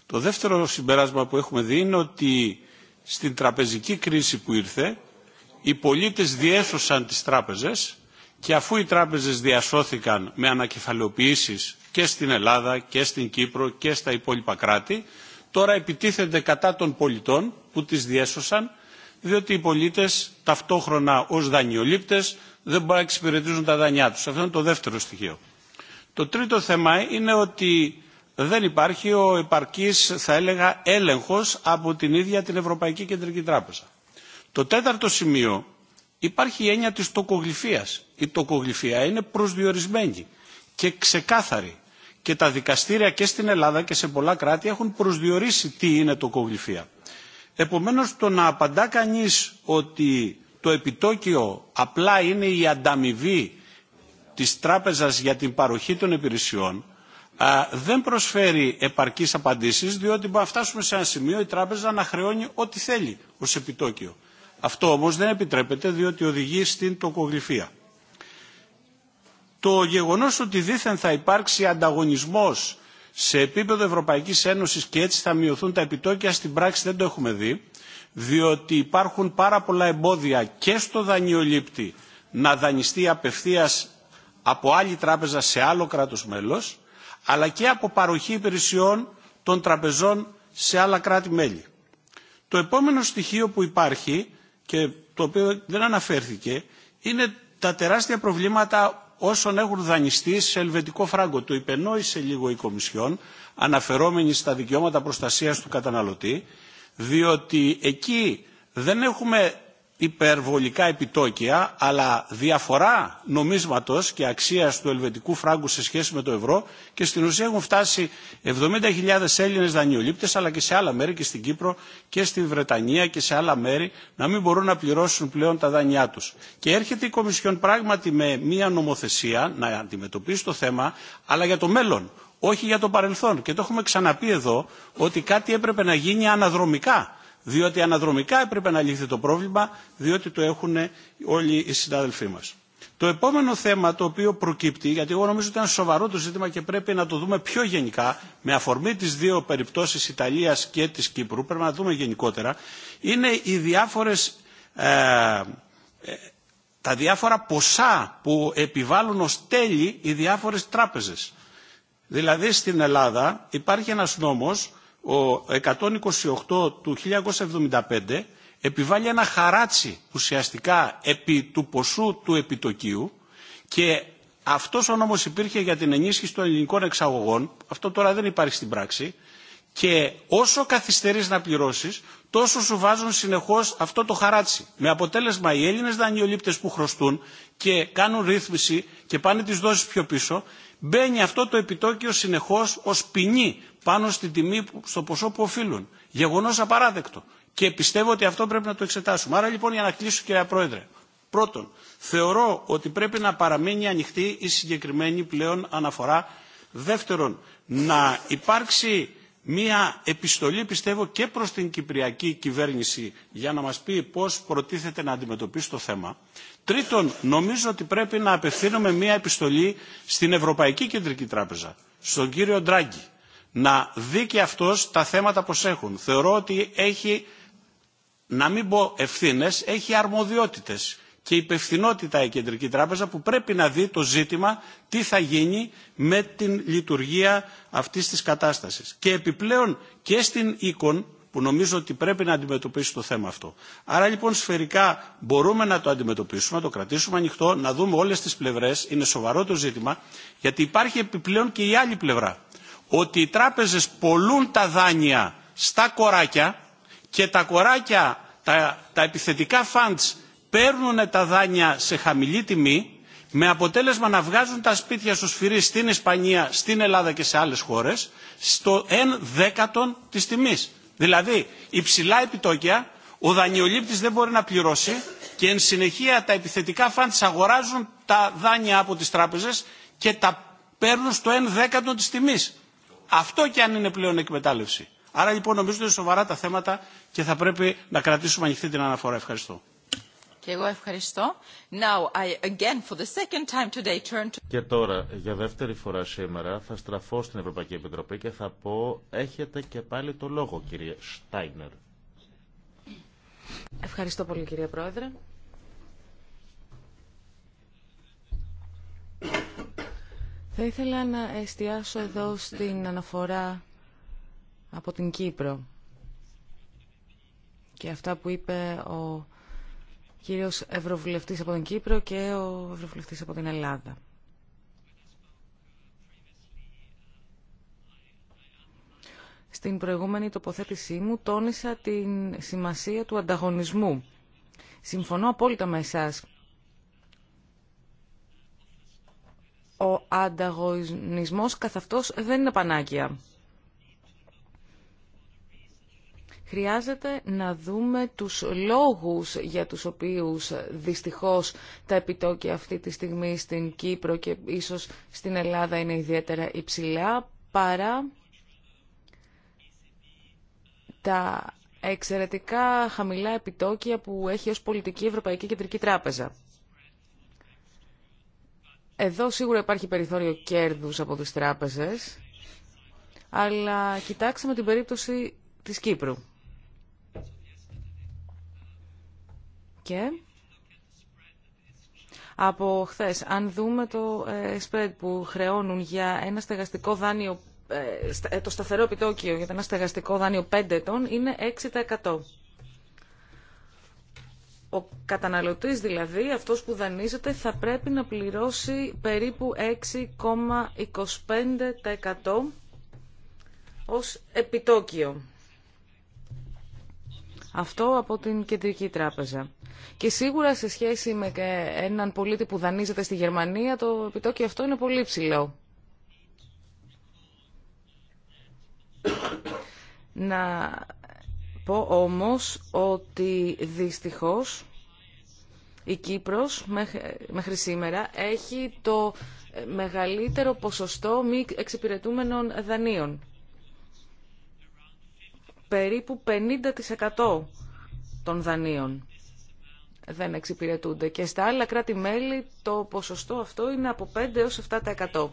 Το δεύτερο συμπέρασμα που έχουμε δει είναι ότι στην τραπεζική κρίση που ήρθε οι πολίτες διέσωσαν τις τράπεζες και αφού οι τράπεζες διασώθηκαν με ανακεφαλαιοποιήσεις και στην Ελλάδα και στην Κύπρο και στα υπόλοιπα κράτη, τώρα επιτίθενται κατά των πολιτών που τις διέσωσαν, διότι οι πολίτες ταυτόχρονα ως δανειολήπτες δεν μπορούν να εξυπηρετήσουν τα δανειά τους. Αυτό είναι το δεύτερο στοιχείο. Το τρίτο θέμα είναι ότι δεν υπάρχει ο επαρκής, θα έλεγα, έλεγχος από την ίδια την Ευρωπαϊκή Κεντρική Τράπεζα. Το τέταρτο σημείο υπάρχει η έννοια της τοκογλυφίας. Η τοκογλυφία είναι προσδιορισμένη και ξεκάθαρη. Και τα δικαστήρια και στην Ελλάδα και σε πολλά κράτη έχουν προσδιορίσει τι είναι τοκογλυφία. Επομένως το να απαντά κανείς ότι το επιτόκιο απλά είναι η ανταμοιβή της τράπεζας για την παροχή των υπηρεσιών δεν προσφέρει επαρκείς απαντήσεις διότι θα φτάσουμε σε ένα σημείο η τράπεζα να χρεώνει ό,τι θέλει ως επιτόκιο. Αυτό όμως δεν επιτρέπεται διότι οδηγεί στην τοκογλυφία. Το γεγονός ότι δήθεν θα υπάρξει ανταγωνισμός σε επίπεδο Ευρωπαϊκής Ένωσης και έτσι θα μειωθούν τα επιτόκια στην πράξη δεν το έχουμε δει διότι υπάρχουν πάρα πολλά εμπόδια και στο δανειολήπτη να δανειστεί απευθείας από άλλη τράπεζα σε άλλο κράτος μέλος αλλά και από παροχή υπηρεσιών των τραπεζών σε άλλα κράτη-μέλη. Το επόμενο στοιχείο που υπάρχει και το οποίο δεν αναφέρθηκε είναι τα τεράστια προβλήματα όσων έχουν δανειστεί σε ελβετικό φράγκο. Το υπενόησε λίγο η Κομισιόν αναφερόμενη στα δικαιώματα προστασίας του καταναλωτή διότι εκεί δεν έχουμε υπερβολικά επιτόκια, αλλά διαφορά νομίσματος και αξίας του ελβετικού φράγκου σε σχέση με το ευρώ και στην ουσία έχουν φτάσει 70.000 Έλληνες δανειολήπτες, αλλά και σε άλλα μέρη και στην Κύπρο και στη Βρετανία και σε άλλα μέρη να μην μπορούν να πληρώσουν πλέον τα δάνειά τους. Και έρχεται η Κομισιόν πράγματι με μια νομοθεσία να αντιμετωπίσει το θέμα, αλλά για το μέλλον, όχι για το παρελθόν. Και το έχουμε ξαναπεί εδώ ότι κάτι έπρεπε να γίνει αναδρομικά διότι αναδρομικά έπρεπε να λυθεί το πρόβλημα, διότι το έχουν όλοι οι συνάδελφοί μας. Το επόμενο θέμα το οποίο προκύπτει, γιατί εγώ νομίζω ότι είναι σοβαρό το ζήτημα και πρέπει να το δούμε πιο γενικά, με αφορμή τις δύο περιπτώσεις Ιταλίας και της Κύπρου, πρέπει να δούμε γενικότερα, είναι οι ε, ε, τα διάφορα ποσά που επιβάλλουν ως τέλη οι διάφορες τράπεζες. Δηλαδή στην Ελλάδα υπάρχει ένας νόμος ο 128 του 1975 επιβάλλει ένα χαράτσι ουσιαστικά επί του ποσού του επιτοκίου και αυτός ο νόμος υπήρχε για την ενίσχυση των ελληνικών εξαγωγών, αυτό τώρα δεν υπάρχει στην πράξη, και όσο καθυστερείς να πληρώσεις, τόσο σου βάζουν συνεχώς αυτό το χαράτσι. Με αποτέλεσμα οι Έλληνες δανειολήπτες που χρωστούν και κάνουν ρύθμιση και πάνε τις δόσεις πιο πίσω, μπαίνει αυτό το επιτόκιο συνεχώς ως ποινή πάνω στη τιμή, στο ποσό που οφείλουν. Γεγονός απαράδεκτο. Και πιστεύω ότι αυτό πρέπει να το εξετάσουμε. Άρα λοιπόν για να κλείσω κύριε Πρόεδρε. Πρώτον, θεωρώ ότι πρέπει να παραμείνει ανοιχτή η συγκεκριμένη πλέον αναφορά. Δεύτερον, να υπάρξει μία επιστολή πιστεύω και προς την Κυπριακή κυβέρνηση για να μας πει πώς προτίθεται να αντιμετωπίσει το θέμα. Τρίτον, νομίζω ότι πρέπει να απευθύνουμε μία επιστολή στην Ευρωπαϊκή Κεντρική Τράπεζα, στον κύριο Ντράγκη, να δει και αυτός τα θέματα που έχουν. Θεωρώ ότι έχει, να μην πω ευθύνε, έχει αρμοδιότητες και υπευθυνότητα η Κεντρική Τράπεζα που πρέπει να δει το ζήτημα τι θα γίνει με την λειτουργία αυτής της κατάστασης. Και επιπλέον και στην οίκον που νομίζω ότι πρέπει να αντιμετωπίσει το θέμα αυτό. Άρα λοιπόν σφαιρικά μπορούμε να το αντιμετωπίσουμε, να το κρατήσουμε ανοιχτό, να δούμε όλε τι πλευρέ. Είναι σοβαρό το ζήτημα, γιατί υπάρχει επιπλέον και η άλλη πλευρά. Ότι οι τράπεζε πολλούν τα δάνεια στα κοράκια και τα κοράκια, τα, τα επιθετικά funds παίρνουν τα δάνεια σε χαμηλή τιμή με αποτέλεσμα να βγάζουν τα σπίτια στους φυρίς στην Ισπανία, στην Ελλάδα και σε άλλες χώρες στο 1 δέκατον της τιμής. Δηλαδή υψηλά επιτόκια, ο δανειολήπτης δεν μπορεί να πληρώσει και εν συνεχεία τα επιθετικά φαντς αγοράζουν τα δάνεια από τις τράπεζες και τα παίρνουν στο 1 δέκατο της τιμής. Αυτό και αν είναι πλέον εκμετάλλευση. Άρα λοιπόν νομίζω ότι είναι σοβαρά τα θέματα και θα πρέπει να κρατήσουμε ανοιχτή την αναφορά. Ευχαριστώ. Και τώρα, για δεύτερη φορά σήμερα, θα στραφώ στην Ευρωπαϊκή Επιτροπή και θα πω έχετε και πάλι το λόγο, κύριε Στάινερ. Ευχαριστώ πολύ, κύριε Πρόεδρε. Θα ήθελα να εστιάσω εδώ στην αναφορά από την Κύπρο και αυτά που είπε ο κύριος Ευρωβουλευτής από την Κύπρο και ο Ευρωβουλευτής από την Ελλάδα. Στην προηγούμενη τοποθέτησή μου τόνισα την σημασία του ανταγωνισμού. Συμφωνώ απόλυτα με εσάς. Ο ανταγωνισμός καθ' αυτός δεν είναι πανάκια. Χρειάζεται να δούμε τους λόγους για τους οποίους δυστυχώς τα επιτόκια αυτή τη στιγμή στην Κύπρο και ίσως στην Ελλάδα είναι ιδιαίτερα υψηλά παρά τα εξαιρετικά χαμηλά επιτόκια που έχει ως πολιτική Ευρωπαϊκή Κεντρική Τράπεζα. Εδώ σίγουρα υπάρχει περιθώριο κέρδους από τις τράπεζες, αλλά κοιτάξαμε την περίπτωση της Κύπρου. Και από χθες, αν δούμε το ε, spread που χρεώνουν για ένα στεγαστικό δάνειο, ε, ε, το σταθερό επιτόκιο για ένα στεγαστικό δάνειο 5 ετών είναι 6%. Ο καταναλωτής δηλαδή, αυτός που δανείζεται, θα πρέπει να πληρώσει περίπου 6,25% ως επιτόκιο. Αυτό από την Κεντρική Τράπεζα. Και σίγουρα σε σχέση με έναν πολίτη που δανείζεται στη Γερμανία, το επιτόκιο αυτό είναι πολύ ψηλό. Να πω όμως ότι δυστυχώς η Κύπρος μέχρι σήμερα έχει το μεγαλύτερο ποσοστό μη εξυπηρετούμενων δανείων. Περίπου 50% των δανείων δεν εξυπηρετούνται. Και στα άλλα κράτη-μέλη το ποσοστό αυτό είναι από 5 έως 7%.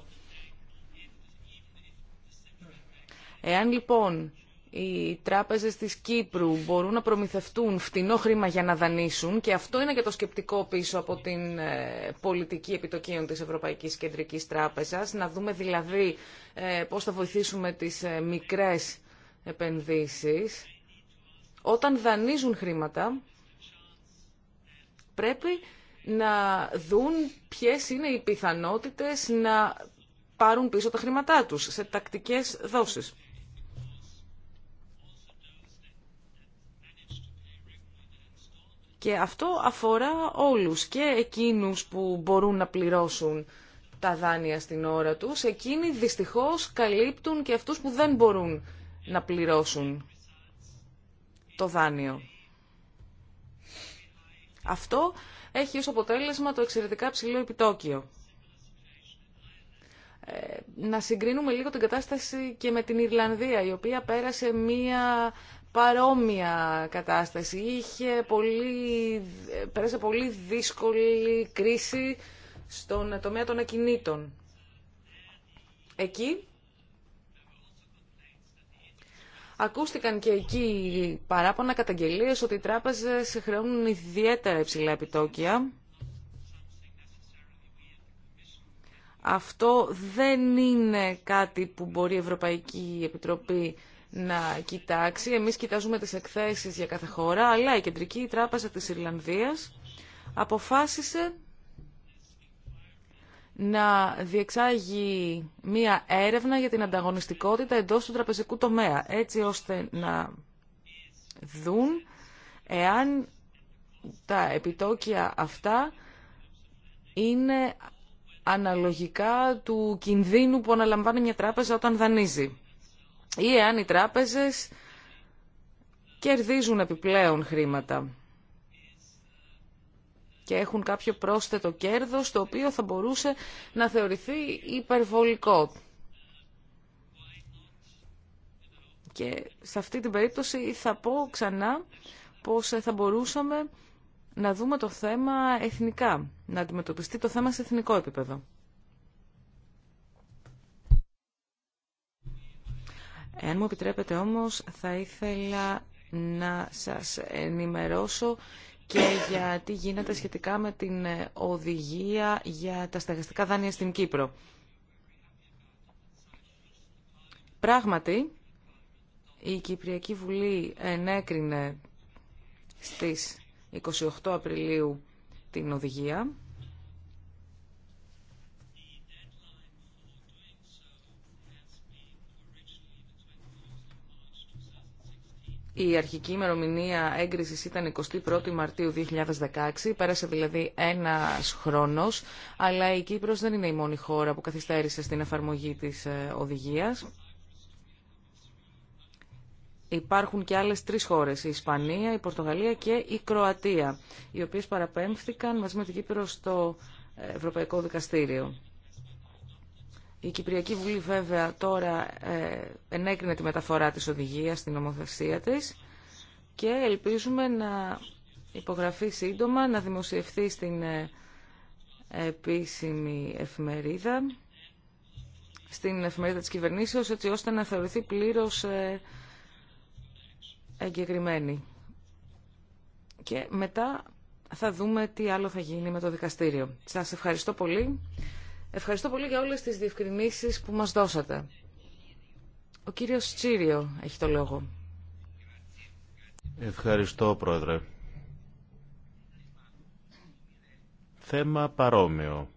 Εάν λοιπόν οι τράπεζες της Κύπρου μπορούν να προμηθευτούν φτηνό χρήμα για να δανείσουν και αυτό είναι και το σκεπτικό πίσω από την ε, πολιτική επιτοκίων της Ευρωπαϊκής Κεντρικής Τράπεζας, να δούμε δηλαδή ε, πώς θα βοηθήσουμε τις ε, μικρές επενδύσεις. Όταν δανείζουν χρήματα, πρέπει να δουν ποιες είναι οι πιθανότητες να πάρουν πίσω τα χρήματά τους σε τακτικές δόσεις. Και αυτό αφορά όλους και εκείνους που μπορούν να πληρώσουν τα δάνεια στην ώρα τους. Εκείνοι δυστυχώς καλύπτουν και αυτούς που δεν μπορούν να πληρώσουν το δάνειο. Αυτό έχει ως αποτέλεσμα το εξαιρετικά ψηλό επιτόκιο. Ε, να συγκρίνουμε λίγο την κατάσταση και με την Ιρλανδία, η οποία πέρασε μία παρόμοια κατάσταση. Είχε πολύ, ε, πέρασε πολύ δύσκολη κρίση στον τομέα των ακινήτων. Εκεί Ακούστηκαν και εκεί παράπονα καταγγελίε ότι οι τράπεζε χρεώνουν ιδιαίτερα υψηλά επιτόκια. Αυτό δεν είναι κάτι που μπορεί η Ευρωπαϊκή Επιτροπή να κοιτάξει. Εμείς κοιτάζουμε τις εκθέσεις για κάθε χώρα, αλλά η Κεντρική Τράπεζα της Ιρλανδίας αποφάσισε να διεξάγει μία έρευνα για την ανταγωνιστικότητα εντός του τραπεζικού τομέα, έτσι ώστε να δουν εάν τα επιτόκια αυτά είναι αναλογικά του κινδύνου που αναλαμβάνει μια τράπεζα όταν δανείζει ή εάν οι τράπεζες κερδίζουν επιπλέον χρήματα και έχουν κάποιο πρόσθετο κέρδος το οποίο θα μπορούσε να θεωρηθεί υπερβολικό. Και σε αυτή την περίπτωση θα πω ξανά πως ε, θα μπορούσαμε να δούμε το θέμα εθνικά, να αντιμετωπιστεί το θέμα σε εθνικό επίπεδο. Εάν μου επιτρέπετε όμως θα ήθελα να σας ενημερώσω και για τι γίνεται σχετικά με την ε, οδηγία για τα στεγαστικά δάνεια στην Κύπρο. Πράγματι, η Κυπριακή Βουλή ενέκρινε στις 28 Απριλίου την οδηγία Η αρχική ημερομηνία έγκρισης ήταν έγκριση πέρασε δηλαδή ένας χρόνος, αλλά η Κύπρος δηλαδη ενα είναι η μόνη χώρα που καθυστέρησε στην εφαρμογή της ε, οδηγίας. Υπάρχουν και άλλες τρεις χώρες, η Ισπανία, η Πορτογαλία και η Κροατία, οι οποίες παραπέμφθηκαν μαζί με την Κύπρο στο ε, Ευρωπαϊκό Δικαστήριο. Η Κυπριακή Βουλή βέβαια τώρα ε, ενέκρινε τη μεταφορά της οδηγίας στην νομοθεσία της και ελπίζουμε να υπογραφεί σύντομα, να δημοσιευθεί στην ε, επίσημη εφημερίδα, στην εφημερίδα της κυβερνήσεως, έτσι ώστε να θεωρηθεί πλήρως ε, εγκεκριμένη. Και μετά θα δούμε τι άλλο θα γίνει με το δικαστήριο. Σας ευχαριστώ πολύ. Ευχαριστώ πολύ για όλες τις διευκρινήσεις που μας δώσατε. Ο κύριος Τσίριο έχει το λόγο. Ευχαριστώ, Πρόεδρε. Θέμα παρόμοιο,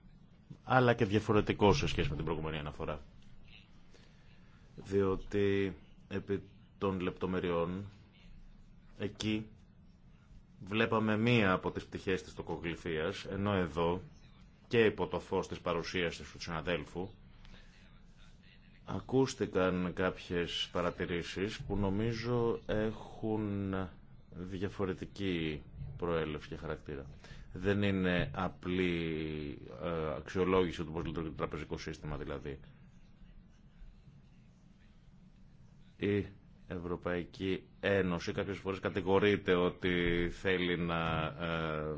αλλά και διαφορετικό σε σχέση με την προηγούμενη αναφορά. Διότι επί των λεπτομεριών, εκεί βλέπαμε μία από τις πτυχές της τοκογλυφίας, ενώ εδώ και υπό το φως της παρουσίασης του συναδέλφου ακούστηκαν κάποιες παρατηρήσεις που νομίζω έχουν διαφορετική προέλευση και χαρακτήρα. Δεν είναι απλή ε, αξιολόγηση του πώς λειτουργεί το τραπεζικό σύστημα δηλαδή. Ευρωπαϊκή Ένωση κάποιες φορές κατηγορείται ότι θέλει να ε,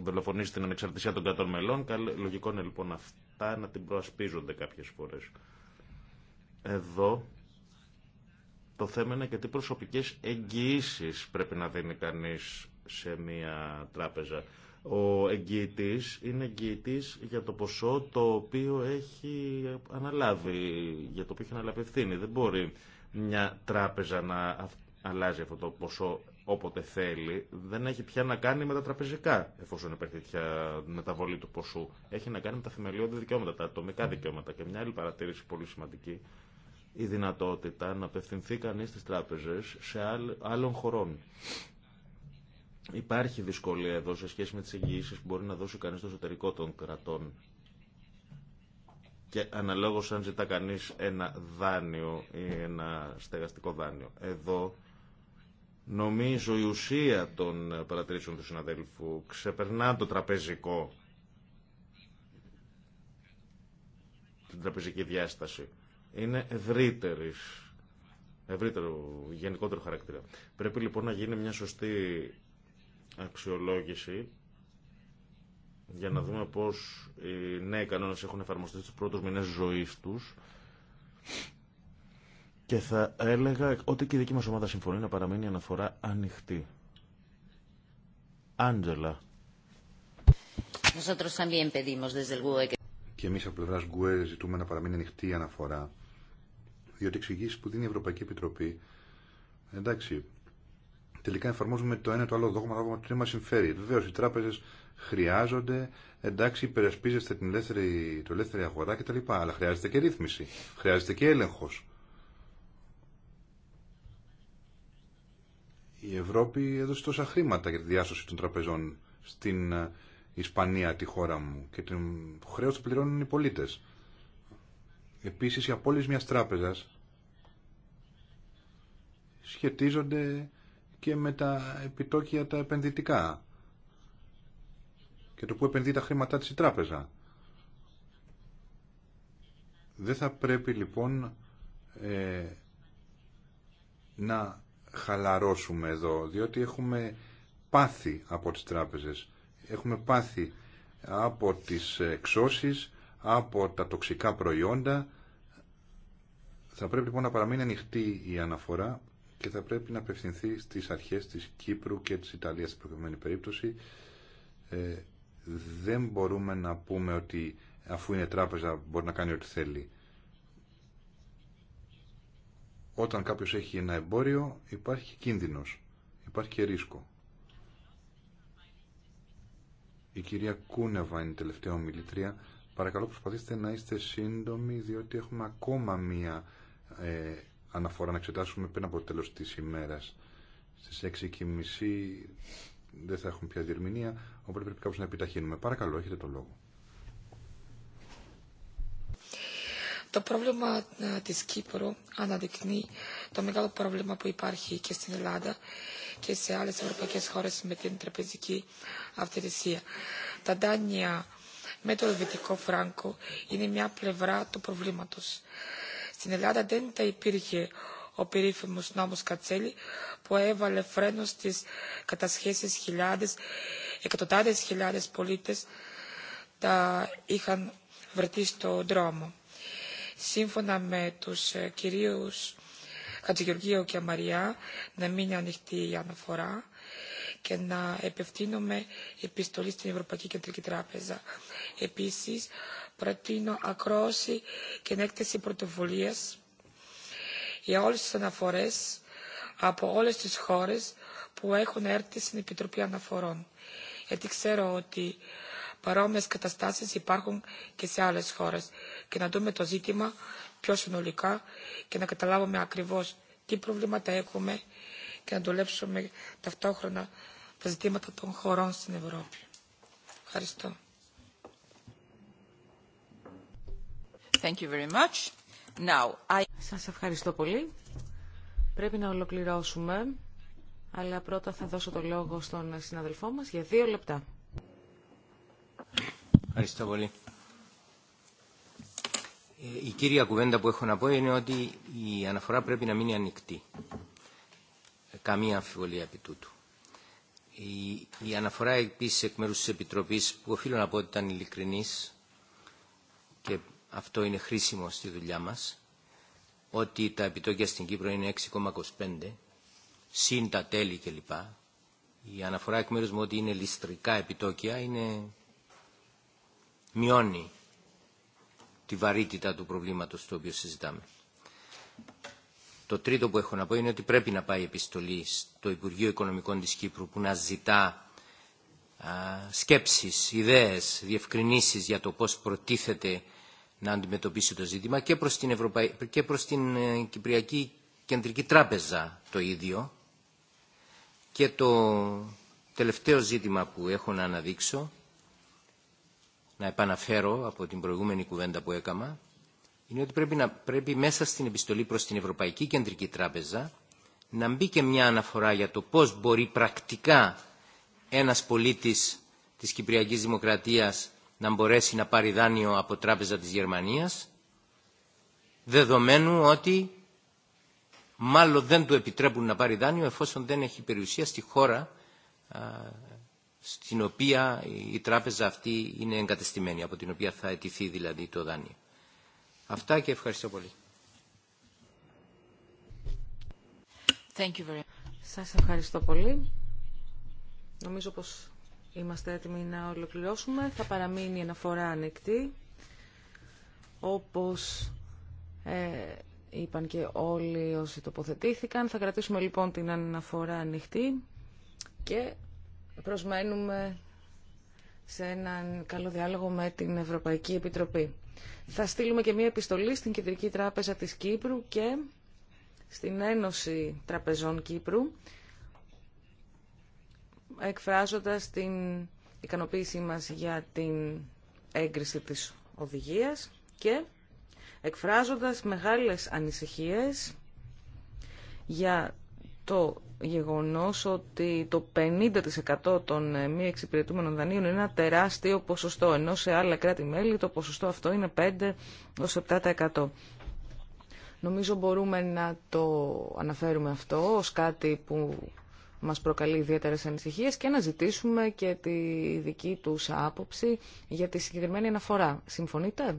δολοφονήσει την ανεξαρτησία των κρατών μελών. Λογικό είναι λοιπόν αυτά να την προασπίζονται κάποιες φορές. Εδώ το θέμα είναι και τι προσωπικές εγγυήσεις πρέπει να δίνει κανείς σε μια τράπεζα. Ο εγγυητής είναι εγγυητής για το ποσό το οποίο έχει αναλάβει, για το οποίο έχει αναλάβει ευθύνη. Δεν μπορεί μια τράπεζα να αλλάζει αυτό το ποσό όποτε θέλει, δεν έχει πια να κάνει με τα τραπεζικά, εφόσον υπάρχει τέτοια μεταβολή του ποσού. Έχει να κάνει με τα θεμελιώδη δικαιώματα, τα ατομικά mm. δικαιώματα. Και μια άλλη παρατήρηση πολύ σημαντική, η δυνατότητα να απευθυνθεί κανείς στις τράπεζες σε άλλων χωρών. Υπάρχει δυσκολία εδώ σε σχέση με τις εγγυήσεις που μπορεί να δώσει κανείς στο εσωτερικό των κρατών και αναλόγως αν ζητά κανείς ένα δάνειο ή ένα στεγαστικό δάνειο. Εδώ νομίζω η ουσία των παρατηρήσεων του συναδέλφου ξεπερνά το τραπεζικό την τραπεζική διάσταση. Είναι ευρύτερης, ευρύτερο, γενικότερο χαρακτήρα. Πρέπει λοιπόν να γίνει μια σωστή αξιολόγηση για να δούμε πώς οι νέοι κανόνες έχουν εφαρμοστεί στους πρώτους μηνές ζωής τους και θα έλεγα ότι και η δική μας ομάδα συμφωνεί να παραμείνει αναφορά ανοιχτή. Άντζελα. E, και εμεί από πλευρά Γκουέ e ζητούμε να παραμείνει ανοιχτή η αναφορά, διότι εξηγήσει που δίνει η Ευρωπαϊκή Επιτροπή. Εντάξει, τελικά εφαρμόζουμε το ένα το άλλο δόγμα, δόγμα το τι μα συμφέρει. Βεβαίω οι τράπεζε χρειάζονται, εντάξει, υπερασπίζεστε την ελεύθερη, το ελεύθερη αγορά κτλ. Αλλά χρειάζεται και ρύθμιση, χρειάζεται και έλεγχο. Η Ευρώπη έδωσε τόσα χρήματα για τη διάσωση των τραπεζών στην ε, Ισπανία, τη χώρα μου, και την χρέο το πληρώνουν οι πολίτε. Επίση, οι απόλυε μια τράπεζα σχετίζονται και με τα επιτόκια τα επενδυτικά και το που επενδύει τα χρήματά της η τράπεζα. Δεν θα πρέπει λοιπόν ε, να χαλαρώσουμε εδώ, διότι έχουμε πάθη από τις τράπεζες. Έχουμε πάθη από τις εξώσεις, από τα τοξικά προϊόντα. Θα πρέπει λοιπόν να παραμείνει ανοιχτή η αναφορά και θα πρέπει να απευθυνθεί στις αρχές της Κύπρου και της Ιταλίας στην προηγούμενη περίπτωση. Ε, δεν μπορούμε να πούμε ότι αφού είναι τράπεζα μπορεί να κάνει ό,τι θέλει. Όταν κάποιος έχει ένα εμπόριο υπάρχει κίνδυνος, υπάρχει και ρίσκο. Η κυρία Κούνεβα είναι η τελευταία ομιλητρία. Παρακαλώ προσπαθήστε να είστε σύντομοι διότι έχουμε ακόμα μία ε, αναφορά να εξετάσουμε πριν από το τέλος της ημέρας. Στις 6.30 δεν θα έχουμε πια διερμηνία, οπότε πρέπει κάπως να επιταχύνουμε. Παρακαλώ, έχετε το λόγο. Το πρόβλημα ε, της Κύπρου αναδεικνύει το μεγάλο πρόβλημα που υπάρχει και στην Ελλάδα και σε άλλες ευρωπαϊκές χώρες με την τραπεζική αυτερησία. Τα δάνεια με το ελβετικό φράγκο είναι μια πλευρά του προβλήματος. Στην Ελλάδα δεν θα υπήρχε ο περίφημος νόμος Κατσέλη που έβαλε φρένο στις κατασχέσεις χιλιάδες, εκατοντάδες χιλιάδες πολίτες τα είχαν βρεθεί στο δρόμο. Σύμφωνα με τους ε, κυρίους Χατζηγεωργίου και Μαριά να μείνει ανοιχτή η αναφορά και να επευθύνομαι επιστολή στην Ευρωπαϊκή Κεντρική Τράπεζα. Επίσης, προτείνω ακρόαση και έκθεση πρωτοβουλία για όλες τις αναφορές από όλες τις χώρες που έχουν έρθει στην Επιτροπή Αναφορών. Γιατί ξέρω ότι παρόμοιες καταστάσεις υπάρχουν και σε άλλες χώρες και να δούμε το ζήτημα πιο συνολικά και να καταλάβουμε ακριβώς τι προβλήματα έχουμε και να δουλέψουμε ταυτόχρονα τα ζητήματα των χωρών στην Ευρώπη. Ευχαριστώ. Thank you very much. Now, I... Σας ευχαριστώ πολύ. Πρέπει να ολοκληρώσουμε, αλλά πρώτα θα δώσω το λόγο στον συναδελφό μας για δύο λεπτά. Ευχαριστώ πολύ. Ε, η κύρια κουβέντα που έχω να πω είναι ότι η αναφορά πρέπει να μείνει ανοιχτή. Ε, καμία αμφιβολία επί τούτου. Η αναφορά επίσης εκ μέρους της Επιτροπής που οφείλω να πω ότι ήταν ειλικρινής και αυτό είναι χρήσιμο στη δουλειά μας ότι τα επιτόκια στην Κύπρο είναι 6,25 συν τα τέλη κλπ. Η αναφορά εκ μέρους μου ότι είναι ληστρικά επιτόκια είναι μειώνει τη βαρύτητα του προβλήματος το οποίο συζητάμε. Το τρίτο που έχω να πω είναι ότι πρέπει να πάει επιστολή στο Υπουργείο Οικονομικών της Κύπρου που να ζητά σκέψεις, ιδέες, διευκρινήσεις για το πώς προτίθεται να αντιμετωπίσει το ζήτημα και προς την, και προς την ε, Κυπριακή Κεντρική Τράπεζα το ίδιο. Και το τελευταίο ζήτημα που έχω να αναδείξω, να επαναφέρω από την προηγούμενη κουβέντα που έκαμα, είναι ότι πρέπει, μέσα στην επιστολή προς την Ευρωπαϊκή Κεντρική Τράπεζα να μπει και μια αναφορά για το πώς μπορεί πρακτικά ένας πολίτης της Κυπριακής Δημοκρατίας να μπορέσει να πάρει δάνειο από τράπεζα της Γερμανίας δεδομένου ότι μάλλον δεν του επιτρέπουν να πάρει δάνειο εφόσον δεν έχει περιουσία στη χώρα στην οποία η τράπεζα αυτή είναι εγκατεστημένη, από την οποία θα αιτηθεί δηλαδή το δάνειο. Αυτά και ευχαριστώ πολύ. Thank Σας ευχαριστώ πολύ. Νομίζω πως είμαστε έτοιμοι να ολοκληρώσουμε. Θα παραμείνει η αναφορά ανοιχτή. Όπως ε, είπαν και όλοι όσοι τοποθετήθηκαν. Θα κρατήσουμε λοιπόν την αναφορά ανοιχτή και προσμένουμε σε έναν καλό διάλογο με την Ευρωπαϊκή Επιτροπή. Θα στείλουμε και μία επιστολή στην Κεντρική Τράπεζα της Κύπρου και στην Ένωση Τραπεζών Κύπρου, εκφράζοντας την ικανοποίησή μας για την έγκριση της οδηγίας και εκφράζοντας μεγάλες ανησυχίες για το γεγονός ότι το 50% των ε, μη εξυπηρετούμενων δανείων είναι ένα τεράστιο ποσοστό, ενώ σε άλλα κράτη-μέλη το ποσοστό αυτό είναι 5-7%. Νομίζω μπορούμε να το αναφέρουμε αυτό ως κάτι που μας προκαλεί ιδιαίτερε ανησυχίε και να ζητήσουμε και τη δική τους άποψη για τη συγκεκριμένη αναφορά. Συμφωνείτε?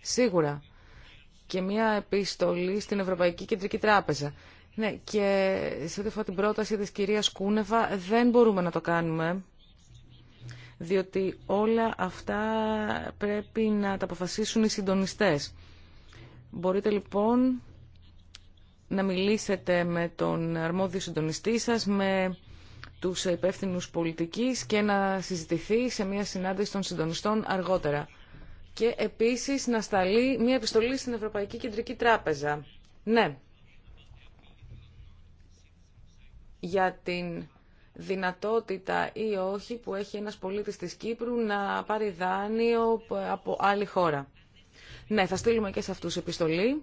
Σίγουρα. Και μια επιστολή στην Ευρωπαϊκή Κεντρική Τράπεζα. Ναι, και σε ό,τι αφορά την πρόταση της κυρίας Κούνεβα δεν μπορούμε να το κάνουμε, διότι όλα αυτά πρέπει να τα αποφασίσουν οι συντονιστές. Μπορείτε λοιπόν να μιλήσετε με τον αρμόδιο συντονιστή σας, με τους υπεύθυνου πολιτικής και να συζητηθεί σε μια συνάντηση των συντονιστών αργότερα. Και επίσης να σταλεί μια επιστολή στην Ευρωπαϊκή Κεντρική Τράπεζα. Ναι, για την δυνατότητα ή όχι που έχει ένας πολίτης της Κύπρου να πάρει δάνειο από άλλη χώρα. Ναι, θα στείλουμε και σε αυτούς επιστολή.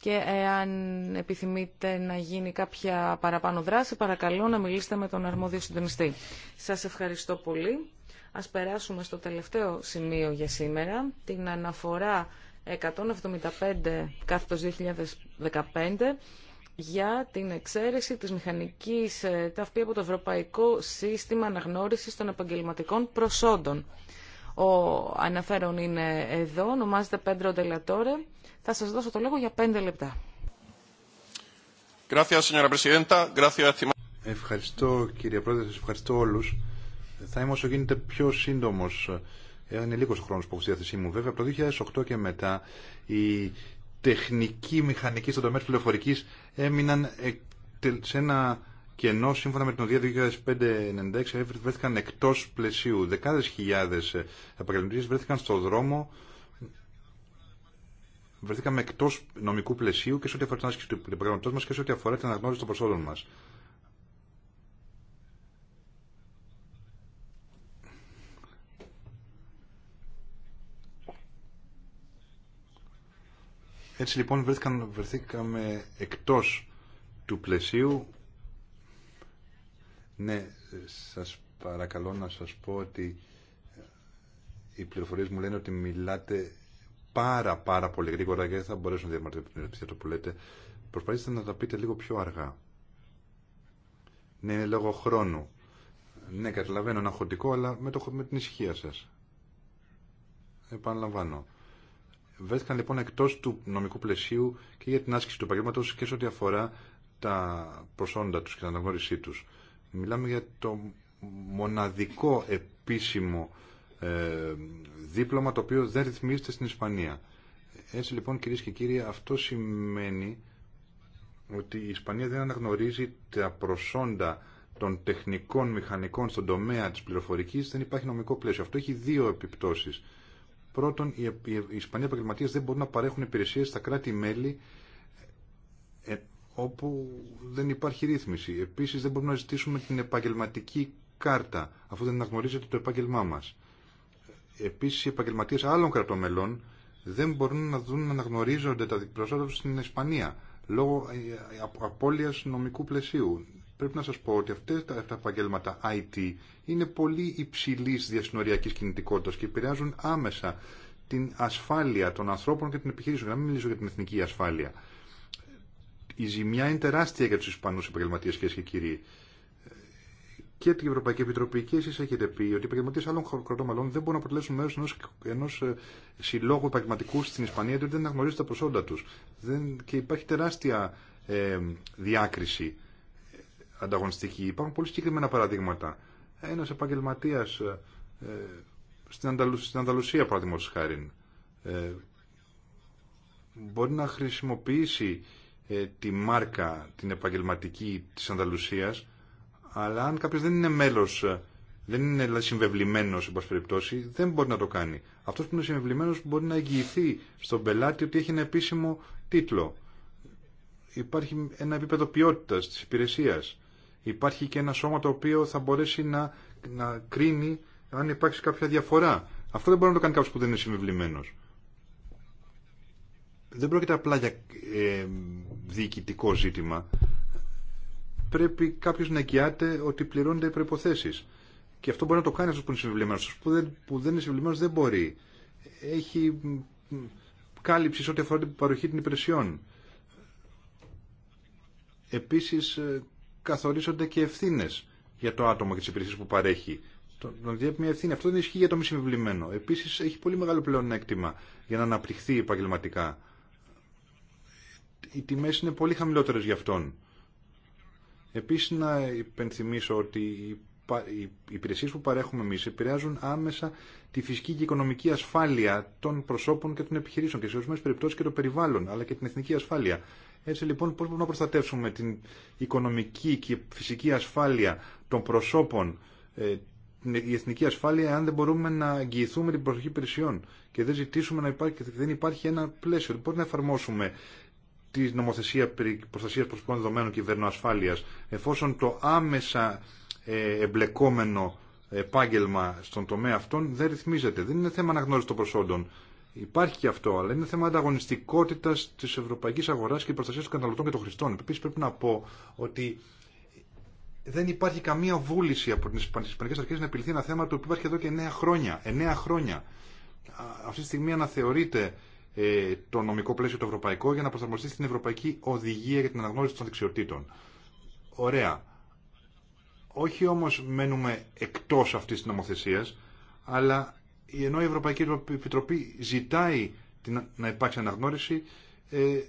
Και εάν επιθυμείτε να γίνει κάποια παραπάνω δράση, παρακαλώ να μιλήσετε με τον αρμόδιο συντονιστή. Σας ευχαριστώ πολύ. Ας περάσουμε στο τελευταίο σημείο για σήμερα, την αναφορά 175 κάθετος 2015 για την εξαίρεση της μηχανικής ε, ταυπή από το Ευρωπαϊκό Σύστημα Αναγνώρισης των Επαγγελματικών Προσόντων. Ο αναφέρον είναι εδώ, ονομάζεται Πέντρο Ντελατόρε. Θα σας δώσω το λόγο για πέντε λεπτά. Ευχαριστώ κύριε Πρόεδρε, ευχαριστώ όλους. Θα είμαι όσο γίνεται πιο σύντομος ε, είναι λίγος ο χρόνος που έχω στη διάθεσή μου βέβαια από το 2008 και μετά η τεχνική μηχανική στον τομέα της πληροφορική έμειναν ε, σε ένα κενό σύμφωνα με την οδηγία 2005-96 ε, βρέθηκαν εκτός πλαισίου δεκάδες χιλιάδες επαγγελματίες βρέθηκαν στο δρόμο βρεθήκαμε εκτό νομικού πλαισίου και σε ό,τι αφορά την άσκηση του επαγγελματό μα και σε ό,τι αφορά την αναγνώριση των προσόντων μα. Έτσι λοιπόν βρέθηκαν, βρεθήκαμε εκτός του πλαισίου. Ναι, σας παρακαλώ να σας πω ότι ε, οι πληροφορίες μου λένε ότι μιλάτε πάρα πάρα πολύ γρήγορα και δεν θα μπορέσω να διαμαρτύρω την το που λέτε. Προσπαθήστε να τα πείτε λίγο πιο αργά. Ναι, είναι λόγω χρόνου. Ναι, καταλαβαίνω ένα χοντικό, αλλά με, το, με την ησυχία σας. Επαναλαμβάνω βρέθηκαν λοιπόν εκτός του νομικού πλαισίου και για την άσκηση του επαγγέλματο και σε ό,τι αφορά τα προσόντα τους και την αναγνώρισή τους. Μιλάμε για το μοναδικό επίσημο ε, δίπλωμα το οποίο δεν ρυθμίζεται στην Ισπανία. Έτσι λοιπόν κυρίες και κύριοι αυτό σημαίνει ότι η Ισπανία δεν αναγνωρίζει τα προσόντα των τεχνικών μηχανικών στον τομέα της πληροφορικής δεν υπάρχει νομικό πλαίσιο. Αυτό έχει δύο επιπτώσεις. Πρώτον, οι, οι Ισπανοί επαγγελματίε δεν μπορούν να παρέχουν υπηρεσίε στα κράτη-μέλη ε, όπου δεν υπάρχει ρύθμιση. Επίση, δεν μπορούμε να ζητήσουμε την επαγγελματική κάρτα, αφού δεν αναγνωρίζεται το επάγγελμά μα. Επίση, οι επαγγελματίε άλλων κρατών μελών δεν μπορούν να δουν να αναγνωρίζονται τα τους στην Ισπανία λόγω ε, απώλεια νομικού πλαισίου πρέπει να σας πω ότι αυτές τα, τα επαγγέλματα IT είναι πολύ υψηλής διασυνοριακής κινητικότητας και επηρεάζουν άμεσα την ασφάλεια των ανθρώπων και την επιχείρησή Να μην μιλήσω για την εθνική ασφάλεια. Η ζημιά είναι τεράστια για τους Ισπανούς επαγγελματίε κυρίε και κύριοι. Και την Ευρωπαϊκή Επιτροπή και εσεί έχετε πει ότι οι επαγγελματίε άλλων κρατών δεν μπορούν να αποτελέσουν μέρο ενό ε, συλλόγου επαγγελματικού στην Ισπανία, διότι δεν αναγνωρίζουν τα προσόντα του. Και υπάρχει τεράστια ε, διάκριση ανταγωνιστική. Υπάρχουν πολύ συγκεκριμένα παραδείγματα. Ένα επαγγελματία ε, στην, Ανταλου, στην Ανταλουσία, παραδείγματο χάρη, ε, μπορεί να χρησιμοποιήσει ε, τη μάρκα, την επαγγελματική τη Ανταλουσία, αλλά αν κάποιο δεν είναι μέλος, ε, δεν είναι δηλαδή, συμβεβλημένος, πάση περιπτώσει, δεν μπορεί να το κάνει. Αυτό που είναι συμβεβλημένος μπορεί να εγγυηθεί στον πελάτη ότι έχει ένα επίσημο τίτλο. Υπάρχει ένα επίπεδο ποιότητας της υπηρεσίας υπάρχει και ένα σώμα το οποίο θα μπορέσει να, να κρίνει αν υπάρξει κάποια διαφορά. Αυτό δεν μπορεί να το κάνει κάποιο που δεν είναι συμβεβλημένο. Δεν πρόκειται απλά για ε, διοικητικό ζήτημα. Πρέπει κάποιο να εγγυάται ότι πληρώνονται οι προποθέσει. Και αυτό μπορεί να το κάνει αυτό που είναι συμβεβλημένο. Αυτό που δεν, που δεν είναι συμβεβλημένο δεν μπορεί. Έχει κάλυψη σε ό,τι αφορά την παροχή των υπηρεσιών. Επίσης ε, καθορίζονται και ευθύνε για το άτομο και τι υπηρεσίε που παρέχει. Τον διέπει μια ευθύνη. Αυτό δεν ισχύει για το μη συμβιβλημένο. Επίση έχει πολύ μεγάλο πλεονέκτημα για να αναπτυχθεί επαγγελματικά. Οι τιμέ είναι πολύ χαμηλότερε για αυτόν. Επίση να υπενθυμίσω ότι οι υπηρεσίε που παρέχουμε εμεί επηρεάζουν άμεσα τη φυσική και οικονομική ασφάλεια των προσώπων και των επιχειρήσεων και σε ορισμένε περιπτώσει και το περιβάλλον αλλά και την εθνική ασφάλεια. Έτσι λοιπόν πώς μπορούμε να προστατεύσουμε την οικονομική και φυσική ασφάλεια των προσώπων, ε, η εθνική ασφάλεια, αν δεν μπορούμε να αγγιηθούμε την προσοχή υπηρεσιών και δεν ζητήσουμε να υπάρχει, δεν υπάρχει ένα πλαίσιο. Δεν να εφαρμόσουμε τη νομοθεσία περί προστασίας προσωπικών δεδομένων κυβερνοασφάλεια, εφόσον το άμεσα ε, εμπλεκόμενο επάγγελμα στον τομέα αυτών δεν ρυθμίζεται. Δεν είναι θέμα αναγνώριση των προσόντων. Υπάρχει και αυτό, αλλά είναι θέμα ανταγωνιστικότητα τη ευρωπαϊκή αγορά και προστασία των καταναλωτών και των χρηστών. Επίση, πρέπει να πω ότι δεν υπάρχει καμία βούληση από τι Ισπανικέ Αρχέ να επιληθεί ένα θέμα το οποίο υπάρχει εδώ και 9 χρόνια. 9 χρόνια. Αυτή τη στιγμή αναθεωρείται ε, το νομικό πλαίσιο το ευρωπαϊκό για να προσαρμοστεί στην Ευρωπαϊκή Οδηγία για την Αναγνώριση των Δεξιοτήτων. Ωραία. Όχι όμω μένουμε εκτό αυτή τη νομοθεσία, αλλά ενώ η Ευρωπαϊκή Επιτροπή ζητάει να υπάρξει αναγνώριση, ε,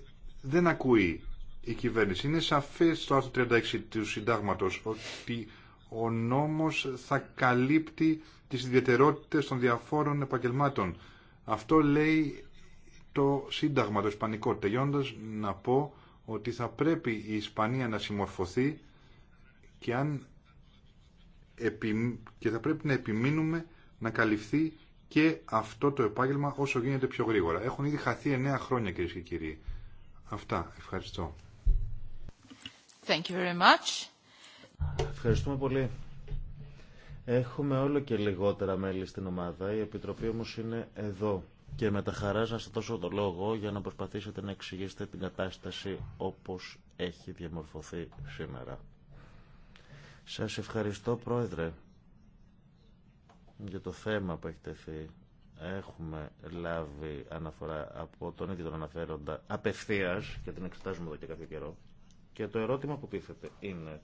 δεν ακούει η κυβέρνηση. Είναι σαφές στο άρθρο 36 του συντάγματος ότι ο νόμος θα καλύπτει τις ιδιαιτερότητες των διαφόρων επαγγελμάτων. Αυτό λέει το Σύνταγμα το Ισπανικό. Τελειώντας να πω ότι θα πρέπει η Ισπανία να συμμορφωθεί και, αν, και θα πρέπει να επιμείνουμε να καλυφθεί και αυτό το επάγγελμα όσο γίνεται πιο γρήγορα. Έχουν ήδη χαθεί 9 χρόνια κυρίε και κύριοι. Αυτά. Ευχαριστώ. Ευχαριστούμε πολύ. Έχουμε όλο και λιγότερα μέλη στην ομάδα. Η Επιτροπή όμω είναι εδώ. Και με τα χαρά σας δώσω το λόγο για να προσπαθήσετε να εξηγήσετε την κατάσταση όπως έχει διαμορφωθεί σήμερα. Σας ευχαριστώ Πρόεδρε για το θέμα που έχει τεθεί έχουμε λάβει αναφορά από τον ίδιο τον αναφέροντα απευθείας και την εξετάζουμε εδώ και κάποιο καιρό και το ερώτημα που τίθεται είναι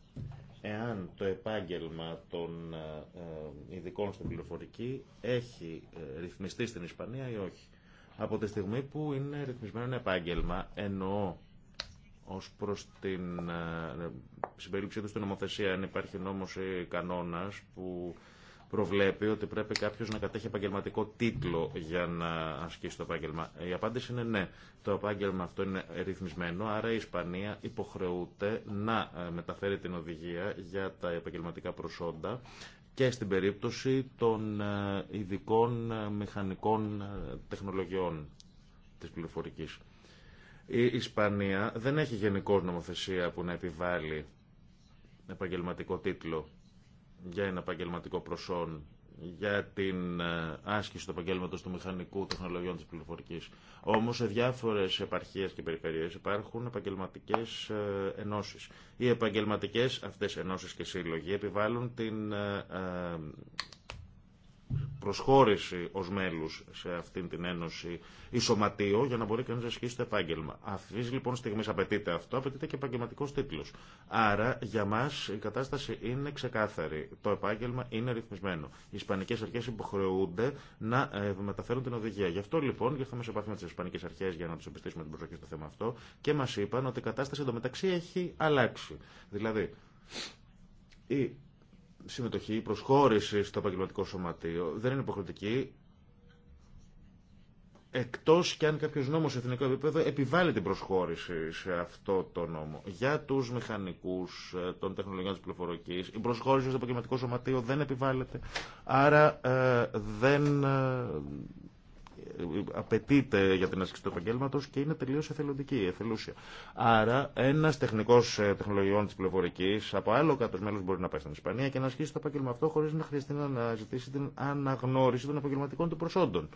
εάν το επάγγελμα των ε, ε, ειδικών στην πληροφορική έχει ε, ρυθμιστεί στην Ισπανία ή όχι. Από τη στιγμή που είναι ρυθμισμένο ένα επάγγελμα, εννοώ ως προς την συμπερίληψή του στην νομοθεσία, αν υπάρχει νόμος ή κανόνας που προβλέπει ότι πρέπει κάποιο να κατέχει επαγγελματικό τίτλο για να ασκήσει το επάγγελμα. Η απάντηση είναι ναι. Το επάγγελμα αυτό είναι ρυθμισμένο, άρα η Ισπανία υποχρεούται να ε, μεταφέρει την οδηγία για τα επαγγελματικά προσόντα και στην περίπτωση των ε, ειδικών ε, μηχανικών τεχνολογιών της πληροφορικής. Η Ισπανία δεν έχει γενικό νομοθεσία που να επιβάλλει επαγγελματικό τίτλο για ένα επαγγελματικό προσόν για την ε, άσκηση του επαγγέλματο του μηχανικού τεχνολογιών τη πληροφορική. Όμω σε διάφορε επαρχίες και περιφερειέ υπάρχουν επαγγελματικέ ε, ενώσει. Οι επαγγελματικέ αυτέ ενώσει και σύλλογοι επιβάλλουν την ε, προσχώρηση ω μέλου σε αυτήν την ένωση ή σωματείο για να μπορεί κανεί να ασχίσει το επάγγελμα. Αυτή λοιπόν στιγμή απαιτείται αυτό, απαιτείται και επαγγελματικό τίτλο. Άρα για μα η κατάσταση είναι ξεκάθαρη. Το επάγγελμα είναι ρυθμισμένο. Οι Ισπανικέ αρχέ υποχρεούνται να ε, μεταφέρουν την οδηγία. Γι' αυτό λοιπόν ήρθαμε σε επαφή με τι Ισπανικέ αρχέ για να του επιστήσουμε την προσοχή στο θέμα αυτό και μα είπαν ότι η κατάσταση εντωμεταξύ έχει αλλάξει. Δηλαδή, οι συμμετοχή, η προσχώρηση στο επαγγελματικό σωματείο δεν είναι υποχρεωτική Εκτό και αν κάποιος νόμος σε εθνικό επίπεδο επιβάλλει την προσχώρηση σε αυτό το νόμο. Για τους μηχανικούς ε, των τεχνολογιών τη πληροφορική, η προσχώρηση στο επαγγελματικό σωματείο δεν επιβάλλεται, άρα ε, δεν ε, απαιτείται για την άσκηση του επαγγέλματο και είναι τελείω εθελοντική, εθελούσια. Άρα, ένα τεχνικό ε, τεχνολογιών τη πληροφορική από άλλο κάτω μέλο μπορεί να πάει στην Ισπανία και να ασκήσει το επάγγελμα αυτό χωρί να χρειαστεί να αναζητήσει την αναγνώριση των επαγγελματικών του προσόντων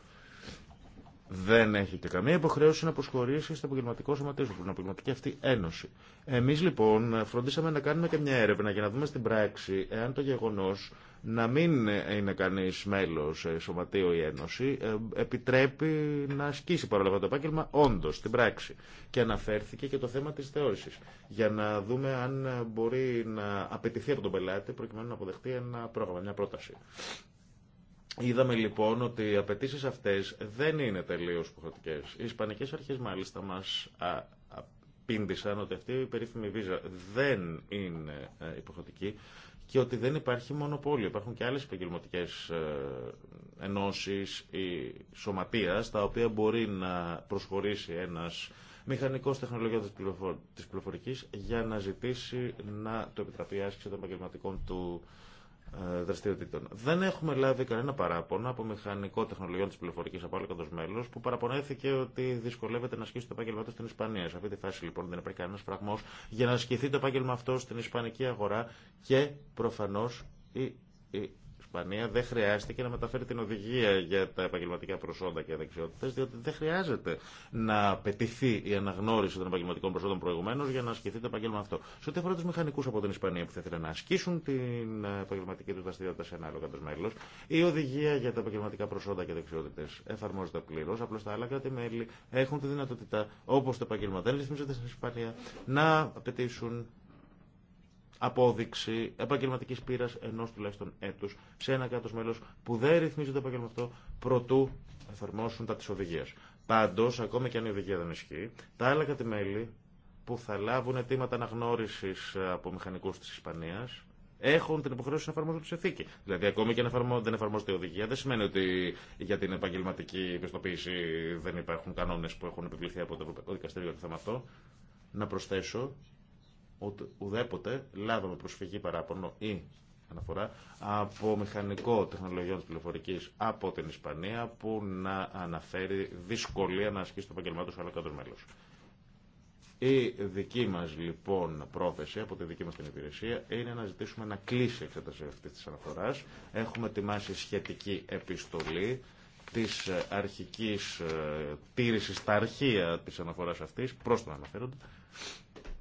δεν έχει και καμία υποχρέωση να προσχωρήσει στο επαγγελματικό σωματείο, στην επαγγελματική αυτή ένωση. Εμεί λοιπόν φροντίσαμε να κάνουμε και μια έρευνα για να δούμε στην πράξη εάν το γεγονό να μην είναι κανεί μέλο σε σωματείο ή ένωση ε, επιτρέπει να ασκήσει παρόλο το επάγγελμα όντω στην πράξη. Και αναφέρθηκε και το θέμα τη θεώρηση. Για να δούμε αν μπορεί να απαιτηθεί από τον πελάτη προκειμένου να αποδεχτεί ένα πρόγραμμα, μια πρόταση. Είδαμε λοιπόν ότι οι απαιτήσει αυτές δεν είναι τελείως υποχρεωτικέ. Οι Ισπανικέ αρχέ μάλιστα μα απήντησαν ότι αυτή η περίφημη βίζα δεν είναι ε, υποχρεωτική και ότι δεν υπάρχει μονοπόλιο. Υπάρχουν και άλλες επαγγελματικέ ε, ενώσεις ή σωματεία τα οποία μπορεί να προσχωρήσει ένας μηχανικός τεχνολογία τη πληροφορική για να ζητήσει να το επιτραπεί άσκηση των επαγγελματικών του ε, δεν έχουμε λάβει κανένα παράπονο από μηχανικό τεχνολογιών τη πληροφορική από άλλο μέλο που παραπονέθηκε ότι δυσκολεύεται να ασκήσει το επάγγελμα του στην Ισπανία. Σε αυτή τη φάση λοιπόν δεν υπάρχει κανένα φραγμό για να ασκηθεί το επάγγελμα αυτό στην Ισπανική αγορά και προφανώ η, η Ισπανία δεν χρειάζεται και να μεταφέρει την οδηγία για τα επαγγελματικά προσόντα και δεξιότητε, διότι δεν χρειάζεται να πετυχθεί η αναγνώριση των επαγγελματικών προσόντων προηγουμένω για να ασκηθεί το επαγγέλμα αυτό. Σε ό,τι αφορά του μηχανικού από την Ισπανία που θα ήθελαν να ασκήσουν την επαγγελματική του δραστηριότητα σε ένα άλλο κράτο μέλο, η οδηγία για τα επαγγελματικά προσόντα και δεξιότητε εφαρμόζεται πλήρω. Απλώ τα άλλα κράτη-μέλη έχουν τη δυνατότητα, όπω το επαγγελματέ ρυθμίζεται στην Ισπανία, να απαιτήσουν απόδειξη επαγγελματική πείρα ενό τουλάχιστον έτου σε ένα κράτο μέλο που δεν ρυθμίζει το επάγγελμα αυτό προτού εφαρμόσουν τα τη οδηγία. Πάντω, ακόμα και αν η οδηγία δεν ισχύει, τα άλλα μέλη που θα λάβουν αιτήματα αναγνώριση ε, από μηχανικού τη Ισπανία έχουν την υποχρέωση να εφαρμόζουν τη συνθήκη. Δηλαδή, ακόμη και αν δεν εφαρμόζεται η οδηγία, δεν σημαίνει ότι για την επαγγελματική πιστοποίηση δεν υπάρχουν κανόνε που έχουν επιβληθεί από το Ευρωπαϊκό Δικαστήριο για το θέμα αυτό. Να προσθέσω ότι ουδέποτε λάβαμε προσφυγή παράπονο ή αναφορά από μηχανικό τεχνολογιών πληροφορικής από την Ισπανία που να αναφέρει δυσκολία να ασκήσει το επαγγελμά του σε άλλο κάτω Η δική μα λοιπόν πρόθεση από τη δική μα την υπηρεσία είναι να ζητήσουμε να κλείσει η εξέταση αυτή τη αναφορά. Έχουμε ετοιμάσει σχετική επιστολή τη ε, αρχική ε, τήρηση στα αρχεία τη αναφορά αυτή προ τον αναφέροντα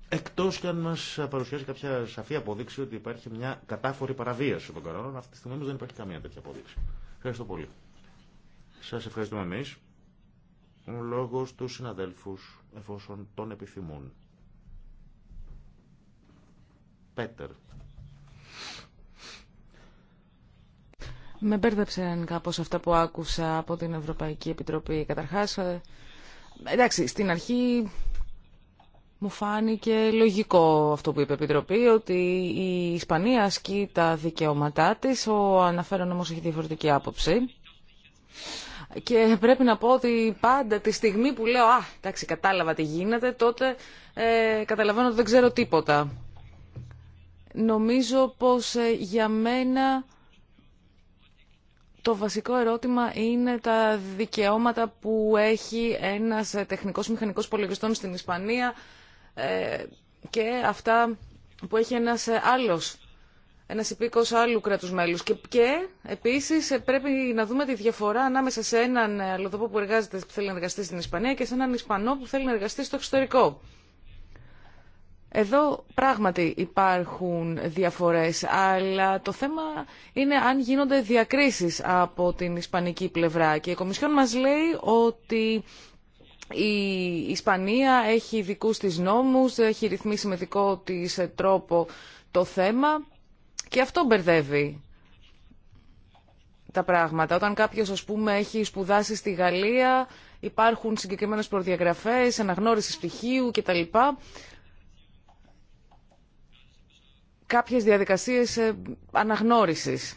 Εκτό και αν μα παρουσιάσει κάποια σαφή απόδειξη ότι υπάρχει μια κατάφορη παραβίαση των κανόνων, αυτή τη στιγμή δεν υπάρχει καμία τέτοια απόδειξη. Ευχαριστώ πολύ. Σα ευχαριστούμε εμεί. Ο λόγο στου συναδέλφου, εφόσον τον επιθυμούν. Πέτερ. Με μπέρδεψαν κάπω αυτά που άκουσα από την Ευρωπαϊκή Επιτροπή. Καταρχάς, ε, εντάξει, στην αρχή μου φάνηκε λογικό αυτό που είπε η Επιτροπή, ότι η Ισπανία ασκεί τα δικαιώματά της, ο αναφέρον όμως έχει διαφορετική άποψη. Και πρέπει να πω ότι πάντα τη στιγμή που λέω «Α, εντάξει, κατάλαβα τι γίνεται», τότε ε, καταλαβαίνω ότι δεν ξέρω τίποτα. Νομίζω πως ε, για μένα το βασικό ερώτημα είναι τα δικαιώματα που έχει ένας τεχνικός μηχανικός πολεμιστών στην Ισπανία ε, και αυτά που έχει ένας ε, άλλος, ένας υπήκος άλλου κράτους μέλους. Και, και επίσης ε, πρέπει να δούμε τη διαφορά ανάμεσα σε έναν αλλοδόπο που εργάζεται, που θέλει να εργαστεί στην Ισπανία και σε έναν Ισπανό που θέλει να εργαστεί στο εξωτερικό. Εδώ πράγματι υπάρχουν διαφορές, αλλά το θέμα είναι αν γίνονται διακρίσεις από την ισπανική πλευρά. Και η Κομισιόν μας λέει ότι η Ισπανία έχει δικού της νόμους, έχει ρυθμίσει με δικό της ε, τρόπο το θέμα και αυτό μπερδεύει τα πράγματα. Όταν κάποιος, ας πούμε, έχει σπουδάσει στη Γαλλία, υπάρχουν συγκεκριμένες προδιαγραφές, αναγνώριση στοιχείου κτλ. Κάποιες διαδικασίες ε, αναγνώρισης.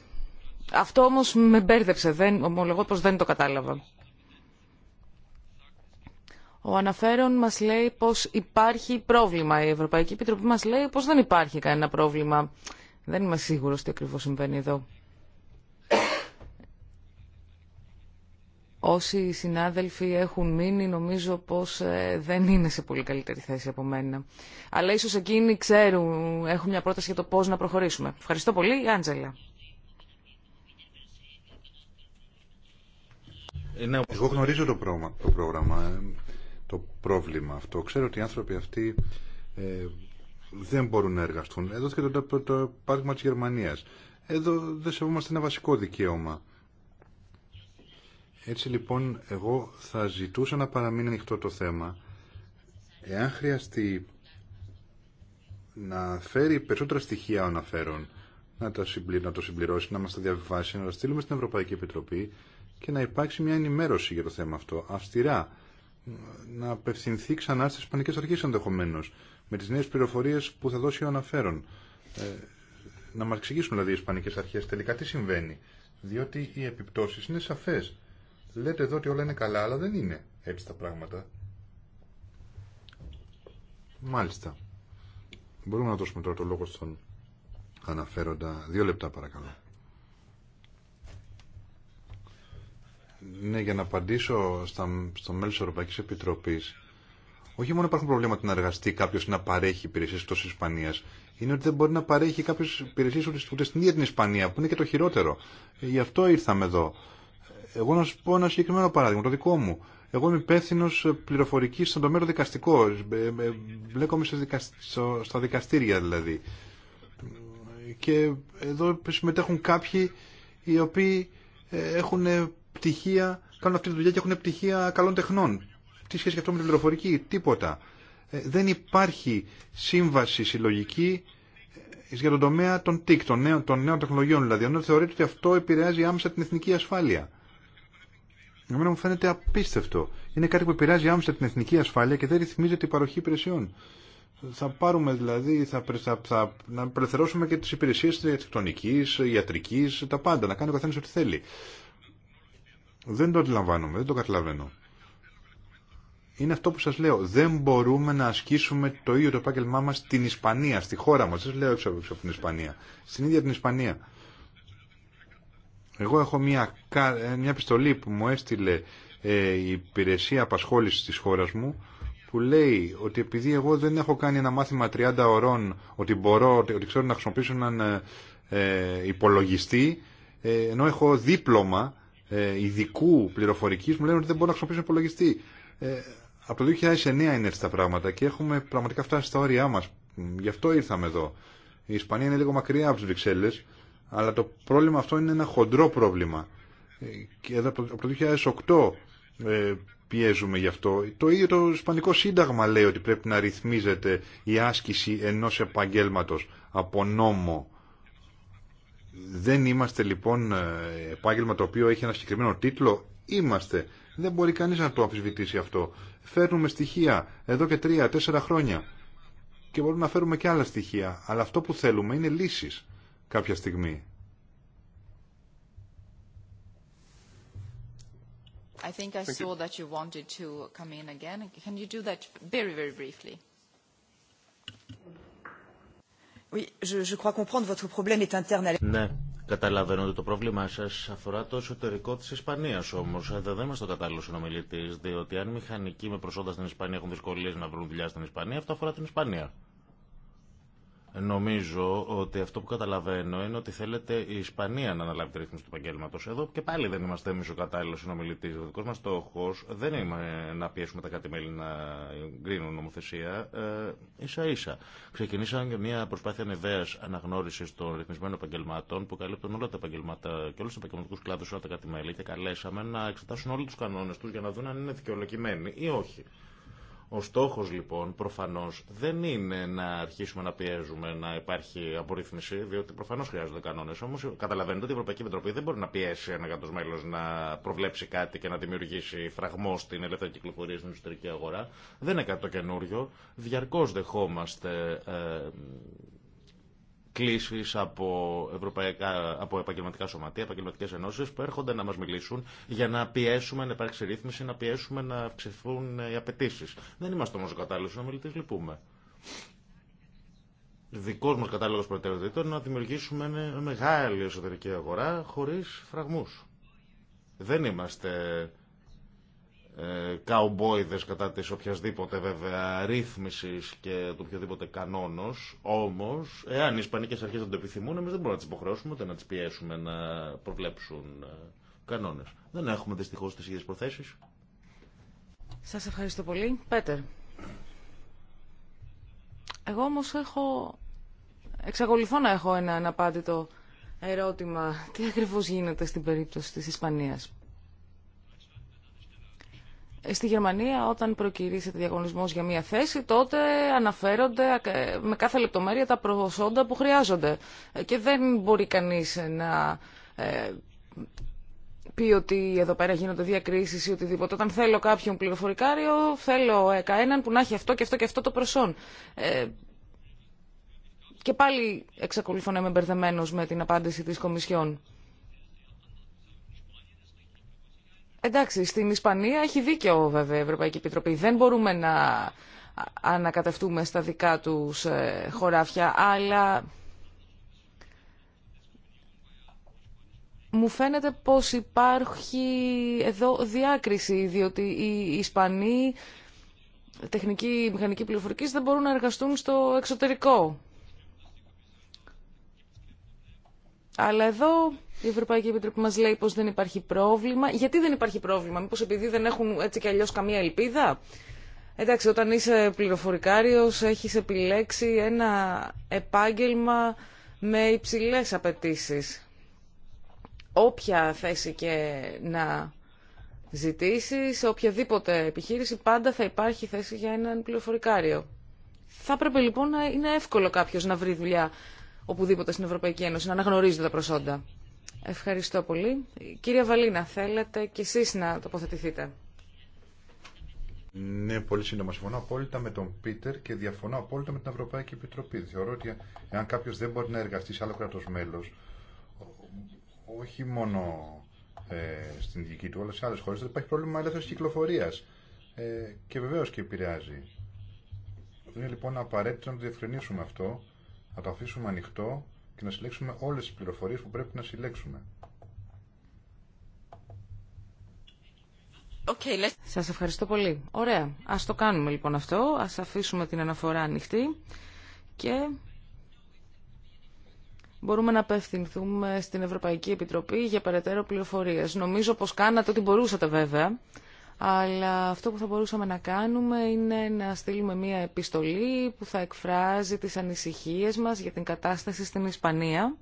Αυτό όμως με μπέρδεψε, δεν, ομολογώ πως δεν το κατάλαβα. Ο αναφέρον μας λέει πως υπάρχει πρόβλημα. Η Ευρωπαϊκή Επιτροπή μας λέει πως δεν υπάρχει κανένα πρόβλημα. Δεν είμαι σίγουρος τι ακριβώς συμβαίνει εδώ. Όσοι συνάδελφοι έχουν μείνει νομίζω πως ε, δεν είναι σε πολύ καλύτερη θέση από μένα. Αλλά ίσως εκείνοι ξέρουν, έχουν μια πρόταση για το πώς να προχωρήσουμε. Ευχαριστώ πολύ, Άντζελα. Εγώ γνωρίζω Το πρόγραμμα το πρόβλημα αυτό. Ξέρω ότι οι άνθρωποι αυτοί ε, δεν μπορούν να εργαστούν. Εδώ και το, το πάρκμα της Γερμανίας. Εδώ δεν σεβόμαστε ένα βασικό δικαίωμα. Έτσι λοιπόν εγώ θα ζητούσα να παραμείνει ανοιχτό το θέμα. Εάν χρειαστεί να φέρει περισσότερα στοιχεία αναφέρον, να, να το συμπληρώσει, να μας τα διαβιβάσει, να τα στείλουμε στην Ευρωπαϊκή Επιτροπή και να υπάρξει μια ενημέρωση για το θέμα αυτό, αυστηρά, να απευθυνθεί ξανά στι Ισπανικές Αρχές ενδεχομένω, με τις νέες πληροφορίε που θα δώσει ο αναφέρον. Ε, να μα εξηγήσουν δηλαδή οι Ισπανικές Αρχές τελικά τι συμβαίνει. Διότι οι επιπτώσει είναι σαφές. Λέτε εδώ ότι όλα είναι καλά, αλλά δεν είναι έτσι τα πράγματα. Μάλιστα. Μπορούμε να δώσουμε τώρα το λόγο στον αναφέροντα. Δύο λεπτά παρακαλώ. Ναι, για να απαντήσω στα, στο μέλο τη Ευρωπαϊκή Επιτροπή, όχι μόνο υπάρχουν προβλήματα να εργαστεί κάποιο να παρέχει υπηρεσίε εκτό τη Ισπανία, είναι ότι δεν μπορεί να παρέχει κάποιε υπηρεσίε ούτε στην ίδια την Ισπανία, που είναι και το χειρότερο. Γι' αυτό ήρθαμε εδώ. Εγώ να σα πω ένα συγκεκριμένο παράδειγμα, το δικό μου. Εγώ είμαι υπεύθυνο πληροφορική στον τομέα δικαστικό. Ε, ε, μπλέκομαι στα δικαστήρια δηλαδή. Και εδώ συμμετέχουν κάποιοι οι οποίοι ε, έχουν πτυχία, κάνουν αυτή τη δουλειά και έχουν πτυχία καλών τεχνών. Τι σχέση και αυτό με την πληροφορική, τίποτα. Ε, δεν υπάρχει σύμβαση συλλογική ε, για τον τομέα των TIC, των νέων, τεχνολογιών δηλαδή, ενώ θεωρείται ότι αυτό επηρεάζει άμεσα την εθνική ασφάλεια. Εμένα μου φαίνεται απίστευτο. Είναι κάτι που επηρεάζει άμεσα την εθνική ασφάλεια και δεν ρυθμίζεται η παροχή υπηρεσιών. Θα πάρουμε δηλαδή, θα, θα, να απελευθερώσουμε και τι υπηρεσίε τη ιατρική, τα πάντα, να κάνει ο καθένα ό,τι θέλει. Δεν το αντιλαμβάνομαι, δεν το καταλαβαίνω. Είναι αυτό που σα λέω. Δεν μπορούμε να ασκήσουμε το ίδιο το επάγγελμά μα στην Ισπανία, στη χώρα μα. Δεν σας λέω έξω, από την Ισπανία. Στην ίδια την Ισπανία. Εγώ έχω μια, ε, μια επιστολή που μου έστειλε ε, η υπηρεσία απασχόληση τη χώρα μου που λέει ότι επειδή εγώ δεν έχω κάνει ένα μάθημα 30 ωρών ότι μπορώ, ότι, ότι ξέρω να χρησιμοποιήσω έναν ε, ε υπολογιστή ε, ενώ έχω δίπλωμα ε, ειδικού πληροφορική μου λένε ότι δεν μπορούν να χρησιμοποιήσουν υπολογιστή. Ε, από το 2009 είναι έτσι τα πράγματα και έχουμε πραγματικά φτάσει στα όρια μα. Γι' αυτό ήρθαμε εδώ. Η Ισπανία είναι λίγο μακριά από τι Βρυξέλλε, αλλά το πρόβλημα αυτό είναι ένα χοντρό πρόβλημα. Ε, και εδώ από το 2008 ε, πιέζουμε γι' αυτό. Το ίδιο το Ισπανικό Σύνταγμα λέει ότι πρέπει να ρυθμίζεται η άσκηση ενό επαγγελματο από νόμο. Δεν είμαστε λοιπόν ε, επάγγελμα το οποίο έχει ένα συγκεκριμένο τίτλο. Είμαστε. Δεν μπορεί κανεί να το αμφισβητήσει αυτό. Φέρνουμε στοιχεία εδώ και τρία-τέσσερα χρόνια. Και μπορούμε να φέρουμε και άλλα στοιχεία. Αλλά αυτό που θέλουμε είναι λύσει κάποια στιγμή. I think I saw that you wanted to come in again. Can you do that very, very briefly? Ναι, καταλαβαίνω ότι το πρόβλημά σα αφορά το εσωτερικό τη Ισπανία όμω. Εδώ δεν είμαστε ο κατάλληλο συνομιλητή, διότι αν μηχανικοί με προσόντα στην Ισπανία έχουν δυσκολίε να βρουν δουλειά στην Ισπανία, αυτό αφορά την Ισπανία. Νομίζω ότι αυτό που καταλαβαίνω είναι ότι θέλετε η Ισπανία να αναλάβει τη ρύθμιση του επαγγέλματο. Εδώ και πάλι δεν είμαστε εμεί ο κατάλληλο συνομιλητή. Ο δικό μα στόχο δεν είναι να πιέσουμε τα κατημέλη να γκρίνουν νομοθεσία. Ε, σα ίσα. Ξεκινήσαμε μια προσπάθεια ανεβαία αναγνώριση των ρυθμισμένων επαγγελμάτων που καλύπτουν όλα τα επαγγελμάτα και όλου του επαγγελματικού κλάδου όλα τα κατημέλη και καλέσαμε να εξετάσουν όλου του κανόνε του για να δουν αν είναι δικαιολογημένοι ή όχι. Ο στόχος λοιπόν προφανώς δεν είναι να αρχίσουμε να πιέζουμε να υπάρχει απορρίθμιση, διότι προφανώς χρειάζονται κανόνες. Όμως καταλαβαίνετε ότι η Ευρωπαϊκή Επιτροπή δεν μπορεί να πιέσει ένα κάτω μέλος να προβλέψει κάτι και να δημιουργήσει φραγμό στην ελεύθερη κυκλοφορία στην εσωτερική αγορά. Δεν είναι κάτι το καινούριο. Διαρκώς δεχόμαστε ε, κλήσει από, ευρωπαϊκά, από επαγγελματικά σωματεία, επαγγελματικέ ενώσει που έρχονται να μα μιλήσουν για να πιέσουμε να υπάρξει ρύθμιση, να πιέσουμε να αυξηθούν οι απαιτήσει. Δεν είμαστε όμω ο κατάλληλο συνομιλητή, λυπούμε. Δικό μα προτεραιότητα είναι να δημιουργήσουμε μια μεγάλη εσωτερική αγορά χωρί φραγμού. Δεν είμαστε ε, καουμπόιδες κατά της οποιασδήποτε βέβαια ρύθμισης και του οποιοδήποτε κανόνος όμως εάν οι Ισπανικές αρχές δεν το επιθυμούν εμείς δεν μπορούμε να τις υποχρεώσουμε ούτε να τις πιέσουμε να προβλέψουν ε, κανόνες δεν έχουμε δυστυχώς τις ίδιες προθέσεις Σας ευχαριστώ πολύ Πέτερ Εγώ όμως έχω εξακολουθώ να έχω ένα αναπάντητο ερώτημα τι ακριβώς γίνεται στην περίπτωση της Ισπανίας Στη Γερμανία όταν προκυρήσεται διαγωνισμός για μία θέση τότε αναφέρονται ε, με κάθε λεπτομέρεια τα προσόντα που χρειάζονται ε, και δεν μπορεί κανείς να ε, πει ότι εδώ πέρα γίνονται διακρίσεις ή οτιδήποτε. Όταν θέλω κάποιον πληροφορικάριο θέλω έναν που να έχει αυτό και αυτό και αυτό το προσόν. Και πάλι εξακολουθώ να είμαι μπερδεμένο με την απάντηση της Κομισιόν. Εντάξει, στην Ισπανία έχει δίκιο βέβαια η Ευρωπαϊκή Επιτροπή. Δεν μπορούμε να ανακατευτούμε στα δικά τους ε, χωράφια, αλλά μου φαίνεται πως υπάρχει εδώ διάκριση, διότι οι Ισπανοί τεχνικοί μηχανικοί πληροφορικοί δεν μπορούν να εργαστούν στο εξωτερικό. Αλλά εδώ η Ευρωπαϊκή Επιτροπή μας λέει πως δεν υπάρχει πρόβλημα. Γιατί δεν υπάρχει πρόβλημα, μήπως επειδή δεν έχουν έτσι κι αλλιώς καμία ελπίδα. Εντάξει, όταν είσαι πληροφορικάριος έχεις επιλέξει ένα επάγγελμα με υψηλές απαιτήσει. Όποια θέση και να ζητήσεις, σε οποιαδήποτε επιχείρηση, πάντα θα υπάρχει θέση για έναν πληροφορικάριο. Θα έπρεπε λοιπόν να είναι εύκολο κάποιος να βρει δουλειά οπουδήποτε στην Ευρωπαϊκή Ένωση, να αναγνωρίζετε τα προσόντα. Ευχαριστώ πολύ. Κύριε Βαλίνα, θέλετε κι εσείς να τοποθετηθείτε. Ναι, πολύ σύντομα. Συμφωνώ απόλυτα με τον Πίτερ και διαφωνώ απόλυτα με την Ευρωπαϊκή Επιτροπή. Θεωρώ ότι αν κάποιο δεν μπορεί να εργαστεί σε άλλο κράτο μέλο, όχι μόνο ε, στην δική του, αλλά σε άλλε χώρε, δεν υπάρχει πρόβλημα ελεύθερη κυκλοφορία. Ε, και βεβαίω και επηρεάζει. Είναι λοιπόν απαραίτητο να το διευκρινίσουμε αυτό να το αφήσουμε ανοιχτό και να συλλέξουμε όλες τις πληροφορίες που πρέπει να συλλέξουμε. Okay, let's... Σας ευχαριστώ πολύ. Ωραία. Ας το κάνουμε λοιπόν αυτό. Ας αφήσουμε την αναφορά ανοιχτή και μπορούμε να απευθυνθούμε στην Ευρωπαϊκή Επιτροπή για περαιτέρω πληροφορίες. Νομίζω πως κάνατε ό,τι μπορούσατε βέβαια αλλά αυτό που θα μπορούσαμε να κάνουμε είναι να στείλουμε μία επιστολή που θα εκφράζει τις ανησυχίες μας για την κατάσταση στην Ισπανία.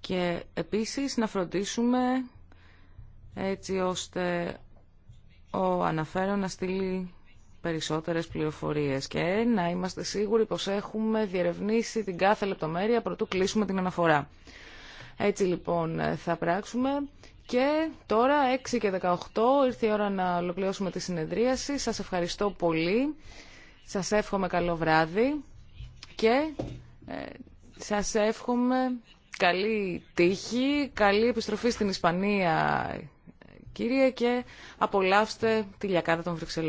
Και επίσης να φροντίσουμε έτσι ώστε ο αναφέρον να στείλει περισσότερες πληροφορίες και να είμαστε σίγουροι πως έχουμε διερευνήσει την κάθε λεπτομέρεια προτού κλείσουμε την αναφορά. Έτσι λοιπόν θα πράξουμε. Και τώρα 6 και 18 ήρθε η ώρα να ολοκληρώσουμε τη συνεδρίαση. Σας ευχαριστώ πολύ. Σας εύχομαι καλό βράδυ και ε, σας εύχομαι καλή τύχη, καλή επιστροφή στην Ισπανία κύριε και απολαύστε τη λιακάδα των Βρυξελών.